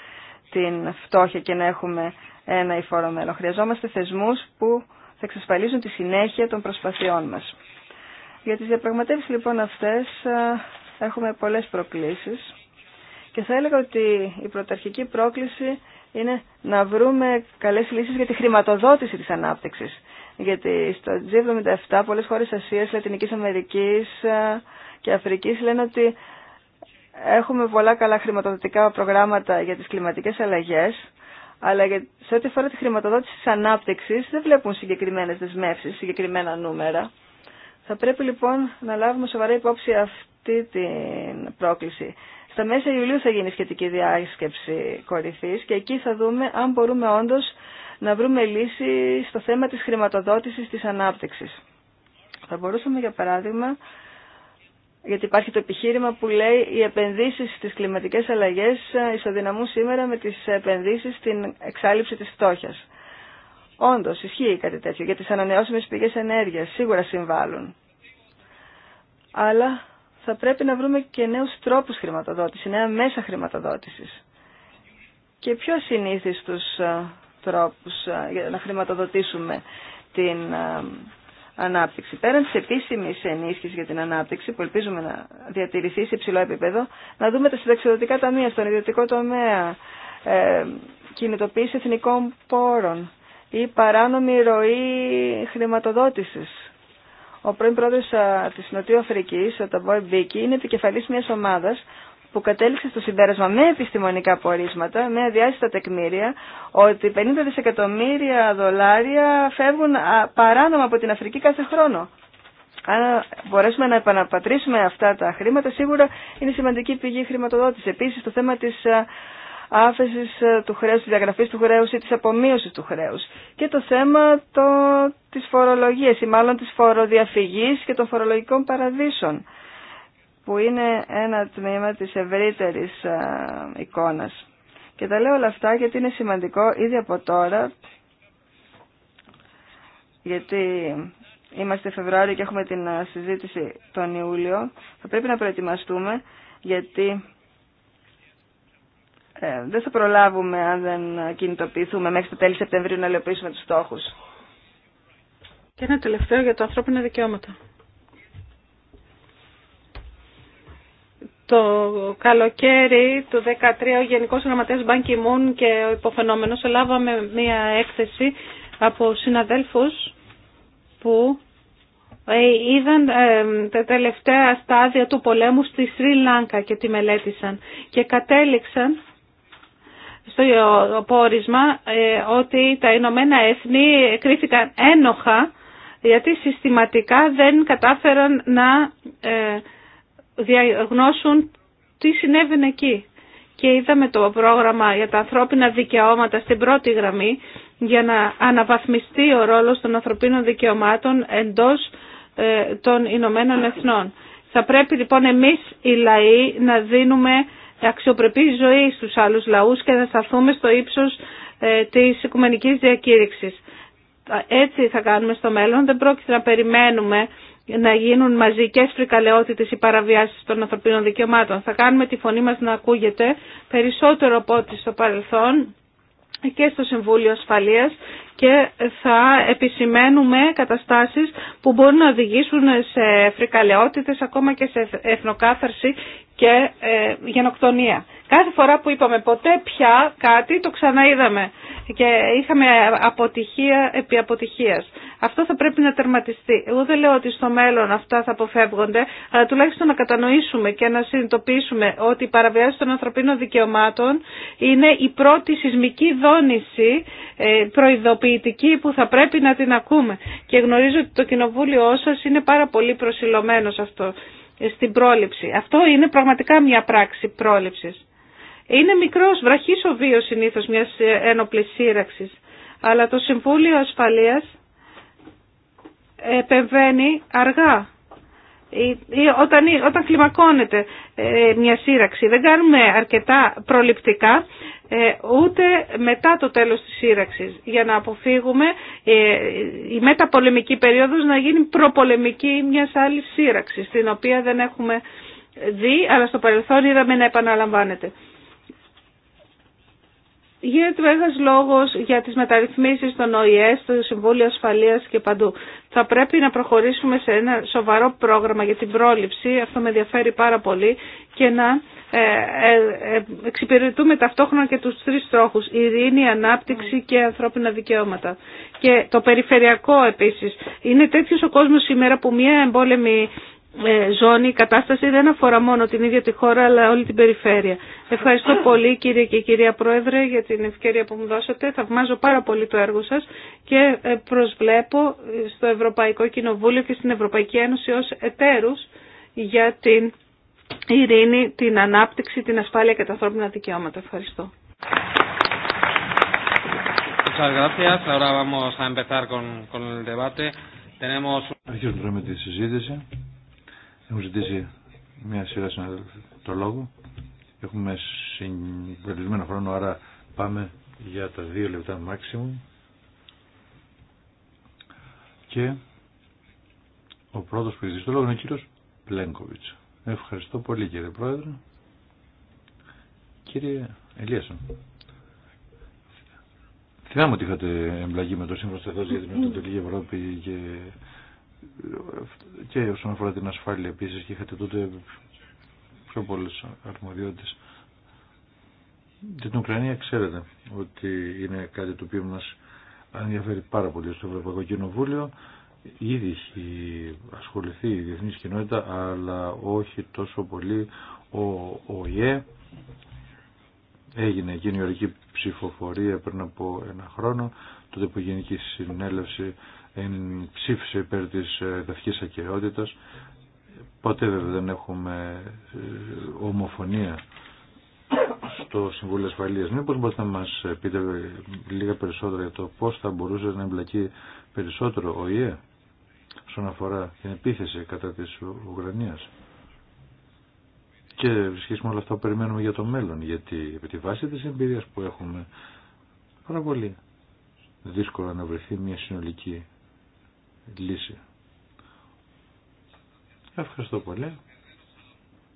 την φτώχεια και να έχουμε ένα υφόρο μέλλον. Χρειαζόμαστε θεσμούς που θα εξασφαλίζουν τη συνέχεια των προσπαθειών μα. Για τι διαπραγματεύσει λοιπόν αυτέ έχουμε πολλέ προκλήσεις και θα έλεγα ότι η πρωταρχική πρόκληση είναι να βρούμε καλέ λύσει για τη χρηματοδότηση της ανάπτυξη. Γιατί στο G77 πολλέ χώρε Ασία, Λατινική Αμερική και Αφρική λένε ότι Έχουμε πολλά καλά χρηματοδοτικά προγράμματα για τις κλιματικές αλλαγές, αλλά σε ό,τι αφορά τη χρηματοδότηση της ανάπτυξης δεν βλέπουν συγκεκριμένες δεσμεύσεις, συγκεκριμένα νούμερα. Θα πρέπει λοιπόν να λάβουμε σοβαρά υπόψη αυτή την πρόκληση. Στα μέσα Ιουλίου θα γίνει σχετική διάσκεψη κορυφής και εκεί θα δούμε αν μπορούμε όντως να βρούμε λύση στο θέμα της χρηματοδότησης της ανάπτυξης. Θα μπορούσαμε για παράδειγμα γιατί υπάρχει το επιχείρημα που λέει οι επενδύσεις στις κλιματικές αλλαγές ισοδυναμούν σήμερα με τις επενδύσεις στην εξάλληψη της φτώχειας. Όντως ισχύει κάτι τέτοιο για τις ανανεώσιμες πηγές ενέργειας. Σίγουρα συμβάλλουν. Αλλά θα πρέπει να βρούμε και νέους τρόπους χρηματοδότησης, νέα μέσα χρηματοδότησης. Και πιο συνήθιστους ε, τρόπους ε, για να χρηματοδοτήσουμε την ε, ανάπτυξη. Πέραν τη επίσημη ενίσχυση για την ανάπτυξη, που ελπίζουμε να διατηρηθεί σε υψηλό επίπεδο, να δούμε τα συνταξιδοτικά ταμεία στον ιδιωτικό τομέα, ε, κινητοποίηση εθνικών πόρων ή παράνομη ροή χρηματοδότηση. Ο πρώην πρόεδρο τη Νοτιού ο Ταμπόι Μπίκη, είναι επικεφαλή μια ομάδα που κατέληξε στο συμπέρασμα με επιστημονικά πορίσματα, με αδιάστατα τεκμήρια, ότι 50 δισεκατομμύρια δολάρια φεύγουν παράνομα από την Αφρική κάθε χρόνο. Αν μπορέσουμε να επαναπατρίσουμε αυτά τα χρήματα, σίγουρα είναι σημαντική πηγή χρηματοδότηση. Επίσης, το θέμα της άφεση του χρέους, της διαγραφής του χρέους ή της απομείωσης του χρέους. Και το θέμα το, της φορολογίας ή μάλλον της φοροδιαφυγής και των φορολογικών παραδείσων που είναι ένα τμήμα της ευρύτερης εικόνας. Και τα λέω όλα αυτά γιατί είναι σημαντικό ήδη από τώρα, γιατί είμαστε Φεβρουάριο και έχουμε την συζήτηση τον Ιούλιο, θα πρέπει να προετοιμαστούμε γιατί ε, δεν θα προλάβουμε αν δεν κινητοποιηθούμε μέχρι το τέλη Σεπτεμβρίου να ελοπίσουμε τους στόχους. Και ένα τελευταίο για τα ανθρώπινα δικαιώματα. Το καλοκαίρι του 2013 ο Γενικός Γραμματέας Μπάνκι Μουν και ο υποφαινόμενος λάβαμε μία έκθεση από συναδέλφους που ε, είδαν ε, τα τελευταία στάδια του πολέμου στη Σρι Λάνκα και τη μελέτησαν και κατέληξαν στο πόρισμα ε, ότι τα Ηνωμένα Έθνη κρίθηκαν ένοχα γιατί συστηματικά δεν κατάφεραν να διαγνώσουν τι συνέβαινε εκεί. Και είδαμε το πρόγραμμα για τα ανθρώπινα δικαιώματα στην πρώτη γραμμή για να αναβαθμιστεί ο ρόλος των ανθρωπίνων δικαιωμάτων εντός ε, των Ηνωμένων Εθνών. Θα πρέπει λοιπόν εμείς οι λαοί να δίνουμε αξιοπρεπή ζωή στους άλλους λαούς και να σταθούμε στο ύψος ε, της οικουμενικής διακήρυξης. Έτσι θα κάνουμε στο μέλλον, δεν πρόκειται να περιμένουμε να γίνουν και φρικαλαιότητες ή παραβιάσεις των ανθρωπίνων δικαιωμάτων. Θα κάνουμε τη φωνή μας να ακούγεται περισσότερο από ό,τι στο παρελθόν και στο Συμβούλιο Ασφαλείας και θα επισημαίνουμε καταστάσεις που μπορούν να οδηγήσουν σε φρικαλαιότητες ακόμα και σε εθνοκάθαρση και ε, γενοκτονία. Κάθε φορά που είπαμε ποτέ πια κάτι το ξαναείδαμε και είχαμε αποτυχία επί αποτυχίας. Αυτό θα πρέπει να τερματιστεί. Εγώ δεν λέω ότι στο μέλλον αυτά θα αποφεύγονται, αλλά τουλάχιστον να κατανοήσουμε και να συνειδητοποιήσουμε ότι η παραβιάση των ανθρωπίνων δικαιωμάτων είναι η πρώτη σεισμική δόνηση ε, προειδοποιητική που θα πρέπει να την ακούμε. Και γνωρίζω ότι το κοινοβούλιο σα είναι πάρα πολύ προσιλωμένο σε αυτό, στην πρόληψη. Αυτό είναι πραγματικά μια πράξη πρόληψης. Είναι μικρός, βραχής ο βίος συνήθως μιας ένοπλης σύραξης. Αλλά το Συμβούλιο Ασφαλείας επεμβαίνει αργά. Όταν, όταν κλιμακώνεται ε, μια σύραξη δεν κάνουμε αρκετά προληπτικά ε, ούτε μετά το τέλος της σύραξης για να αποφύγουμε ε, η μεταπολεμική περίοδος να γίνει προπολεμική μιας άλλης σύραξης την οποία δεν έχουμε δει αλλά στο παρελθόν είδαμε να επαναλαμβάνεται. Γίνεται ένας λόγος για τις μεταρρυθμίσεις των ΟΗΕ, των Συμβούλιο Ασφαλείας και παντού. Θα πρέπει να προχωρήσουμε σε ένα σοβαρό πρόγραμμα για την πρόληψη, αυτό με ενδιαφέρει πάρα πολύ, και να ε, ε, ε, εξυπηρετούμε ταυτόχρονα και τους τρεις στόχους, ειρήνη, ανάπτυξη και ανθρώπινα δικαιώματα. Και το περιφερειακό επίσης. Είναι τέτοιος ο κόσμος σήμερα που μια εμπόλεμη ε, ζώνη η κατάσταση δεν αφορά μόνο την ίδια τη χώρα αλλά όλη την περιφέρεια. Ευχαριστώ πολύ κύριε και κυρία Πρόεδρε για την ευκαιρία που μου δώσατε. Θαυμάζω πάρα πολύ το έργο σας και ε, προσβλέπω στο Ευρωπαϊκό Κοινοβούλιο και στην Ευρωπαϊκή Ένωση ως εταίρους για την ειρήνη, την ανάπτυξη, την ασφάλεια και τα ανθρώπινα δικαιώματα. Ευχαριστώ. Ahora vamos a empezar con, con el debate. Tenemos... τη Έχουμε ζητήσει μια σειρά συναδέλφων το λόγο. Έχουμε συγκεκριμένο χρόνο, άρα πάμε για τα δύο λεπτά μάξιμου. Και ο πρώτος που ζητήσει το λόγο είναι ο κύριος Πλένκοβιτς. Ευχαριστώ πολύ κύριε Πρόεδρε. Κύριε Ελίασον. Θυμάμαι ότι είχατε εμπλαγεί με το Σύμφωνο Σταθός για την Ευρωπαϊκή Ευρώπη και και όσον αφορά την ασφάλεια επίσης και είχατε τότε πιο πολλές αρμοδιότητες. την Ουκρανία ξέρετε ότι είναι κάτι το οποίο μας ενδιαφέρει πάρα πολύ στο Ευρωπαϊκό Κοινοβούλιο. Ήδη έχει ασχοληθεί η διεθνή κοινότητα, αλλά όχι τόσο πολύ ο ΟΗΕ. Έγινε εκείνη η ορική ψηφοφορία πριν από ένα χρόνο, τότε που Γενική Συνέλευση ψήφισε υπέρ της καθικής ε, ακαιρεότητας. Ποτέ βέβαια δεν έχουμε ε, ομοφωνία στο Συμβούλιο Ασφαλείας. Μήπως μπορείτε να μας πείτε ε, λίγα περισσότερα για το πώς θα μπορούσε να εμπλακεί περισσότερο ο ΙΕ όσον αφορά την επίθεση κατά της Ουκρανίας. Και σχέση όλα αυτά που περιμένουμε για το μέλλον, γιατί επί τη βάση της εμπειρίας που έχουμε πάρα πολύ δύσκολο να βρεθεί μια συνολική λύση. Ευχαριστώ πολύ.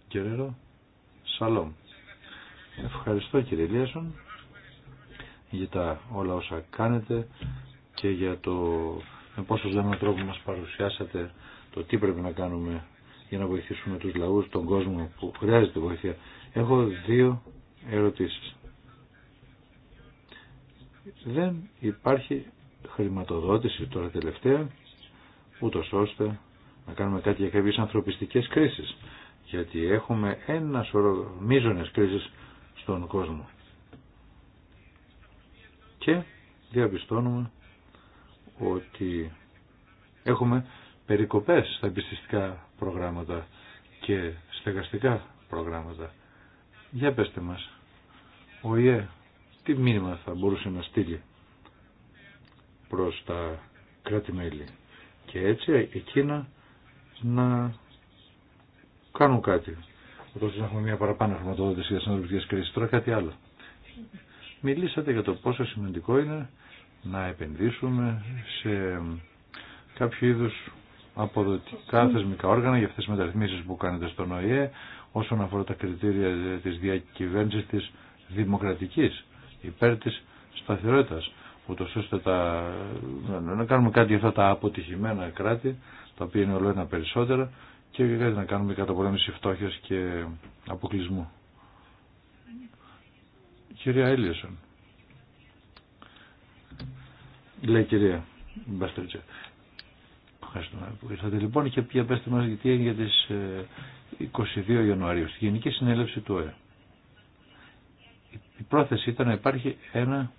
Κεραίρο Σαλόμ. Ευχαριστώ κύριε Λίασον για τα όλα όσα κάνετε και για το με πόσο δέμενο τρόπο μας παρουσιάσατε το τι πρέπει να κάνουμε για να βοηθήσουμε τους λαούς, τον κόσμο που χρειάζεται βοήθεια. Έχω δύο ερωτήσεις. Δεν υπάρχει χρηματοδότηση τώρα τελευταία ούτω ώστε να κάνουμε κάτι για κάποιε ανθρωπιστικέ κρίσεις. Γιατί έχουμε ένα σωρό μείζονε κρίσεις στον κόσμο. Και διαπιστώνουμε ότι έχουμε περικοπές στα εμπιστιστικά προγράμματα και στεγαστικά προγράμματα. Για πέστε μας, ο ΙΕ τι μήνυμα θα μπορούσε να στείλει προς τα κράτη-μέλη και έτσι εκείνα να κάνουν κάτι. Οπότε να έχουμε μια παραπάνω χρηματοδότηση για συνολικές κρίσεις. Τώρα κάτι άλλο. Μιλήσατε για το πόσο σημαντικό είναι να επενδύσουμε σε κάποιο είδους αποδοτικά θεσμικά όργανα για αυτές τις μεταρρυθμίσεις που κάνετε στον ΟΗΕ όσον αφορά τα κριτήρια της διακυβέρνησης της δημοκρατικής υπέρ της σταθερότητας ούτω ώστε τα, να κάνουμε κάτι για αυτά τα αποτυχημένα κράτη, τα οποία είναι όλο ένα περισσότερα, και κάτι να κάνουμε πολέμηση φτώχεια και αποκλεισμού. Κυρία Έλιασον. Λέει κυρία Μπαστρίτσα. Ευχαριστούμε που ήρθατε. Λοιπόν, και πια πέστε μας γιατί έγινε για 22 ε, Ιανουαρίου, στη Γενική Συνέλευση του ΟΕ. Η πρόθεση ήταν να υπάρχει ένα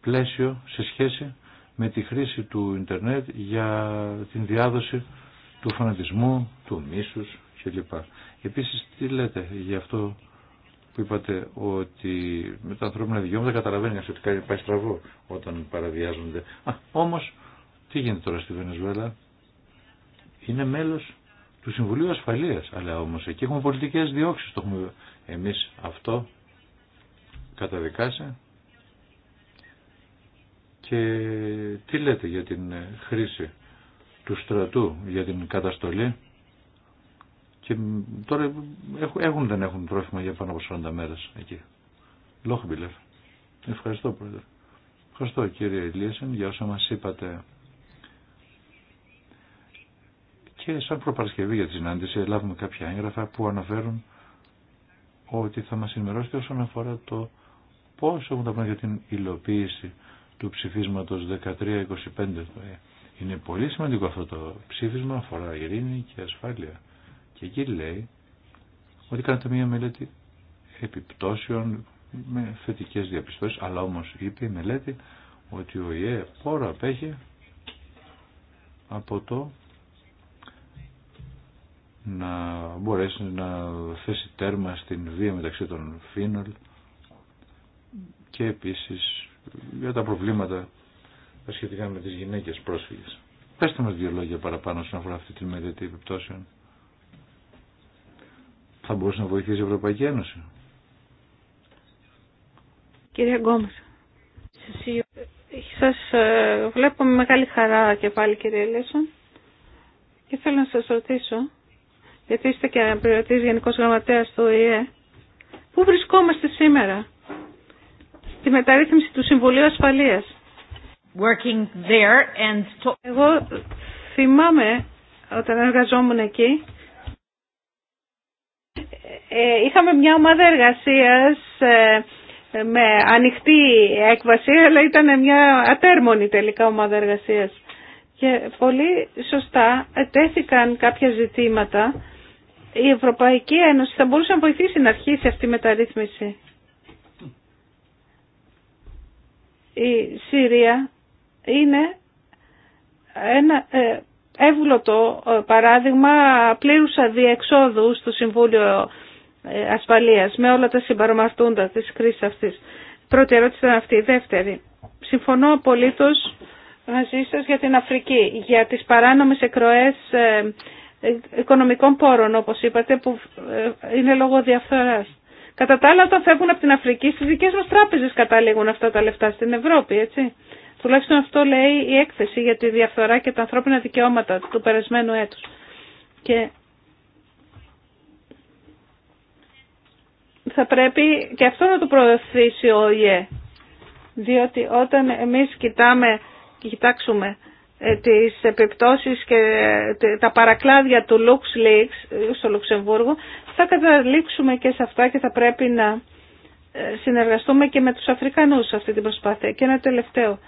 πλαίσιο σε σχέση με τη χρήση του ίντερνετ για την διάδοση του φανατισμού, του μίσους κλπ. Επίσης τι λέτε για αυτό που είπατε ότι με τα ανθρώπινα δικαιώματα καταλαβαίνει ότι κάνει πάει στραβό όταν παραβιάζονται. Α, όμως τι γίνεται τώρα στη Βενεζουέλα. Είναι μέλος του Συμβουλίου Ασφαλείας, αλλά όμως εκεί έχουμε πολιτικές διώξεις, το έχουμε εμείς αυτό καταδικάσει και τι λέτε για την χρήση του στρατού, για την καταστολή. Και τώρα έχουν δεν έχουν τρόφιμα για πάνω από 40 μέρες εκεί. Λόχμπιλερ. Ευχαριστώ πρόεδρε. Ευχαριστώ κύριε Ηλίασεν για όσα μας είπατε. Και σαν προπαρασκευή για τη συνάντηση λάβουμε κάποια έγγραφα που αναφέρουν ότι θα μας ενημερώσει όσον αφορά το πώς έχουν τα πράγματα για την υλοποίηση του ψηφίσματος 1325. Είναι πολύ σημαντικό αυτό το ψήφισμα, αφορά ειρήνη και ασφάλεια. Και εκεί λέει ότι κάνετε μια μελέτη επιπτώσεων με θετικές διαπιστώσεις, αλλά όμως είπε η μελέτη ότι ο ΙΕ πόρο απέχει από το να μπορέσει να θέσει τέρμα στην βία μεταξύ των ΦΙΝΟΛ και επίσης για τα προβλήματα τα σχετικά με τις γυναίκες πρόσφυγες. Πεςτε μας δύο λόγια παραπάνω σχετικά αφορά αυτή τη μελέτη επιπτώσεων. Θα μπορούσε να βοηθήσει η Ευρωπαϊκή Ένωση. Κύριε Γκόμες, σας ε, βλέπω με μεγάλη χαρά και πάλι κύριε Λέσον και θέλω να σας ρωτήσω, γιατί είστε και αναπληρωτής Γενικός Γραμματέας του ΟΗΕ, πού βρισκόμαστε σήμερα τη μεταρρύθμιση του Συμβουλίου Ασφαλείας. Εγώ θυμάμαι όταν εργαζόμουν εκεί ε, είχαμε μια ομάδα εργασίας ε, με ανοιχτή έκβαση αλλά ήταν μια ατέρμονη τελικά ομάδα εργασίας και πολύ σωστά τέθηκαν κάποια ζητήματα η Ευρωπαϊκή Ένωση θα μπορούσε να βοηθήσει να αρχίσει αυτή η μεταρρύθμιση η Συρία είναι ένα ε, εύγλωτο ε, παράδειγμα πλήρους αδιεξόδου στο Συμβούλιο ε, Ασφαλείας με όλα τα συμπαρομαρτούντα της κρίσης αυτής. Πρώτη ερώτηση ήταν αυτή. Δεύτερη. Συμφωνώ απολύτως μαζί σα για την Αφρική, για τις παράνομες εκροές οικονομικών πόρων, όπως είπατε, που είναι λόγω διαφθοράς. Κατά τα άλλα, όταν φεύγουν από την Αφρική, στι δικές μας τράπεζες καταλήγουν αυτά τα λεφτά στην Ευρώπη, έτσι. Τουλάχιστον αυτό λέει η έκθεση για τη διαφθορά και τα ανθρώπινα δικαιώματα του περασμένου έτους. Και θα πρέπει και αυτό να το προωθήσει ο ΙΕ. Διότι όταν εμείς κοιτάμε και κοιτάξουμε ε, τις επιπτώσεις και ε, τα παρακλάδια του LuxLeaks ε, στο Λουξεμβούργο θα καταλήξουμε και σε αυτά και θα πρέπει να συνεργαστούμε και με τους Αφρικανούς σε αυτή την προσπάθεια. Και ένα τελευταίο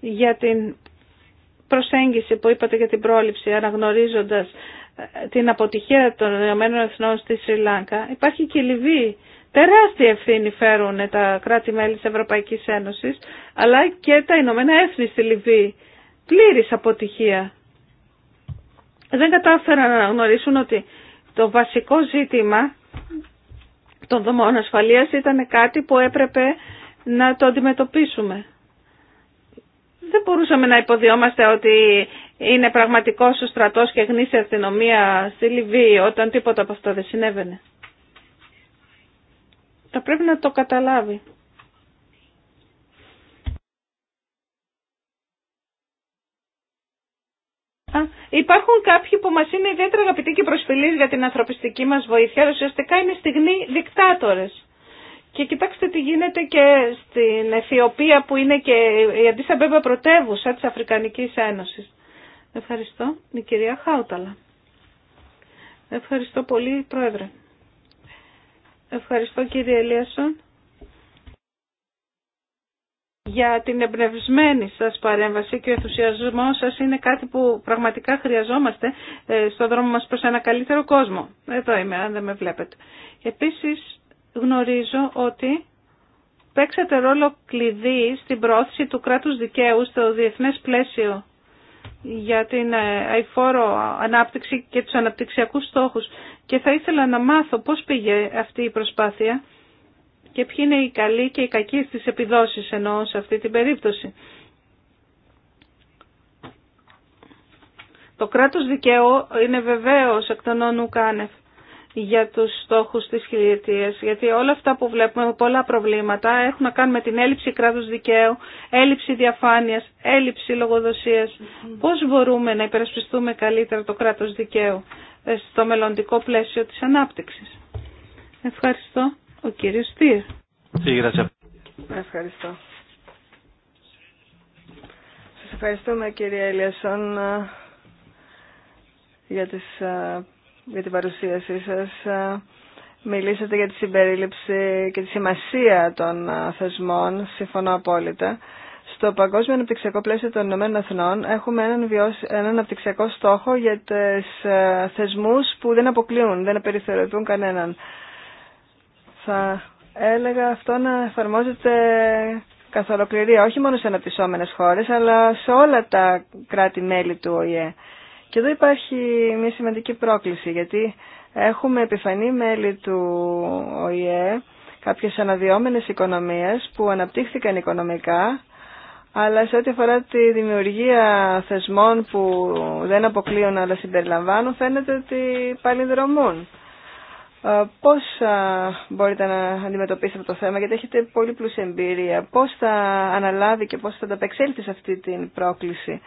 για την προσέγγιση που είπατε για την πρόληψη αναγνωρίζοντας την αποτυχία των Ηνωμένων Εθνών στη Σρι Λάγκα. Υπάρχει και η Λιβύη. Τεράστια ευθύνη φέρουν τα κράτη-μέλη της Ευρωπαϊκής Ένωσης αλλά και τα Ηνωμένα Έθνη στη Λιβύη πλήρης αποτυχία. Δεν κατάφεραν να γνωρίσουν ότι το βασικό ζήτημα των δομών ασφαλείας ήταν κάτι που έπρεπε να το αντιμετωπίσουμε. Δεν μπορούσαμε να υποδιόμαστε ότι είναι πραγματικός ο στρατός και γνήσια αστυνομία στη Λιβύη όταν τίποτα από αυτό δεν συνέβαινε. Θα πρέπει να το καταλάβει Υπάρχουν κάποιοι που μας είναι ιδιαίτερα αγαπητοί και προσφυλείς για την ανθρωπιστική μας βοήθεια, αλλά ουσιαστικά είναι στιγμή δικτάτορες. Και κοιτάξτε τι γίνεται και στην Αιθιοπία που είναι και η αντίσταμπέμπα πρωτεύουσα της Αφρικανικής Ένωσης. Ευχαριστώ. Η κυρία Χάουταλα. Ευχαριστώ πολύ, Πρόεδρε. Ευχαριστώ κύριε Ελίασον για την εμπνευσμένη σας παρέμβαση και ο ενθουσιασμό σας είναι κάτι που πραγματικά χρειαζόμαστε ε, στον δρόμο μας προς ένα καλύτερο κόσμο. Εδώ είμαι, αν δεν με βλέπετε. Επίσης γνωρίζω ότι παίξατε ρόλο κλειδί στην πρόθεση του κράτους δικαίου στο διεθνές πλαίσιο για την ε, αηφόρο ανάπτυξη και τους αναπτυξιακούς στόχους. Και θα ήθελα να μάθω πώς πήγε αυτή η προσπάθεια και ποιοι είναι οι καλοί και οι κακοί στις επιδόσεις εννοώ σε αυτή την περίπτωση. Το κράτος δικαίου είναι βεβαίως εκ των όνου κάνευ για τους στόχους της χιλιετίας, γιατί όλα αυτά που βλέπουμε, πολλά προβλήματα, έχουν να κάνουν με την έλλειψη κράτους δικαίου, έλλειψη διαφάνειας, έλλειψη λογοδοσίας. Mm Πώς μπορούμε να υπερασπιστούμε καλύτερα το κράτος δικαίου ε, στο μελλοντικό πλαίσιο της ανάπτυξης. Ευχαριστώ. Ο κύριος Σίγουρα. Ευχαριστώ. Σα ευχαριστούμε κύριε Ελιασόν για, τις, για την παρουσίασή σα. Μιλήσατε για τη συμπερίληψη και τη σημασία των θεσμών, συμφωνώ απόλυτα. Στο Παγκόσμιο Αναπτυξιακό Πλαίσιο των Ηνωμένων Εθνών έχουμε έναν, έναν αναπτυξιακό στόχο για τις θεσμούς που δεν αποκλείουν, δεν περιθωριοποιούν κανέναν. Θα έλεγα αυτό να εφαρμόζεται καθ' ολοκληρία, όχι μόνο σε αναπτυσσόμενες χώρες, αλλά σε όλα τα κράτη-μέλη του ΟΗΕ. Και εδώ υπάρχει μια σημαντική πρόκληση, γιατί έχουμε επιφανή μέλη του ΟΗΕ, κάποιες αναδυόμενες οικονομίες που αναπτύχθηκαν οικονομικά, αλλά σε ό,τι αφορά τη δημιουργία θεσμών που δεν αποκλείουν αλλά συμπεριλαμβάνουν, φαίνεται ότι παλινδρομούν. Ε, πώς ε, μπορείτε να αντιμετωπίσετε το θέμα, γιατί έχετε πολύ πλούσια εμπειρία. Πώς θα αναλάβει και πώς θα ανταπεξέλθει σε αυτή την πρόκληση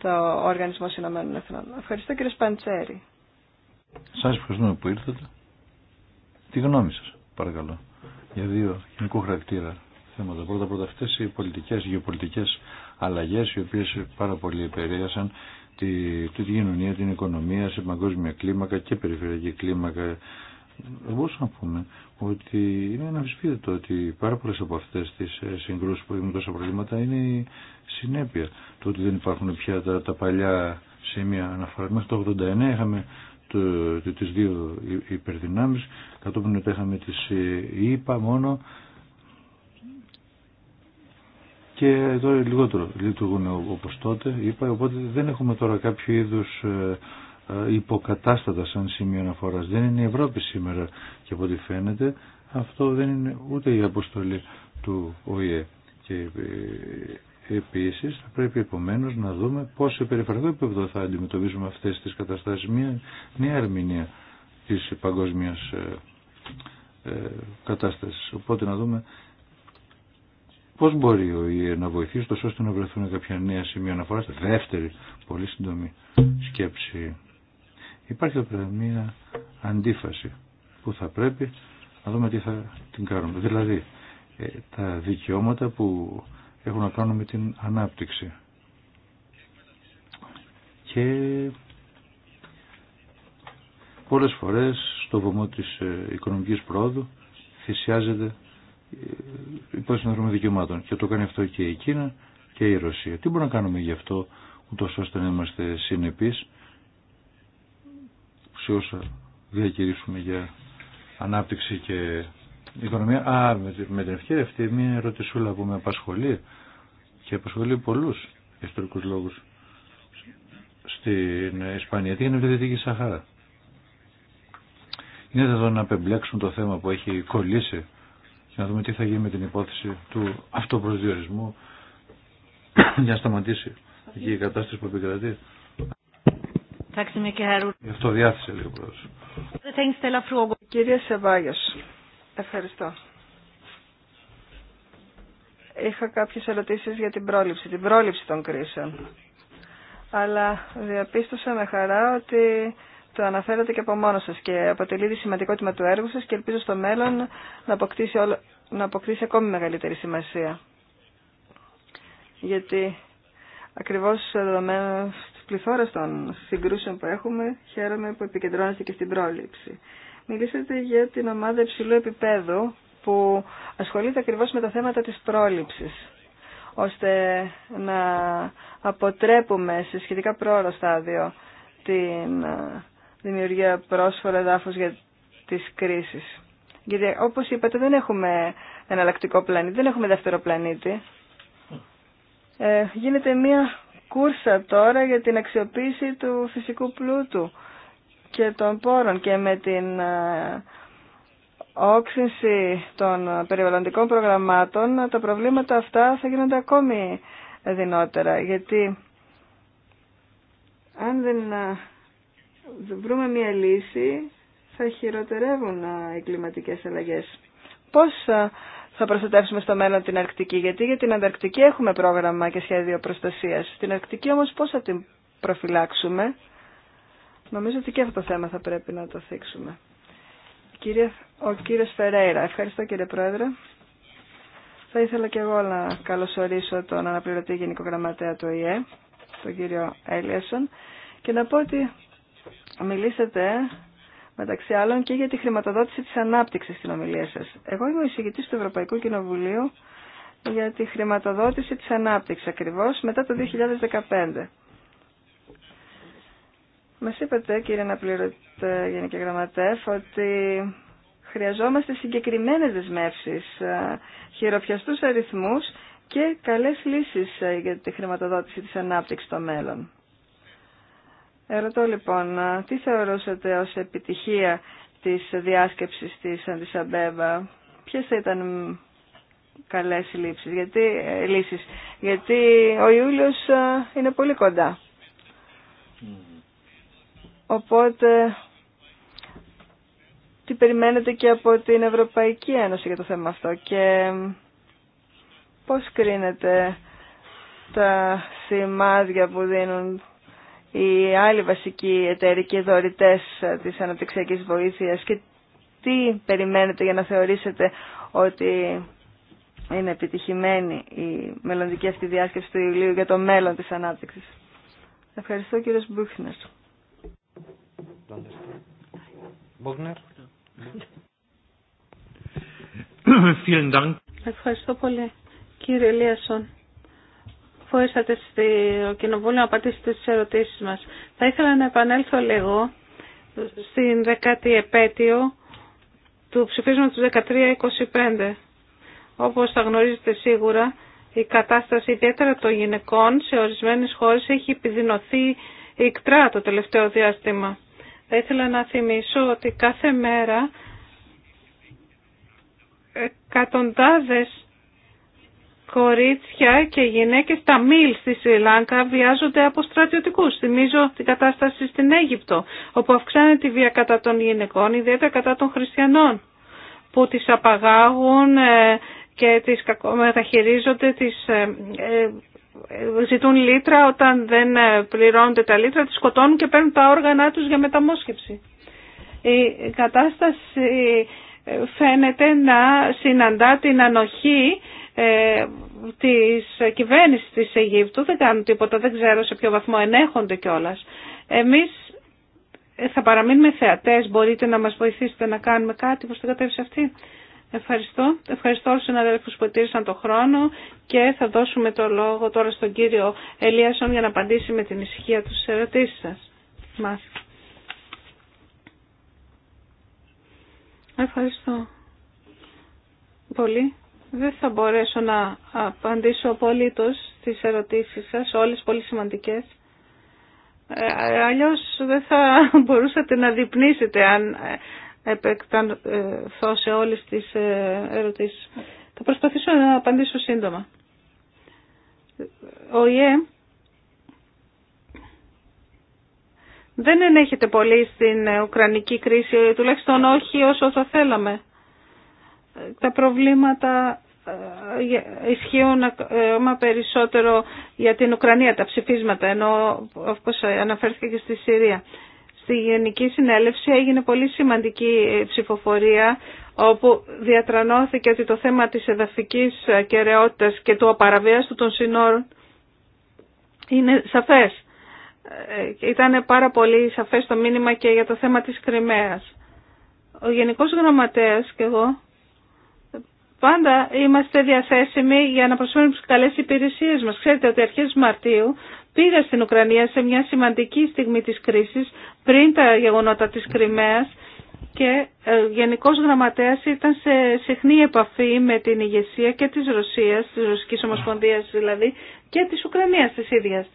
το Οργανισμό Συνωμένων Εθνών. Ευχαριστώ κύριε Σπαντσέρη. Σας ευχαριστούμε που ήρθατε. Τι γνώμη σας, παρακαλώ, για δύο γενικού χαρακτήρα θέματα. Πρώτα πρώτα αυτές οι πολιτικές, γεωπολιτικές αλλαγές, οι οποίες πάρα πολύ επηρέασαν τη, τη κοινωνία, την οικονομία σε παγκόσμια κλίμακα και περιφερειακή κλίμακα εγώ να πούμε ότι είναι αναμφισβήτητο ότι πάρα πολλέ από αυτέ τι ε, συγκρούσει που έχουν τόσα προβλήματα είναι συνέπεια του ότι δεν υπάρχουν πια τα, τα παλιά σημεία αναφορά. Μέχρι το 89 είχαμε τι τις δύο υπερδυνάμει, κατόπιν μετά είχαμε τι ε, ΙΠΑ μόνο και τώρα λιγότερο λειτουργούν όπω τότε είπα οπότε δεν έχουμε τώρα κάποιο είδους ε, ε, υποκατάστατα σαν σημείο αναφοράς. Δεν είναι η Ευρώπη σήμερα και από ό,τι φαίνεται αυτό δεν είναι ούτε η αποστολή του ΟΗΕ. Και ε, επίσης θα πρέπει επομένως να δούμε πώς σε περιφερειακό επίπεδο θα αντιμετωπίζουμε αυτές τις καταστάσεις. Μια νέα ερμηνεία της παγκόσμιας ε, ε, κατάστασης. Οπότε να δούμε πώς μπορεί ο ΙΕ να βοηθήσει τόσο ώστε να βρεθούν κάποια νέα σημεία αναφοράς. Δεύτερη πολύ σύντομη σκέψη. Υπάρχει εδώ μια αντίφαση που θα πρέπει να δούμε τι θα την κάνουμε. Δηλαδή, ε, τα δικαιώματα που έχουν να κάνουν με την ανάπτυξη. Και πολλές φορές στο βωμό της ε, οικονομικής πρόοδου θυσιάζεται ε, υπόθεση των δικαιωμάτων. Και το κάνει αυτό και η Κίνα και η Ρωσία. Τι μπορούμε να κάνουμε γι' αυτό, ούτως ώστε να είμαστε συνεπείς σε όσα διακηρύσουμε για ανάπτυξη και οικονομία. Α, με την ευκαιρία αυτή μια ερωτησούλα που με απασχολεί και απασχολεί πολλού ιστορικού λόγους στην Ισπανία. Τι είναι η Δυτική Σαχάρα. Είναι εδώ να απεμπλέξουν το θέμα που έχει κολλήσει και να δούμε τι θα γίνει με την υπόθεση του αυτοπροσδιορισμού (coughs) για να σταματήσει εκεί η κατάσταση που επικρατεί. Γι' αυτό διάθεσε λίγο πρόεδρος. Κύριε Σεβάγιος, ευχαριστώ. Είχα κάποιες ερωτήσεις για την πρόληψη, την πρόληψη των κρίσεων. Αλλά διαπίστωσα με χαρά ότι το αναφέρατε και από μόνο σας και αποτελεί σημαντικό τμήμα του έργου σας και ελπίζω στο μέλλον να αποκτήσει, όλο, να αποκτήσει ακόμη μεγαλύτερη σημασία. Γιατί ακριβώς δεδομένου πληθώρα των συγκρούσεων που έχουμε, χαίρομαι που επικεντρώνεστε και στην πρόληψη. Μιλήσατε για την ομάδα υψηλού επίπεδου που ασχολείται ακριβώ με τα θέματα της πρόληψης, ώστε να αποτρέπουμε σε σχετικά πρόωρο στάδιο την ε, δημιουργία πρόσφορα εδάφους για τις κρίσεις. Γιατί όπως είπατε δεν έχουμε εναλλακτικό πλανήτη, δεν έχουμε δεύτερο πλανήτη. Ε, γίνεται μια κούρσα τώρα για την αξιοποίηση του φυσικού πλούτου και των πόρων και με την ε, όξυνση των περιβαλλοντικών προγραμμάτων τα προβλήματα αυτά θα γίνονται ακόμη δυνότερα γιατί αν δεν ε, βρούμε μια λύση θα χειροτερεύουν ε, οι κλιματικές αλλαγές. Πώς θα προστατεύσουμε στο μέλλον την Αρκτική. Γιατί για την Ανταρκτική έχουμε πρόγραμμα και σχέδιο προστασία. Στην Αρκτική όμω πώ θα την προφυλάξουμε. Νομίζω ότι και αυτό το θέμα θα πρέπει να το θίξουμε. Κύριε, ο κύριο Φερέιρα. Ευχαριστώ κύριε Πρόεδρε. Θα ήθελα και εγώ να καλωσορίσω τον αναπληρωτή Γενικό Γραμματέα του ΟΗΕ, τον κύριο Έλιασον, και να πω ότι μιλήσατε μεταξύ άλλων και για τη χρηματοδότηση της ανάπτυξης στην ομιλία σας. Εγώ είμαι ο εισηγητής του Ευρωπαϊκού Κοινοβουλίου για τη χρηματοδότηση της ανάπτυξης ακριβώς μετά το 2015. Μας είπατε κύριε Αναπληρωτή ε, Γενική Γραμματεύ ότι χρειαζόμαστε συγκεκριμένες δεσμεύσεις, ε, χειροπιαστούς αριθμούς και καλές λύσεις ε, για τη χρηματοδότηση της ανάπτυξης στο μέλλον. Ερωτώ λοιπόν, τι θεωρούσατε ως επιτυχία της διάσκεψης της Αντισαμπέβα, ποιες θα ήταν καλές γιατί, ε, λύσεις, γιατί ο Ιούλιος ε, είναι πολύ κοντά. Οπότε, τι περιμένετε και από την Ευρωπαϊκή Ένωση για το θέμα αυτό και ε, πώς κρίνετε τα σημάδια που δίνουν οι άλλοι βασικοί εταίροι και δωρητές της αναπτυξιακής βοήθειας και τι περιμένετε για να θεωρήσετε ότι είναι επιτυχημένη η μελλοντική αυτή διάσκεψη του Ιουλίου για το μέλλον της ανάπτυξης. Ευχαριστώ κύριος Μπούχνερ. Ευχαριστώ πολύ κύριε Λίασον αφού ήρθατε στο Κοινοβούλιο να απαντήσετε στις ερωτήσεις μας. Θα ήθελα να επανέλθω λίγο στην δεκάτη επέτειο του ψηφίσματος 1325. Όπως θα γνωρίζετε σίγουρα, η κατάσταση ιδιαίτερα των γυναικών σε ορισμένες χώρες έχει επιδεινωθεί ικτρά το τελευταίο διάστημα. Θα ήθελα να θυμίσω ότι κάθε μέρα εκατοντάδες κορίτσια και γυναίκε στα μίλ στη Σρι Λάνκα βιάζονται από στρατιωτικούς. Θυμίζω την κατάσταση στην Αίγυπτο, όπου αυξάνεται η βία κατά των γυναικών, ιδιαίτερα κατά των χριστιανών, που τις απαγάγουν ε, και τις μεταχειρίζονται, τις ε, ε, ζητούν λίτρα όταν δεν πληρώνονται τα λίτρα, τις σκοτώνουν και παίρνουν τα όργανα του για μεταμόσχευση. Η κατάσταση ε, φαίνεται να συναντά την ανοχή ε, της κυβέρνησης της Αιγύπτου. Δεν κάνουν τίποτα, δεν ξέρω σε ποιο βαθμό ενέχονται κιόλα. Εμείς ε, θα παραμείνουμε θεατές. Μπορείτε να μας βοηθήσετε να κάνουμε κάτι προς την κατεύθυνση αυτή. Ευχαριστώ. Ευχαριστώ όλους τους συναδέλφους που ετήρησαν τον χρόνο και θα δώσουμε το λόγο τώρα στον κύριο Ελίασον για να απαντήσει με την ησυχία του στις ερωτήσεις σας. Ευχαριστώ πολύ. Δεν θα μπορέσω να απαντήσω απολύτως στις ερωτήσεις σας, όλες πολύ σημαντικές. Ε, αλλιώς δεν θα (laughs) μπορούσατε να διπνήσετε αν ε, επεκτανθώ σε όλες τις ε, ερωτήσεις. Θα προσπαθήσω να απαντήσω σύντομα. Ο ΙΕ δεν ενέχεται πολύ στην ουκρανική κρίση, τουλάχιστον όχι όσο θα θέλαμε. Τα προβλήματα ε, ισχύουν ε, ακόμα περισσότερο για την Ουκρανία τα ψηφίσματα, ενώ όπως αναφέρθηκε και στη Συρία. Στη Γενική Συνέλευση έγινε πολύ σημαντική ψηφοφορία όπου διατρανώθηκε ότι το θέμα της εδαφικής κεραιότητας και του απαραβίαστου των συνόρων είναι σαφές ε, ήταν πάρα πολύ σαφές το μήνυμα και για το θέμα της Κρυμαίας. Ο Γενικός Γραμματέας και εγώ πάντα είμαστε διαθέσιμοι για να προσφέρουμε τις καλές υπηρεσίες μας. Ξέρετε ότι αρχές Μαρτίου πήγα στην Ουκρανία σε μια σημαντική στιγμή της κρίσης πριν τα γεγονότα της Κρυμαίας και ε, ο Γενικός Γραμματέας ήταν σε συχνή επαφή με την ηγεσία και της Ρωσίας, της Ρωσικής Ομοσπονδίας δηλαδή και της Ουκρανίας της ίδιας.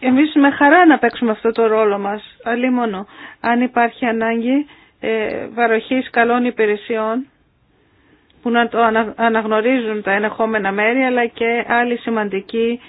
Εμείς με χαρά να παίξουμε αυτό το ρόλο μας, αλλήμωνο, αν υπάρχει ανάγκη ε, βαροχής καλών υπηρεσιών που να το αναγνωρίζουν τα ενεχόμενα μέρη αλλά και άλλοι σημαντικοί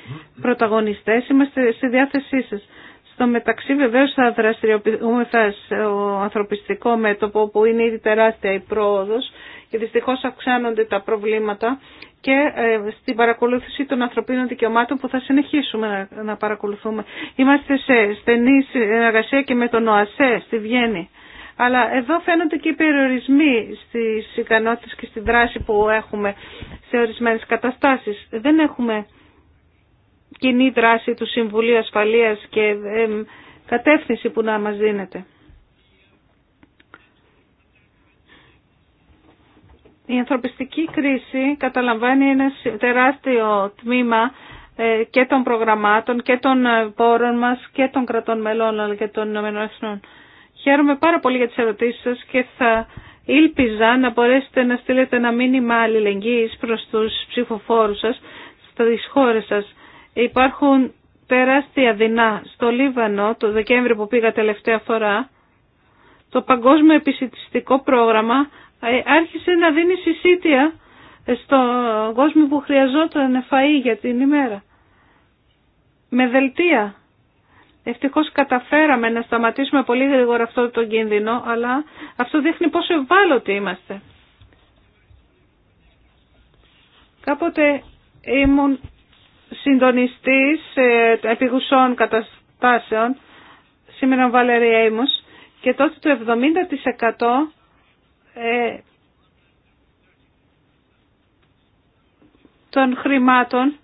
πρωταγωνιστές. Είμαστε στη διάθεσή σας. Στο μεταξύ βεβαίω θα δραστηριοποιούμεθα στο ανθρωπιστικό μέτωπο που είναι ήδη τεράστια η πρόοδος και δυστυχώς αυξάνονται τα προβλήματα και ε, στην παρακολούθηση των ανθρωπίνων δικαιωμάτων που θα συνεχίσουμε να παρακολουθούμε. Είμαστε σε στενή συνεργασία και με τον ΟΑΣΕ στη Βιέννη. Αλλά εδώ φαίνονται και οι περιορισμοί στις ικανότητες και στη δράση που έχουμε σε ορισμένες καταστάσεις. Δεν έχουμε κοινή δράση του Συμβουλίου Ασφαλείας και κατεύθυνση που να μας δίνεται. Η ανθρωπιστική κρίση καταλαμβάνει ένα τεράστιο τμήμα ε, και των προγραμμάτων και των ε, πόρων μας και των κρατών μελών αλλά και των Ηνωμένων Χαίρομαι πάρα πολύ για τις ερωτήσεις σας και θα ήλπιζα να μπορέσετε να στείλετε ένα μήνυμα αλληλεγγύης προς τους ψηφοφόρους σας στις χώρες σας. Υπάρχουν τεράστια δεινά στο Λίβανο το Δεκέμβρη που πήγα τελευταία φορά. Το Παγκόσμιο Επισητιστικό Πρόγραμμα ε, άρχισε να δίνει συσίτια ε, στον κόσμο που χρειαζόταν φαΐ για την ημέρα. Με δελτία. Ευτυχώς καταφέραμε να σταματήσουμε πολύ γρήγορα αυτό το κίνδυνο, αλλά αυτό δείχνει πόσο ευάλωτοι είμαστε. Κάποτε ήμουν συντονιστής ε, επιγουσών καταστάσεων, σήμερα ο Βαλερία και τότε το 70% ε, των χρημάτων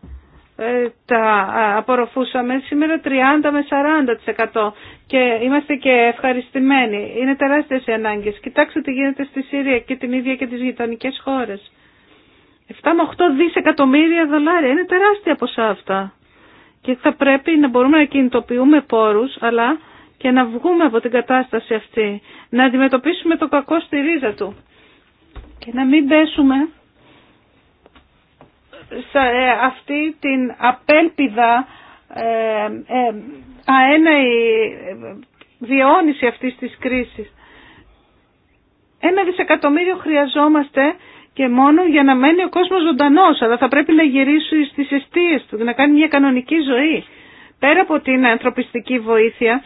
ε, τα απορροφούσαμε σήμερα 30 με 40% και είμαστε και ευχαριστημένοι. Είναι τεράστιες οι ανάγκες. Κοιτάξτε τι γίνεται στη Συρία και την ίδια και τις γειτονικέ χώρες. 7 με 8 δισεκατομμύρια δολάρια. Είναι τεράστια ποσά αυτά. Και θα πρέπει να μπορούμε να κινητοποιούμε πόρους, αλλά και να βγούμε από την κατάσταση αυτή, να αντιμετωπίσουμε το κακό στη ρίζα του και να μην πέσουμε σε ε, αυτή την απέλπιδα ε, ε, αέναη διαιώνιση αυτής της κρίσης. Ένα δισεκατομμύριο χρειαζόμαστε και μόνο για να μένει ο κόσμος ζωντανός, αλλά θα πρέπει να γυρίσει στις αιστείες του, να κάνει μια κανονική ζωή. Πέρα από την ανθρωπιστική βοήθεια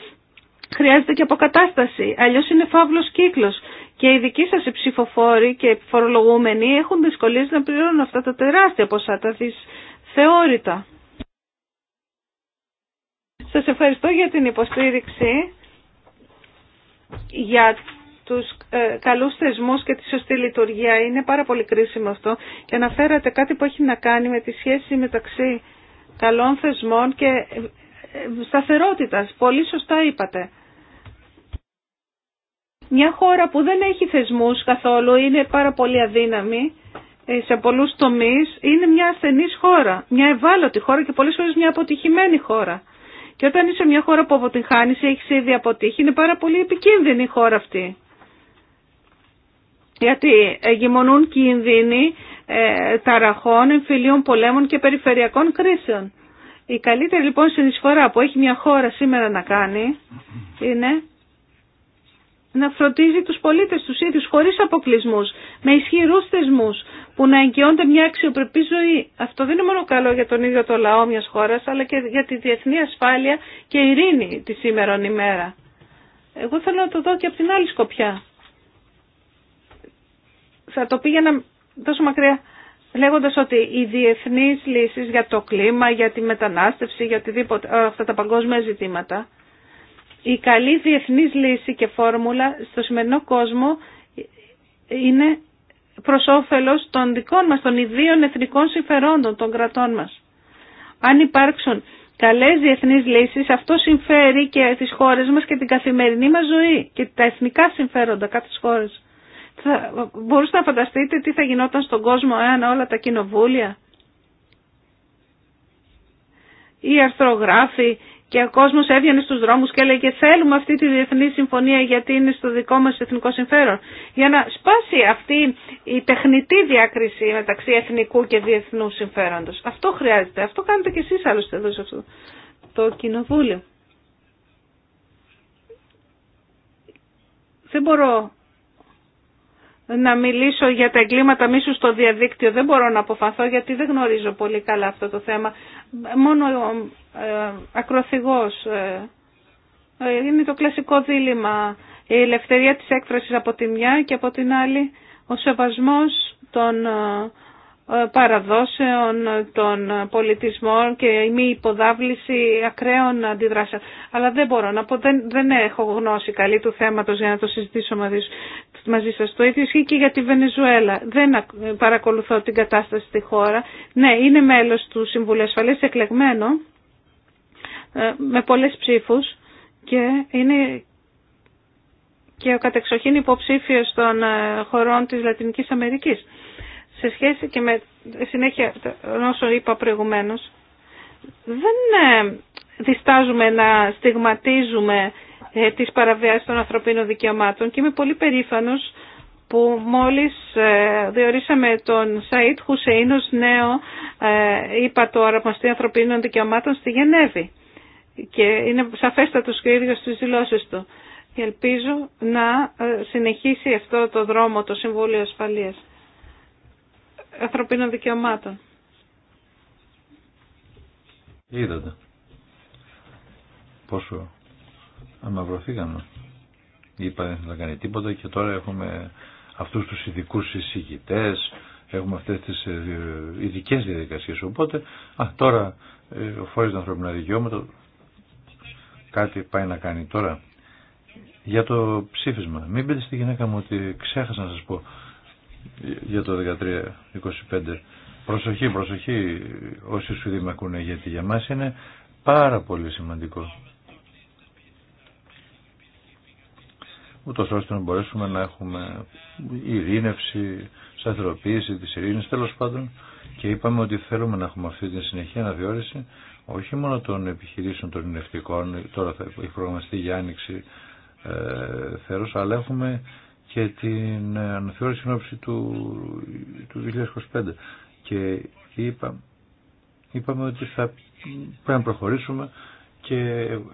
χρειάζεται και αποκατάσταση. Αλλιώς είναι φαύλος κύκλος. Και οι δικοί σας οι ψηφοφόροι και οι φορολογούμενοι έχουν δυσκολίες να πληρώνουν αυτά τα τεράστια ποσά, τα θεώρητα. Σας ευχαριστώ για την υποστήριξη, για τους ε, καλούς θεσμούς και τη σωστή λειτουργία. Είναι πάρα πολύ κρίσιμο αυτό. Και αναφέρατε κάτι που έχει να κάνει με τη σχέση μεταξύ καλών θεσμών και ε, ε, σταθερότητας. Πολύ σωστά είπατε. Μια χώρα που δεν έχει θεσμούς καθόλου, είναι πάρα πολύ αδύναμη ε, σε πολλούς τομείς, είναι μια ασθενής χώρα, μια ευάλωτη χώρα και πολλές φορές μια αποτυχημένη χώρα. Και όταν είσαι μια χώρα που αποτυχάνει ή έχει ήδη αποτύχει, είναι πάρα πολύ επικίνδυνη η χώρα αυτή. Γιατί εγκυμονούν κίνδυνοι ε, ταραχών, εμφυλίων πολέμων και περιφερειακών κρίσεων. Η καλύτερη λοιπόν συνεισφορά που έχει μια χώρα σήμερα να κάνει είναι να φροντίζει τους πολίτες τους ίδιους χωρίς αποκλεισμούς, με ισχυρούς θεσμούς που να εγγυώνται μια αξιοπρεπή ζωή. Αυτό δεν είναι μόνο καλό για τον ίδιο το λαό μιας χώρας, αλλά και για τη διεθνή ασφάλεια και ειρήνη τη σήμερα ημέρα. Εγώ θέλω να το δω και από την άλλη σκοπιά. Θα το πήγαινα τόσο μακριά λέγοντας ότι οι διεθνείς λύσεις για το κλίμα, για τη μετανάστευση, για αυτά τα παγκόσμια ζητήματα η καλή διεθνής λύση και φόρμουλα στο σημερινό κόσμο είναι προς όφελος των δικών μας, των ιδίων εθνικών συμφερόντων των κρατών μας. Αν υπάρξουν καλές διεθνείς λύσεις, αυτό συμφέρει και τις χώρες μας και την καθημερινή μας ζωή και τα εθνικά συμφέροντα κάθε χώρες. Θα μπορούσατε να φανταστείτε τι θα γινόταν στον κόσμο εάν όλα τα κοινοβούλια, οι αρθρογράφοι, και ο κόσμος έβγαινε στους δρόμους και έλεγε θέλουμε αυτή τη διεθνή συμφωνία γιατί είναι στο δικό μας εθνικό συμφέρον. Για να σπάσει αυτή η τεχνητή διάκριση μεταξύ εθνικού και διεθνού συμφέροντος. Αυτό χρειάζεται. Αυτό κάνετε κι εσείς άλλωστε εδώ σε αυτό το κοινοβούλιο. Δεν μπορώ να μιλήσω για τα εγκλήματα μίσου στο διαδίκτυο. Δεν μπορώ να αποφανθώ γιατί δεν γνωρίζω πολύ καλά αυτό το θέμα μόνο ε, ακροθυγός. Ε, ε, είναι το κλασικό δίλημα η ελευθερία της έκφρασης από τη μια και από την άλλη ο σεβασμός των ε, παραδόσεων, των πολιτισμών και η μη υποδάβληση ακραίων αντιδράσεων. Αλλά δεν μπορώ να πω, δεν, δεν έχω γνώση καλή του θέματος για να το συζητήσω μαζί σου μαζί σας. Το ίδιο ισχύει και για τη Βενεζουέλα. Δεν παρακολουθώ την κατάσταση στη χώρα. Ναι, είναι μέλος του Συμβουλίου Ασφαλείας εκλεγμένο ε, με πολλές ψήφους και είναι και ο κατεξοχήν υποψήφιος των ε, χωρών της Λατινικής Αμερικής. Σε σχέση και με συνέχεια όσο είπα προηγουμένως, δεν ε, διστάζουμε να στιγματίζουμε ε, της παραβιάσης των ανθρωπίνων δικαιωμάτων και είμαι πολύ περήφανος που μόλις ε, διορίσαμε τον Σαΐτ Χουσείνος νέο ε, είπα το αραπαστή ανθρωπίνων δικαιωμάτων στη Γενέβη και είναι σαφέστατος και ίδιος στις δηλώσεις του. Και ελπίζω να συνεχίσει αυτό το δρόμο το Συμβούλιο Ασφαλείας Ανθρωπίνων Δικαιωμάτων. Είδατε πόσο αμαυρωθήκαμε. Είπα δεν θα κάνει τίποτα και τώρα έχουμε αυτούς τους ειδικού εισηγητές, έχουμε αυτές τις ε, ειδικέ διαδικασίες. Οπότε, α, τώρα ε, ο φόρης του ανθρωπινά δικαιώματα κάτι πάει να κάνει τώρα. Για το ψήφισμα, μην πείτε στη γυναίκα μου ότι ξέχασα να σας πω για το 13-25. Προσοχή, προσοχή όσοι σου ακούνε γιατί για μας είναι πάρα πολύ σημαντικό. ούτως ώστε να μπορέσουμε να έχουμε ειρήνευση, σταθεροποίηση της ειρήνης τέλος πάντων και είπαμε ότι θέλουμε να έχουμε αυτή την συνεχή αναβιώρηση όχι μόνο των επιχειρήσεων των ειρηνευτικών, τώρα θα έχει προγραμματιστεί για άνοιξη ε, θέρος, αλλά έχουμε και την ε, αναθεώρηση συνόψη του, του 2025 και είπα, είπαμε ότι θα πρέπει να προχωρήσουμε και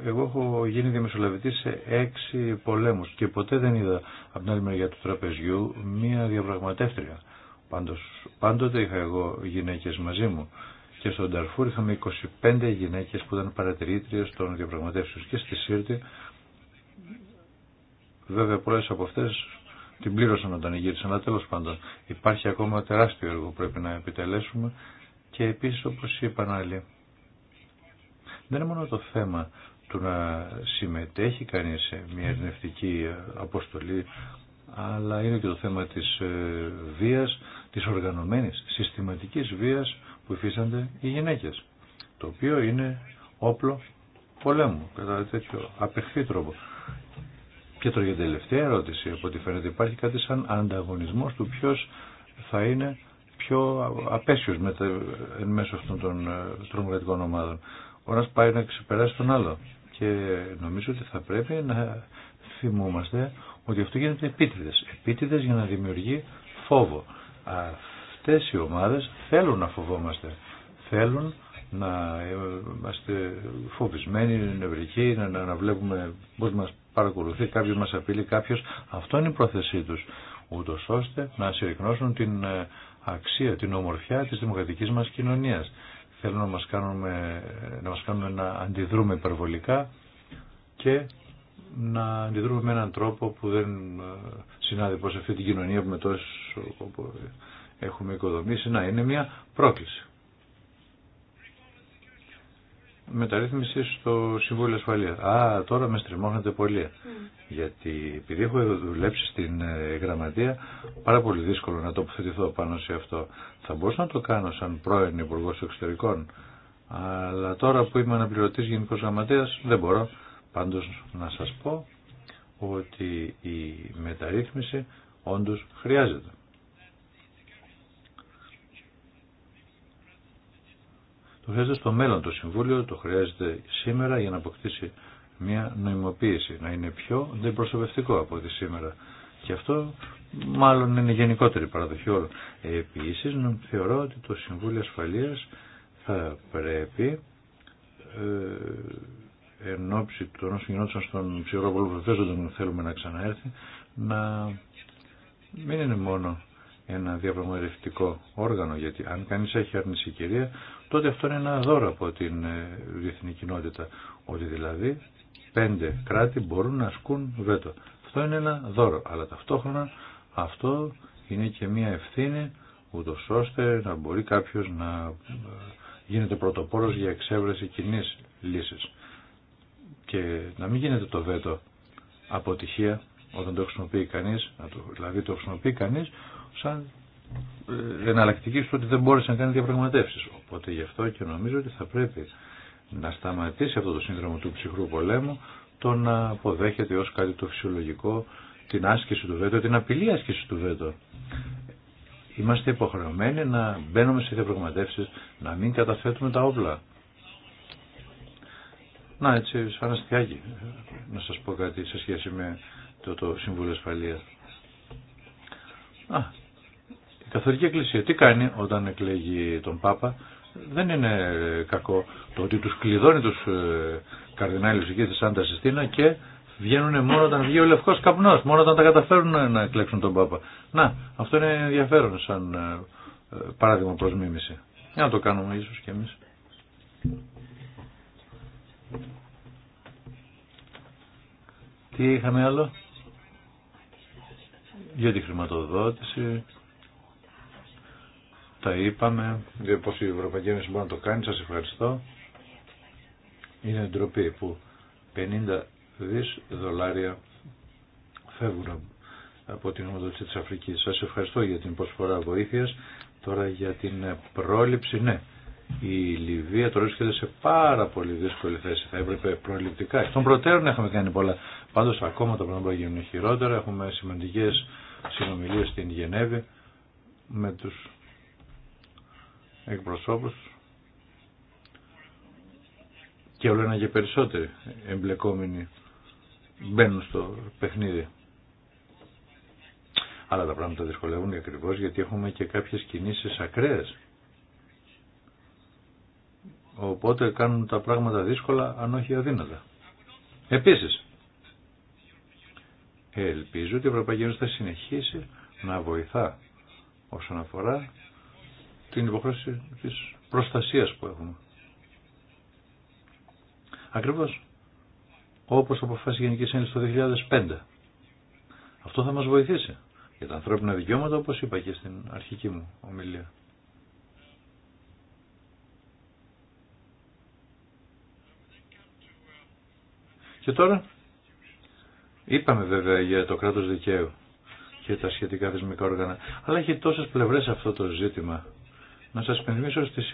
εγώ έχω γίνει διαμεσολαβητή σε έξι πολέμους και ποτέ δεν είδα από την άλλη μεριά του τραπεζιού μία διαπραγματεύτρια. Πάντως, πάντοτε είχα εγώ γυναίκες μαζί μου και στον Ταρφούρ είχαμε 25 γυναίκες που ήταν παρατηρήτριες των διαπραγματεύσεων και στη Σύρτη βέβαια πολλές από αυτές την πλήρωσαν όταν γύρισαν, αλλά τέλος πάντων υπάρχει ακόμα τεράστιο έργο που πρέπει να επιτελέσουμε και επίσης όπως είπαν άλλοι δεν είναι μόνο το θέμα του να συμμετέχει κανείς σε μια ερνευτική αποστολή, αλλά είναι και το θέμα της ε, βίας, της οργανωμένης, συστηματικής βίας που υφίστανται οι γυναίκες, το οποίο είναι όπλο πολέμου, κατά τέτοιο απεχθή τρόπο. Και τώρα για την τελευταία ερώτηση, από ό,τι φαίνεται υπάρχει κάτι σαν ανταγωνισμός του ποιο θα είναι πιο απέσιος εν μέσω αυτών των ε, τρομοκρατικών ομάδων ο ένας πάει να ξεπεράσει τον άλλο. Και νομίζω ότι θα πρέπει να θυμούμαστε ότι αυτό γίνεται επίτηδες. Επίτηδες για να δημιουργεί φόβο. Αυτές οι ομάδες θέλουν να φοβόμαστε. Θέλουν να είμαστε φοβισμένοι, νευρικοί, να, να, να βλέπουμε πώς μας παρακολουθεί, κάποιος μας απειλεί, κάποιος. Αυτό είναι η πρόθεσή τους, ούτω ώστε να συρρυκνώσουν την ε, αξία, την ομορφιά της δημοκρατικής μας κοινωνίας θέλουν να μας, κάνουμε, να να αντιδρούμε υπερβολικά και να αντιδρούμε με έναν τρόπο που δεν ε, συνάδει πως αυτή την κοινωνία που με ε, έχουμε οικοδομήσει να είναι μια πρόκληση μεταρρύθμιση στο Συμβούλιο Ασφαλείας. Α, τώρα με στριμώχνετε πολύ. Mm. Γιατί επειδή έχω δουλέψει στην ε, γραμματεία, πάρα πολύ δύσκολο να τοποθετηθώ πάνω σε αυτό. Θα μπορούσα να το κάνω σαν πρώην Υπουργό Εξωτερικών. Αλλά τώρα που είμαι αναπληρωτή Γενικό Γραμματέα, δεν μπορώ. πάντω να σα πω ότι η μεταρρύθμιση όντω χρειάζεται. Το χρειάζεται στο μέλλον το Συμβούλιο, το χρειάζεται σήμερα για να αποκτήσει μια νοημοποίηση, να είναι πιο αντιπροσωπευτικό από ό,τι σήμερα. Και αυτό μάλλον είναι γενικότερη παραδοχή όλων. Επίσης, θεωρώ ότι το Συμβούλιο Ασφαλείας θα πρέπει ε, εν ώψη των όσων γινόντουσαν στον που πολυβροφές δεν θέλουμε να ξαναέρθει να μην είναι μόνο ένα διαπραγματευτικό όργανο γιατί αν κανείς έχει αρνηση κυρία τότε αυτό είναι ένα δώρο από την ε, διεθνή κοινότητα. Ότι δηλαδή πέντε κράτη μπορούν να ασκούν βέτο. Αυτό είναι ένα δώρο, αλλά ταυτόχρονα αυτό είναι και μια ευθύνη ούτω ώστε να μπορεί κάποιο να ε, γίνεται πρωτοπόρο για εξέβρεση κοινή λύση. Και να μην γίνεται το βέτο αποτυχία όταν το χρησιμοποιεί κανεί, δηλαδή το χρησιμοποιεί κανεί, σαν εναλλακτική στο ότι δεν μπόρεσε να κάνει διαπραγματεύσει. Οπότε γι' αυτό και νομίζω ότι θα πρέπει να σταματήσει αυτό το σύνδρομο του ψυχρού πολέμου το να αποδέχεται ω κάτι το φυσιολογικό την άσκηση του βέτο, την απειλή άσκηση του βέτο. Είμαστε υποχρεωμένοι να μπαίνουμε σε διαπραγματεύσει να μην καταθέτουμε τα όπλα. Να έτσι, σαν αστιάκι, να σα πω κάτι σε σχέση με το, το Σύμβουλο ασφαλεία. Α, η Καθολική Εκκλησία τι κάνει όταν εκλέγει τον Πάπα. Δεν είναι κακό το ότι τους κλειδώνει τους ε, καρδινάλιους εκεί τη Σάντα Συστήνα και βγαίνουν μόνο όταν βγει ο Λευκός Καπνός, μόνο όταν τα καταφέρουν να εκλέξουν τον Πάπα. Να, αυτό είναι ενδιαφέρον σαν ε, ε, παράδειγμα προς μίμηση. Για να το κάνουμε ίσως κι εμείς. Τι είχαμε άλλο για τη χρηματοδότηση, τα είπαμε, πως η Ευρωπαϊκή Ένωση μπορεί να το κάνει, σας ευχαριστώ. Είναι ντροπή που 50 δις δολάρια φεύγουν από την ομοδοτήση της Αφρικής. Σας ευχαριστώ για την προσφορά βοήθειας. Τώρα για την πρόληψη, ναι. Η Λιβύα τώρα βρίσκεται σε πάρα πολύ δύσκολη θέση. Θα έπρεπε προληπτικά. Εκ των προτέρων έχουμε κάνει πολλά. Πάντω ακόμα το πράγματα γίνουν χειρότερα. Έχουμε σημαντικέ συνομιλίε στην Γενέβη με τους εκπροσώπους και όλο ένα και περισσότεροι εμπλεκόμενοι μπαίνουν στο παιχνίδι. Αλλά τα πράγματα δυσκολεύουν ακριβώ γιατί έχουμε και κάποιες κινήσεις ακραίες. Οπότε κάνουν τα πράγματα δύσκολα αν όχι αδύνατα. Επίσης, ελπίζω ότι η Ευρωπαϊκή Ένωση θα συνεχίσει να βοηθά όσον αφορά την υποχρέωση της προστασίας που έχουμε. Ακριβώς όπως αποφάσισε η Γενική Σύνδεση το 2005. Αυτό θα μας βοηθήσει για τα ανθρώπινα δικαιώματα όπως είπα και στην αρχική μου ομιλία. Και τώρα είπαμε βέβαια για το κράτος δικαίου και τα σχετικά θεσμικά όργανα αλλά έχει τόσες πλευρές αυτό το ζήτημα να σας πενθυμίσω στις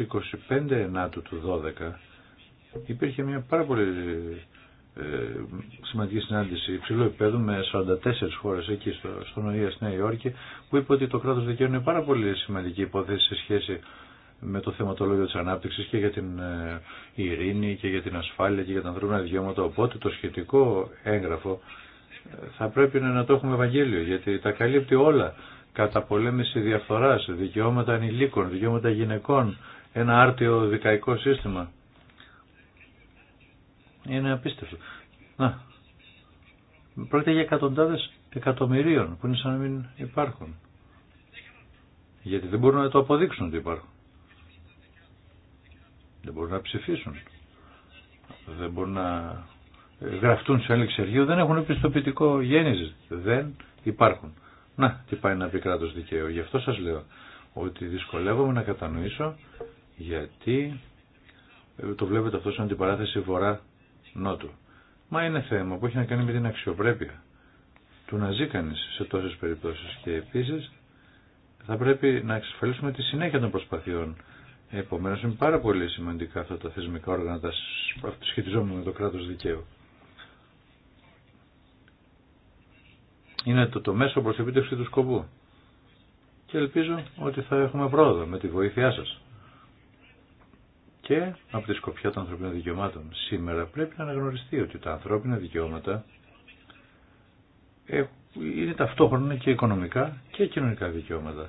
25 Ενάτου του 12 υπήρχε μια πάρα πολύ ε, σημαντική συνάντηση υψηλού επίπεδου με 44 χώρες εκεί στο, στον Νοία στη Νέα Υόρκη που είπε ότι το κράτος δικαίου είναι πάρα πολύ σημαντική υπόθεση σε σχέση με το θεματολόγιο της ανάπτυξης και για την ε, ειρήνη και για την ασφάλεια και για τα ανθρώπινα δικαιώματα. Οπότε το σχετικό έγγραφο ε, θα πρέπει να το έχουμε Ευαγγέλιο γιατί τα καλύπτει όλα καταπολέμηση διαφθοράς, δικαιώματα ανηλίκων, δικαιώματα γυναικών, ένα άρτιο δικαϊκό σύστημα. Είναι απίστευτο. Να. Πρόκειται για εκατοντάδες εκατομμυρίων που είναι σαν να μην υπάρχουν. Γιατί δεν μπορούν να το αποδείξουν ότι υπάρχουν. Δεν μπορούν να ψηφίσουν. Δεν μπορούν να γραφτούν σε άλλη Δεν έχουν επιστοποιητικό γέννηση. Δεν υπάρχουν. Να, τι πάει να πει κράτο δικαίου. Γι' αυτό σας λέω ότι δυσκολεύομαι να κατανοήσω γιατί ε, το βλέπετε αυτό σαν την παραθεση βορρα βορρά-νότου. Μα είναι θέμα που έχει να κάνει με την αξιοπρέπεια του να ζει κανεί σε τόσες περιπτώσεις και επίση θα πρέπει να εξασφαλίσουμε τη συνέχεια των προσπαθειών. επομένω είναι πάρα πολύ σημαντικά αυτά τα θεσμικά όργανα, τα σχετιζόμενα με το κράτο δικαίου. είναι το, το μέσο προς επίτευξη του σκοπού. Και ελπίζω ότι θα έχουμε πρόοδο με τη βοήθειά σας. Και από τη σκοπιά των ανθρωπίνων δικαιωμάτων. Σήμερα πρέπει να αναγνωριστεί ότι τα ανθρώπινα δικαιώματα είναι ταυτόχρονα και οικονομικά και κοινωνικά δικαιώματα.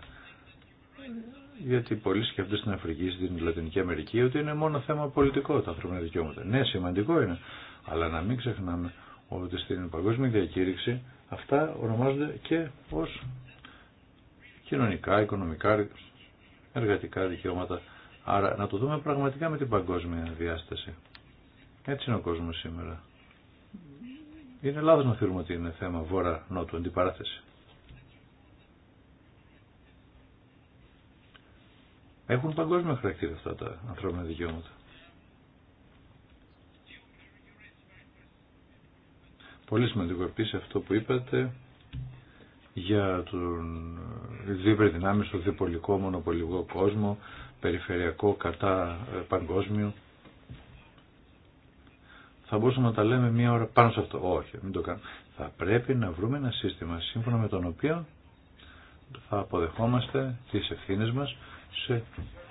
Γιατί πολλοί σκέφτονται στην Αφρική, στην Λατινική Αμερική, ότι είναι μόνο θέμα πολιτικό τα ανθρώπινα δικαιώματα. Ναι, σημαντικό είναι. Αλλά να μην ξεχνάμε ότι στην παγκόσμια διακήρυξη Αυτά ονομάζονται και ως κοινωνικά, οικονομικά, εργατικά δικαιώματα. Άρα να το δούμε πραγματικά με την παγκόσμια διάσταση. Έτσι είναι ο κόσμος σήμερα. Είναι λάθος να θεωρούμε ότι είναι θέμα βόρα-νότου αντιπαράθεση. Έχουν παγκόσμια χαρακτήρα αυτά τα ανθρώπινα δικαιώματα. Πολύ σημαντικό επίσης αυτό που είπατε για τον δύο στο διπολικό μονοπολικό κόσμο, περιφερειακό κατά ε, παγκόσμιο. Θα μπορούσαμε να τα λέμε μία ώρα πάνω σε αυτό. Όχι, μην το κάνουμε. Θα πρέπει να βρούμε ένα σύστημα σύμφωνα με τον οποίο θα αποδεχόμαστε τις ευθύνες μας σε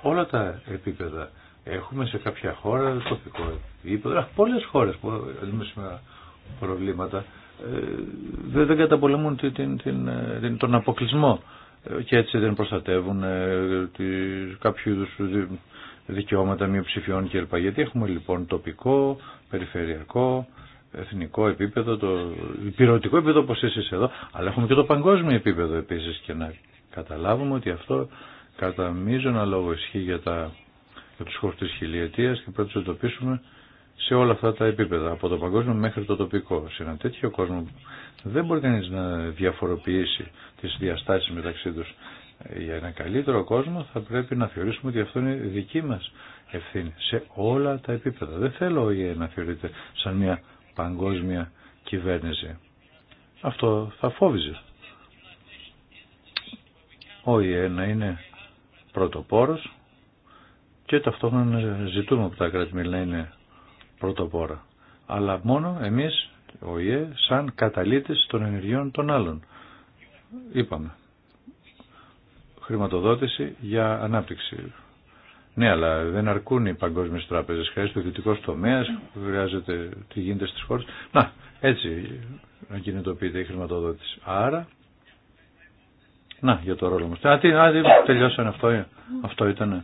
όλα τα επίπεδα. Έχουμε σε κάποια χώρα τοπικό επίπεδο, πολλές χώρες που δούμε σήμερα προβλήματα δεν, δεν καταπολεμούν την, την, την, τον αποκλεισμό ε, και έτσι δεν προστατεύουν ε, τις, κάποιου είδου δικαιώματα μειοψηφιών κλπ. Γιατί έχουμε λοιπόν τοπικό, περιφερειακό, εθνικό επίπεδο, το υπηρετικό επίπεδο όπω είσαι εδώ, αλλά έχουμε και το παγκόσμιο επίπεδο επίσης και να καταλάβουμε ότι αυτό κατά μείζωνα λόγο ισχύει για, τα, για τους χώρους και πρέπει να το εντοπίσουμε σε όλα αυτά τα επίπεδα, από το παγκόσμιο μέχρι το τοπικό. Σε ένα τέτοιο κόσμο δεν μπορεί κανείς να διαφοροποιήσει τις διαστάσεις μεταξύ τους. Για ένα καλύτερο κόσμο θα πρέπει να θεωρήσουμε ότι αυτό είναι δική μας ευθύνη σε όλα τα επίπεδα. Δεν θέλω για να θεωρείται σαν μια παγκόσμια κυβέρνηση. Αυτό θα φόβιζε. Ο ΙΕ να είναι πρωτοπόρος και ταυτόχρονα ζητούμε από τα κράτη να είναι πρωτοπόρα. Αλλά μόνο εμείς, ο ΙΕ, σαν καταλήτης των ενεργειών των άλλων. Είπαμε. Χρηματοδότηση για ανάπτυξη. Ναι, αλλά δεν αρκούν οι παγκόσμιες τράπεζες. Χρειάζεται ο ιδιωτικό τομέας, χρειάζεται τι γίνεται στι χώρε. Να, έτσι να κινητοποιείται η χρηματοδότηση. Άρα, να, για το ρόλο μα. Α, τι, α, τελειώσανε αυτό, αυτό ήτανε.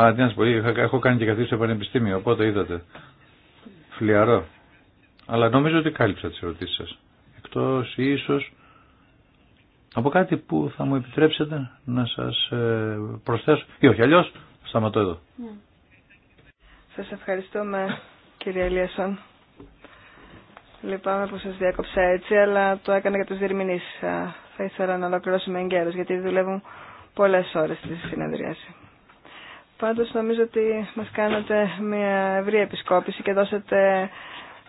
Α, τι πολύ, έχω κάνει και καθίσει στο πανεπιστήμιο, οπότε είδατε. Φλιαρό. Αλλά νομίζω ότι κάλυψα τις ερωτήσεις σας. Εκτός ίσως από κάτι που θα μου επιτρέψετε να σας ε, προσθέσω. Ή όχι, αλλιώς σταματώ εδώ. Ναι. Σας ευχαριστούμε κύριε Ελίασον. Λυπάμαι που σας διάκοψα έτσι, αλλά το έκανα για τους διερμηνείς. Θα ήθελα να ολοκληρώσουμε εγκαίρως, γιατί δουλεύουν πολλές ώρες στη συνεδρίαση. Πάντως νομίζω ότι μας κάνατε μια ευρύ επισκόπηση και δώσατε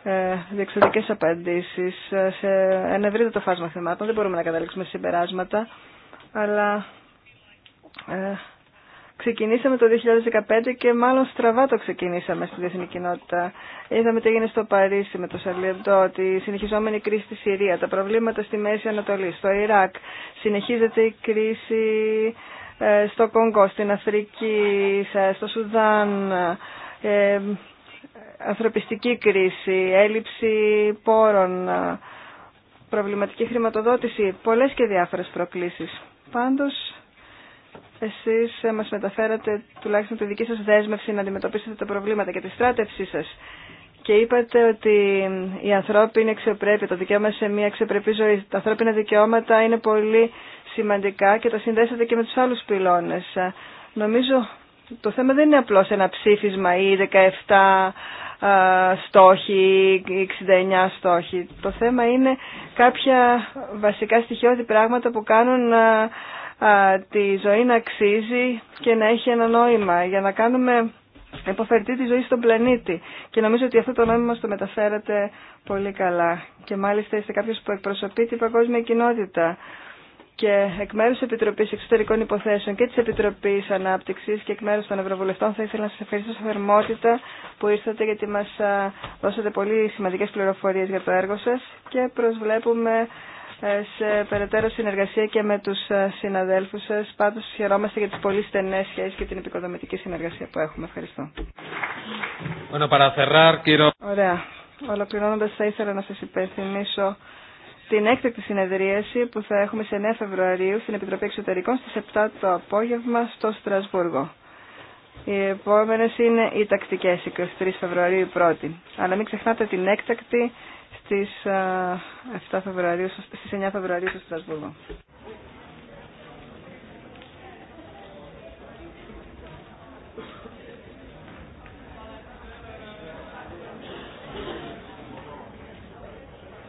ε, διεξοδικές απαντήσεις ε, σε ένα ευρύτερο φάσμα θεμάτων. Δεν μπορούμε να καταλήξουμε συμπεράσματα, αλλά ε, ξεκινήσαμε το 2015 και μάλλον στραβά το ξεκινήσαμε στη διεθνή κοινότητα. Είδαμε τι έγινε στο Παρίσι με το ότι τη συνεχιζόμενη κρίση στη Συρία, τα προβλήματα στη Μέση Ανατολή, στο Ιράκ. Συνεχίζεται η κρίση ε, στο Κονγκό, στην Αφρική, στο Σουδάν, ε, ανθρωπιστική κρίση, έλλειψη πόρων, ε, προβληματική χρηματοδότηση, πολλές και διάφορες προκλήσεις. Πάντως, εσείς μας μεταφέρατε τουλάχιστον τη δική σας δέσμευση να αντιμετωπίσετε τα προβλήματα και τη στράτευσή σας. Και είπατε ότι η ανθρώπινη αξιοπρέπεια, το δικαίωμα σε μια αξιοπρεπή ζωή, τα ανθρώπινα δικαιώματα είναι πολύ σημαντικά και τα συνδέσατε και με τους άλλους πυλώνες. Νομίζω το θέμα δεν είναι απλώς ένα ψήφισμα ή 17 στόχοι, ή 69 στόχοι. Το θέμα είναι κάποια βασικά στοιχειώδη πράγματα που κάνουν τη ζωή να αξίζει και να έχει ένα νόημα για να κάνουμε υποφερτή τη ζωή στον πλανήτη. Και νομίζω ότι αυτό το νόημα μας το μεταφέρατε πολύ καλά. Και μάλιστα είστε κάποιος που εκπροσωπεί την παγκόσμια κοινότητα και εκ μέρου τη Επιτροπή Εξωτερικών Υποθέσεων και τη Επιτροπή Ανάπτυξη και εκ μέρου των Ευρωβουλευτών θα ήθελα να σα ευχαριστήσω θερμότητα που ήρθατε γιατί μα δώσατε πολύ σημαντικέ πληροφορίε για το έργο σα και προσβλέπουμε ε, σε περαιτέρω συνεργασία και με του συναδέλφου σα. Πάντω χαιρόμαστε για τι πολύ στενέ σχέσει και την επικοδομητική συνεργασία που έχουμε. Ευχαριστώ. Ωραία. Ολοκληρώνοντα, θα ήθελα να σα υπενθυμίσω στην έκτακτη συνεδρίαση που θα έχουμε σε 9 Φεβρουαρίου στην Επιτροπή Εξωτερικών στις 7 το απόγευμα στο Στρασβούργο. Οι επόμενε είναι οι τακτικέ, 23 Φεβρουαρίου η πρώτη. Αλλά μην ξεχνάτε την έκτακτη στις, 7 ε, Φεβρουαρίου, στις 9 Φεβρουαρίου στο Στρασβούργο.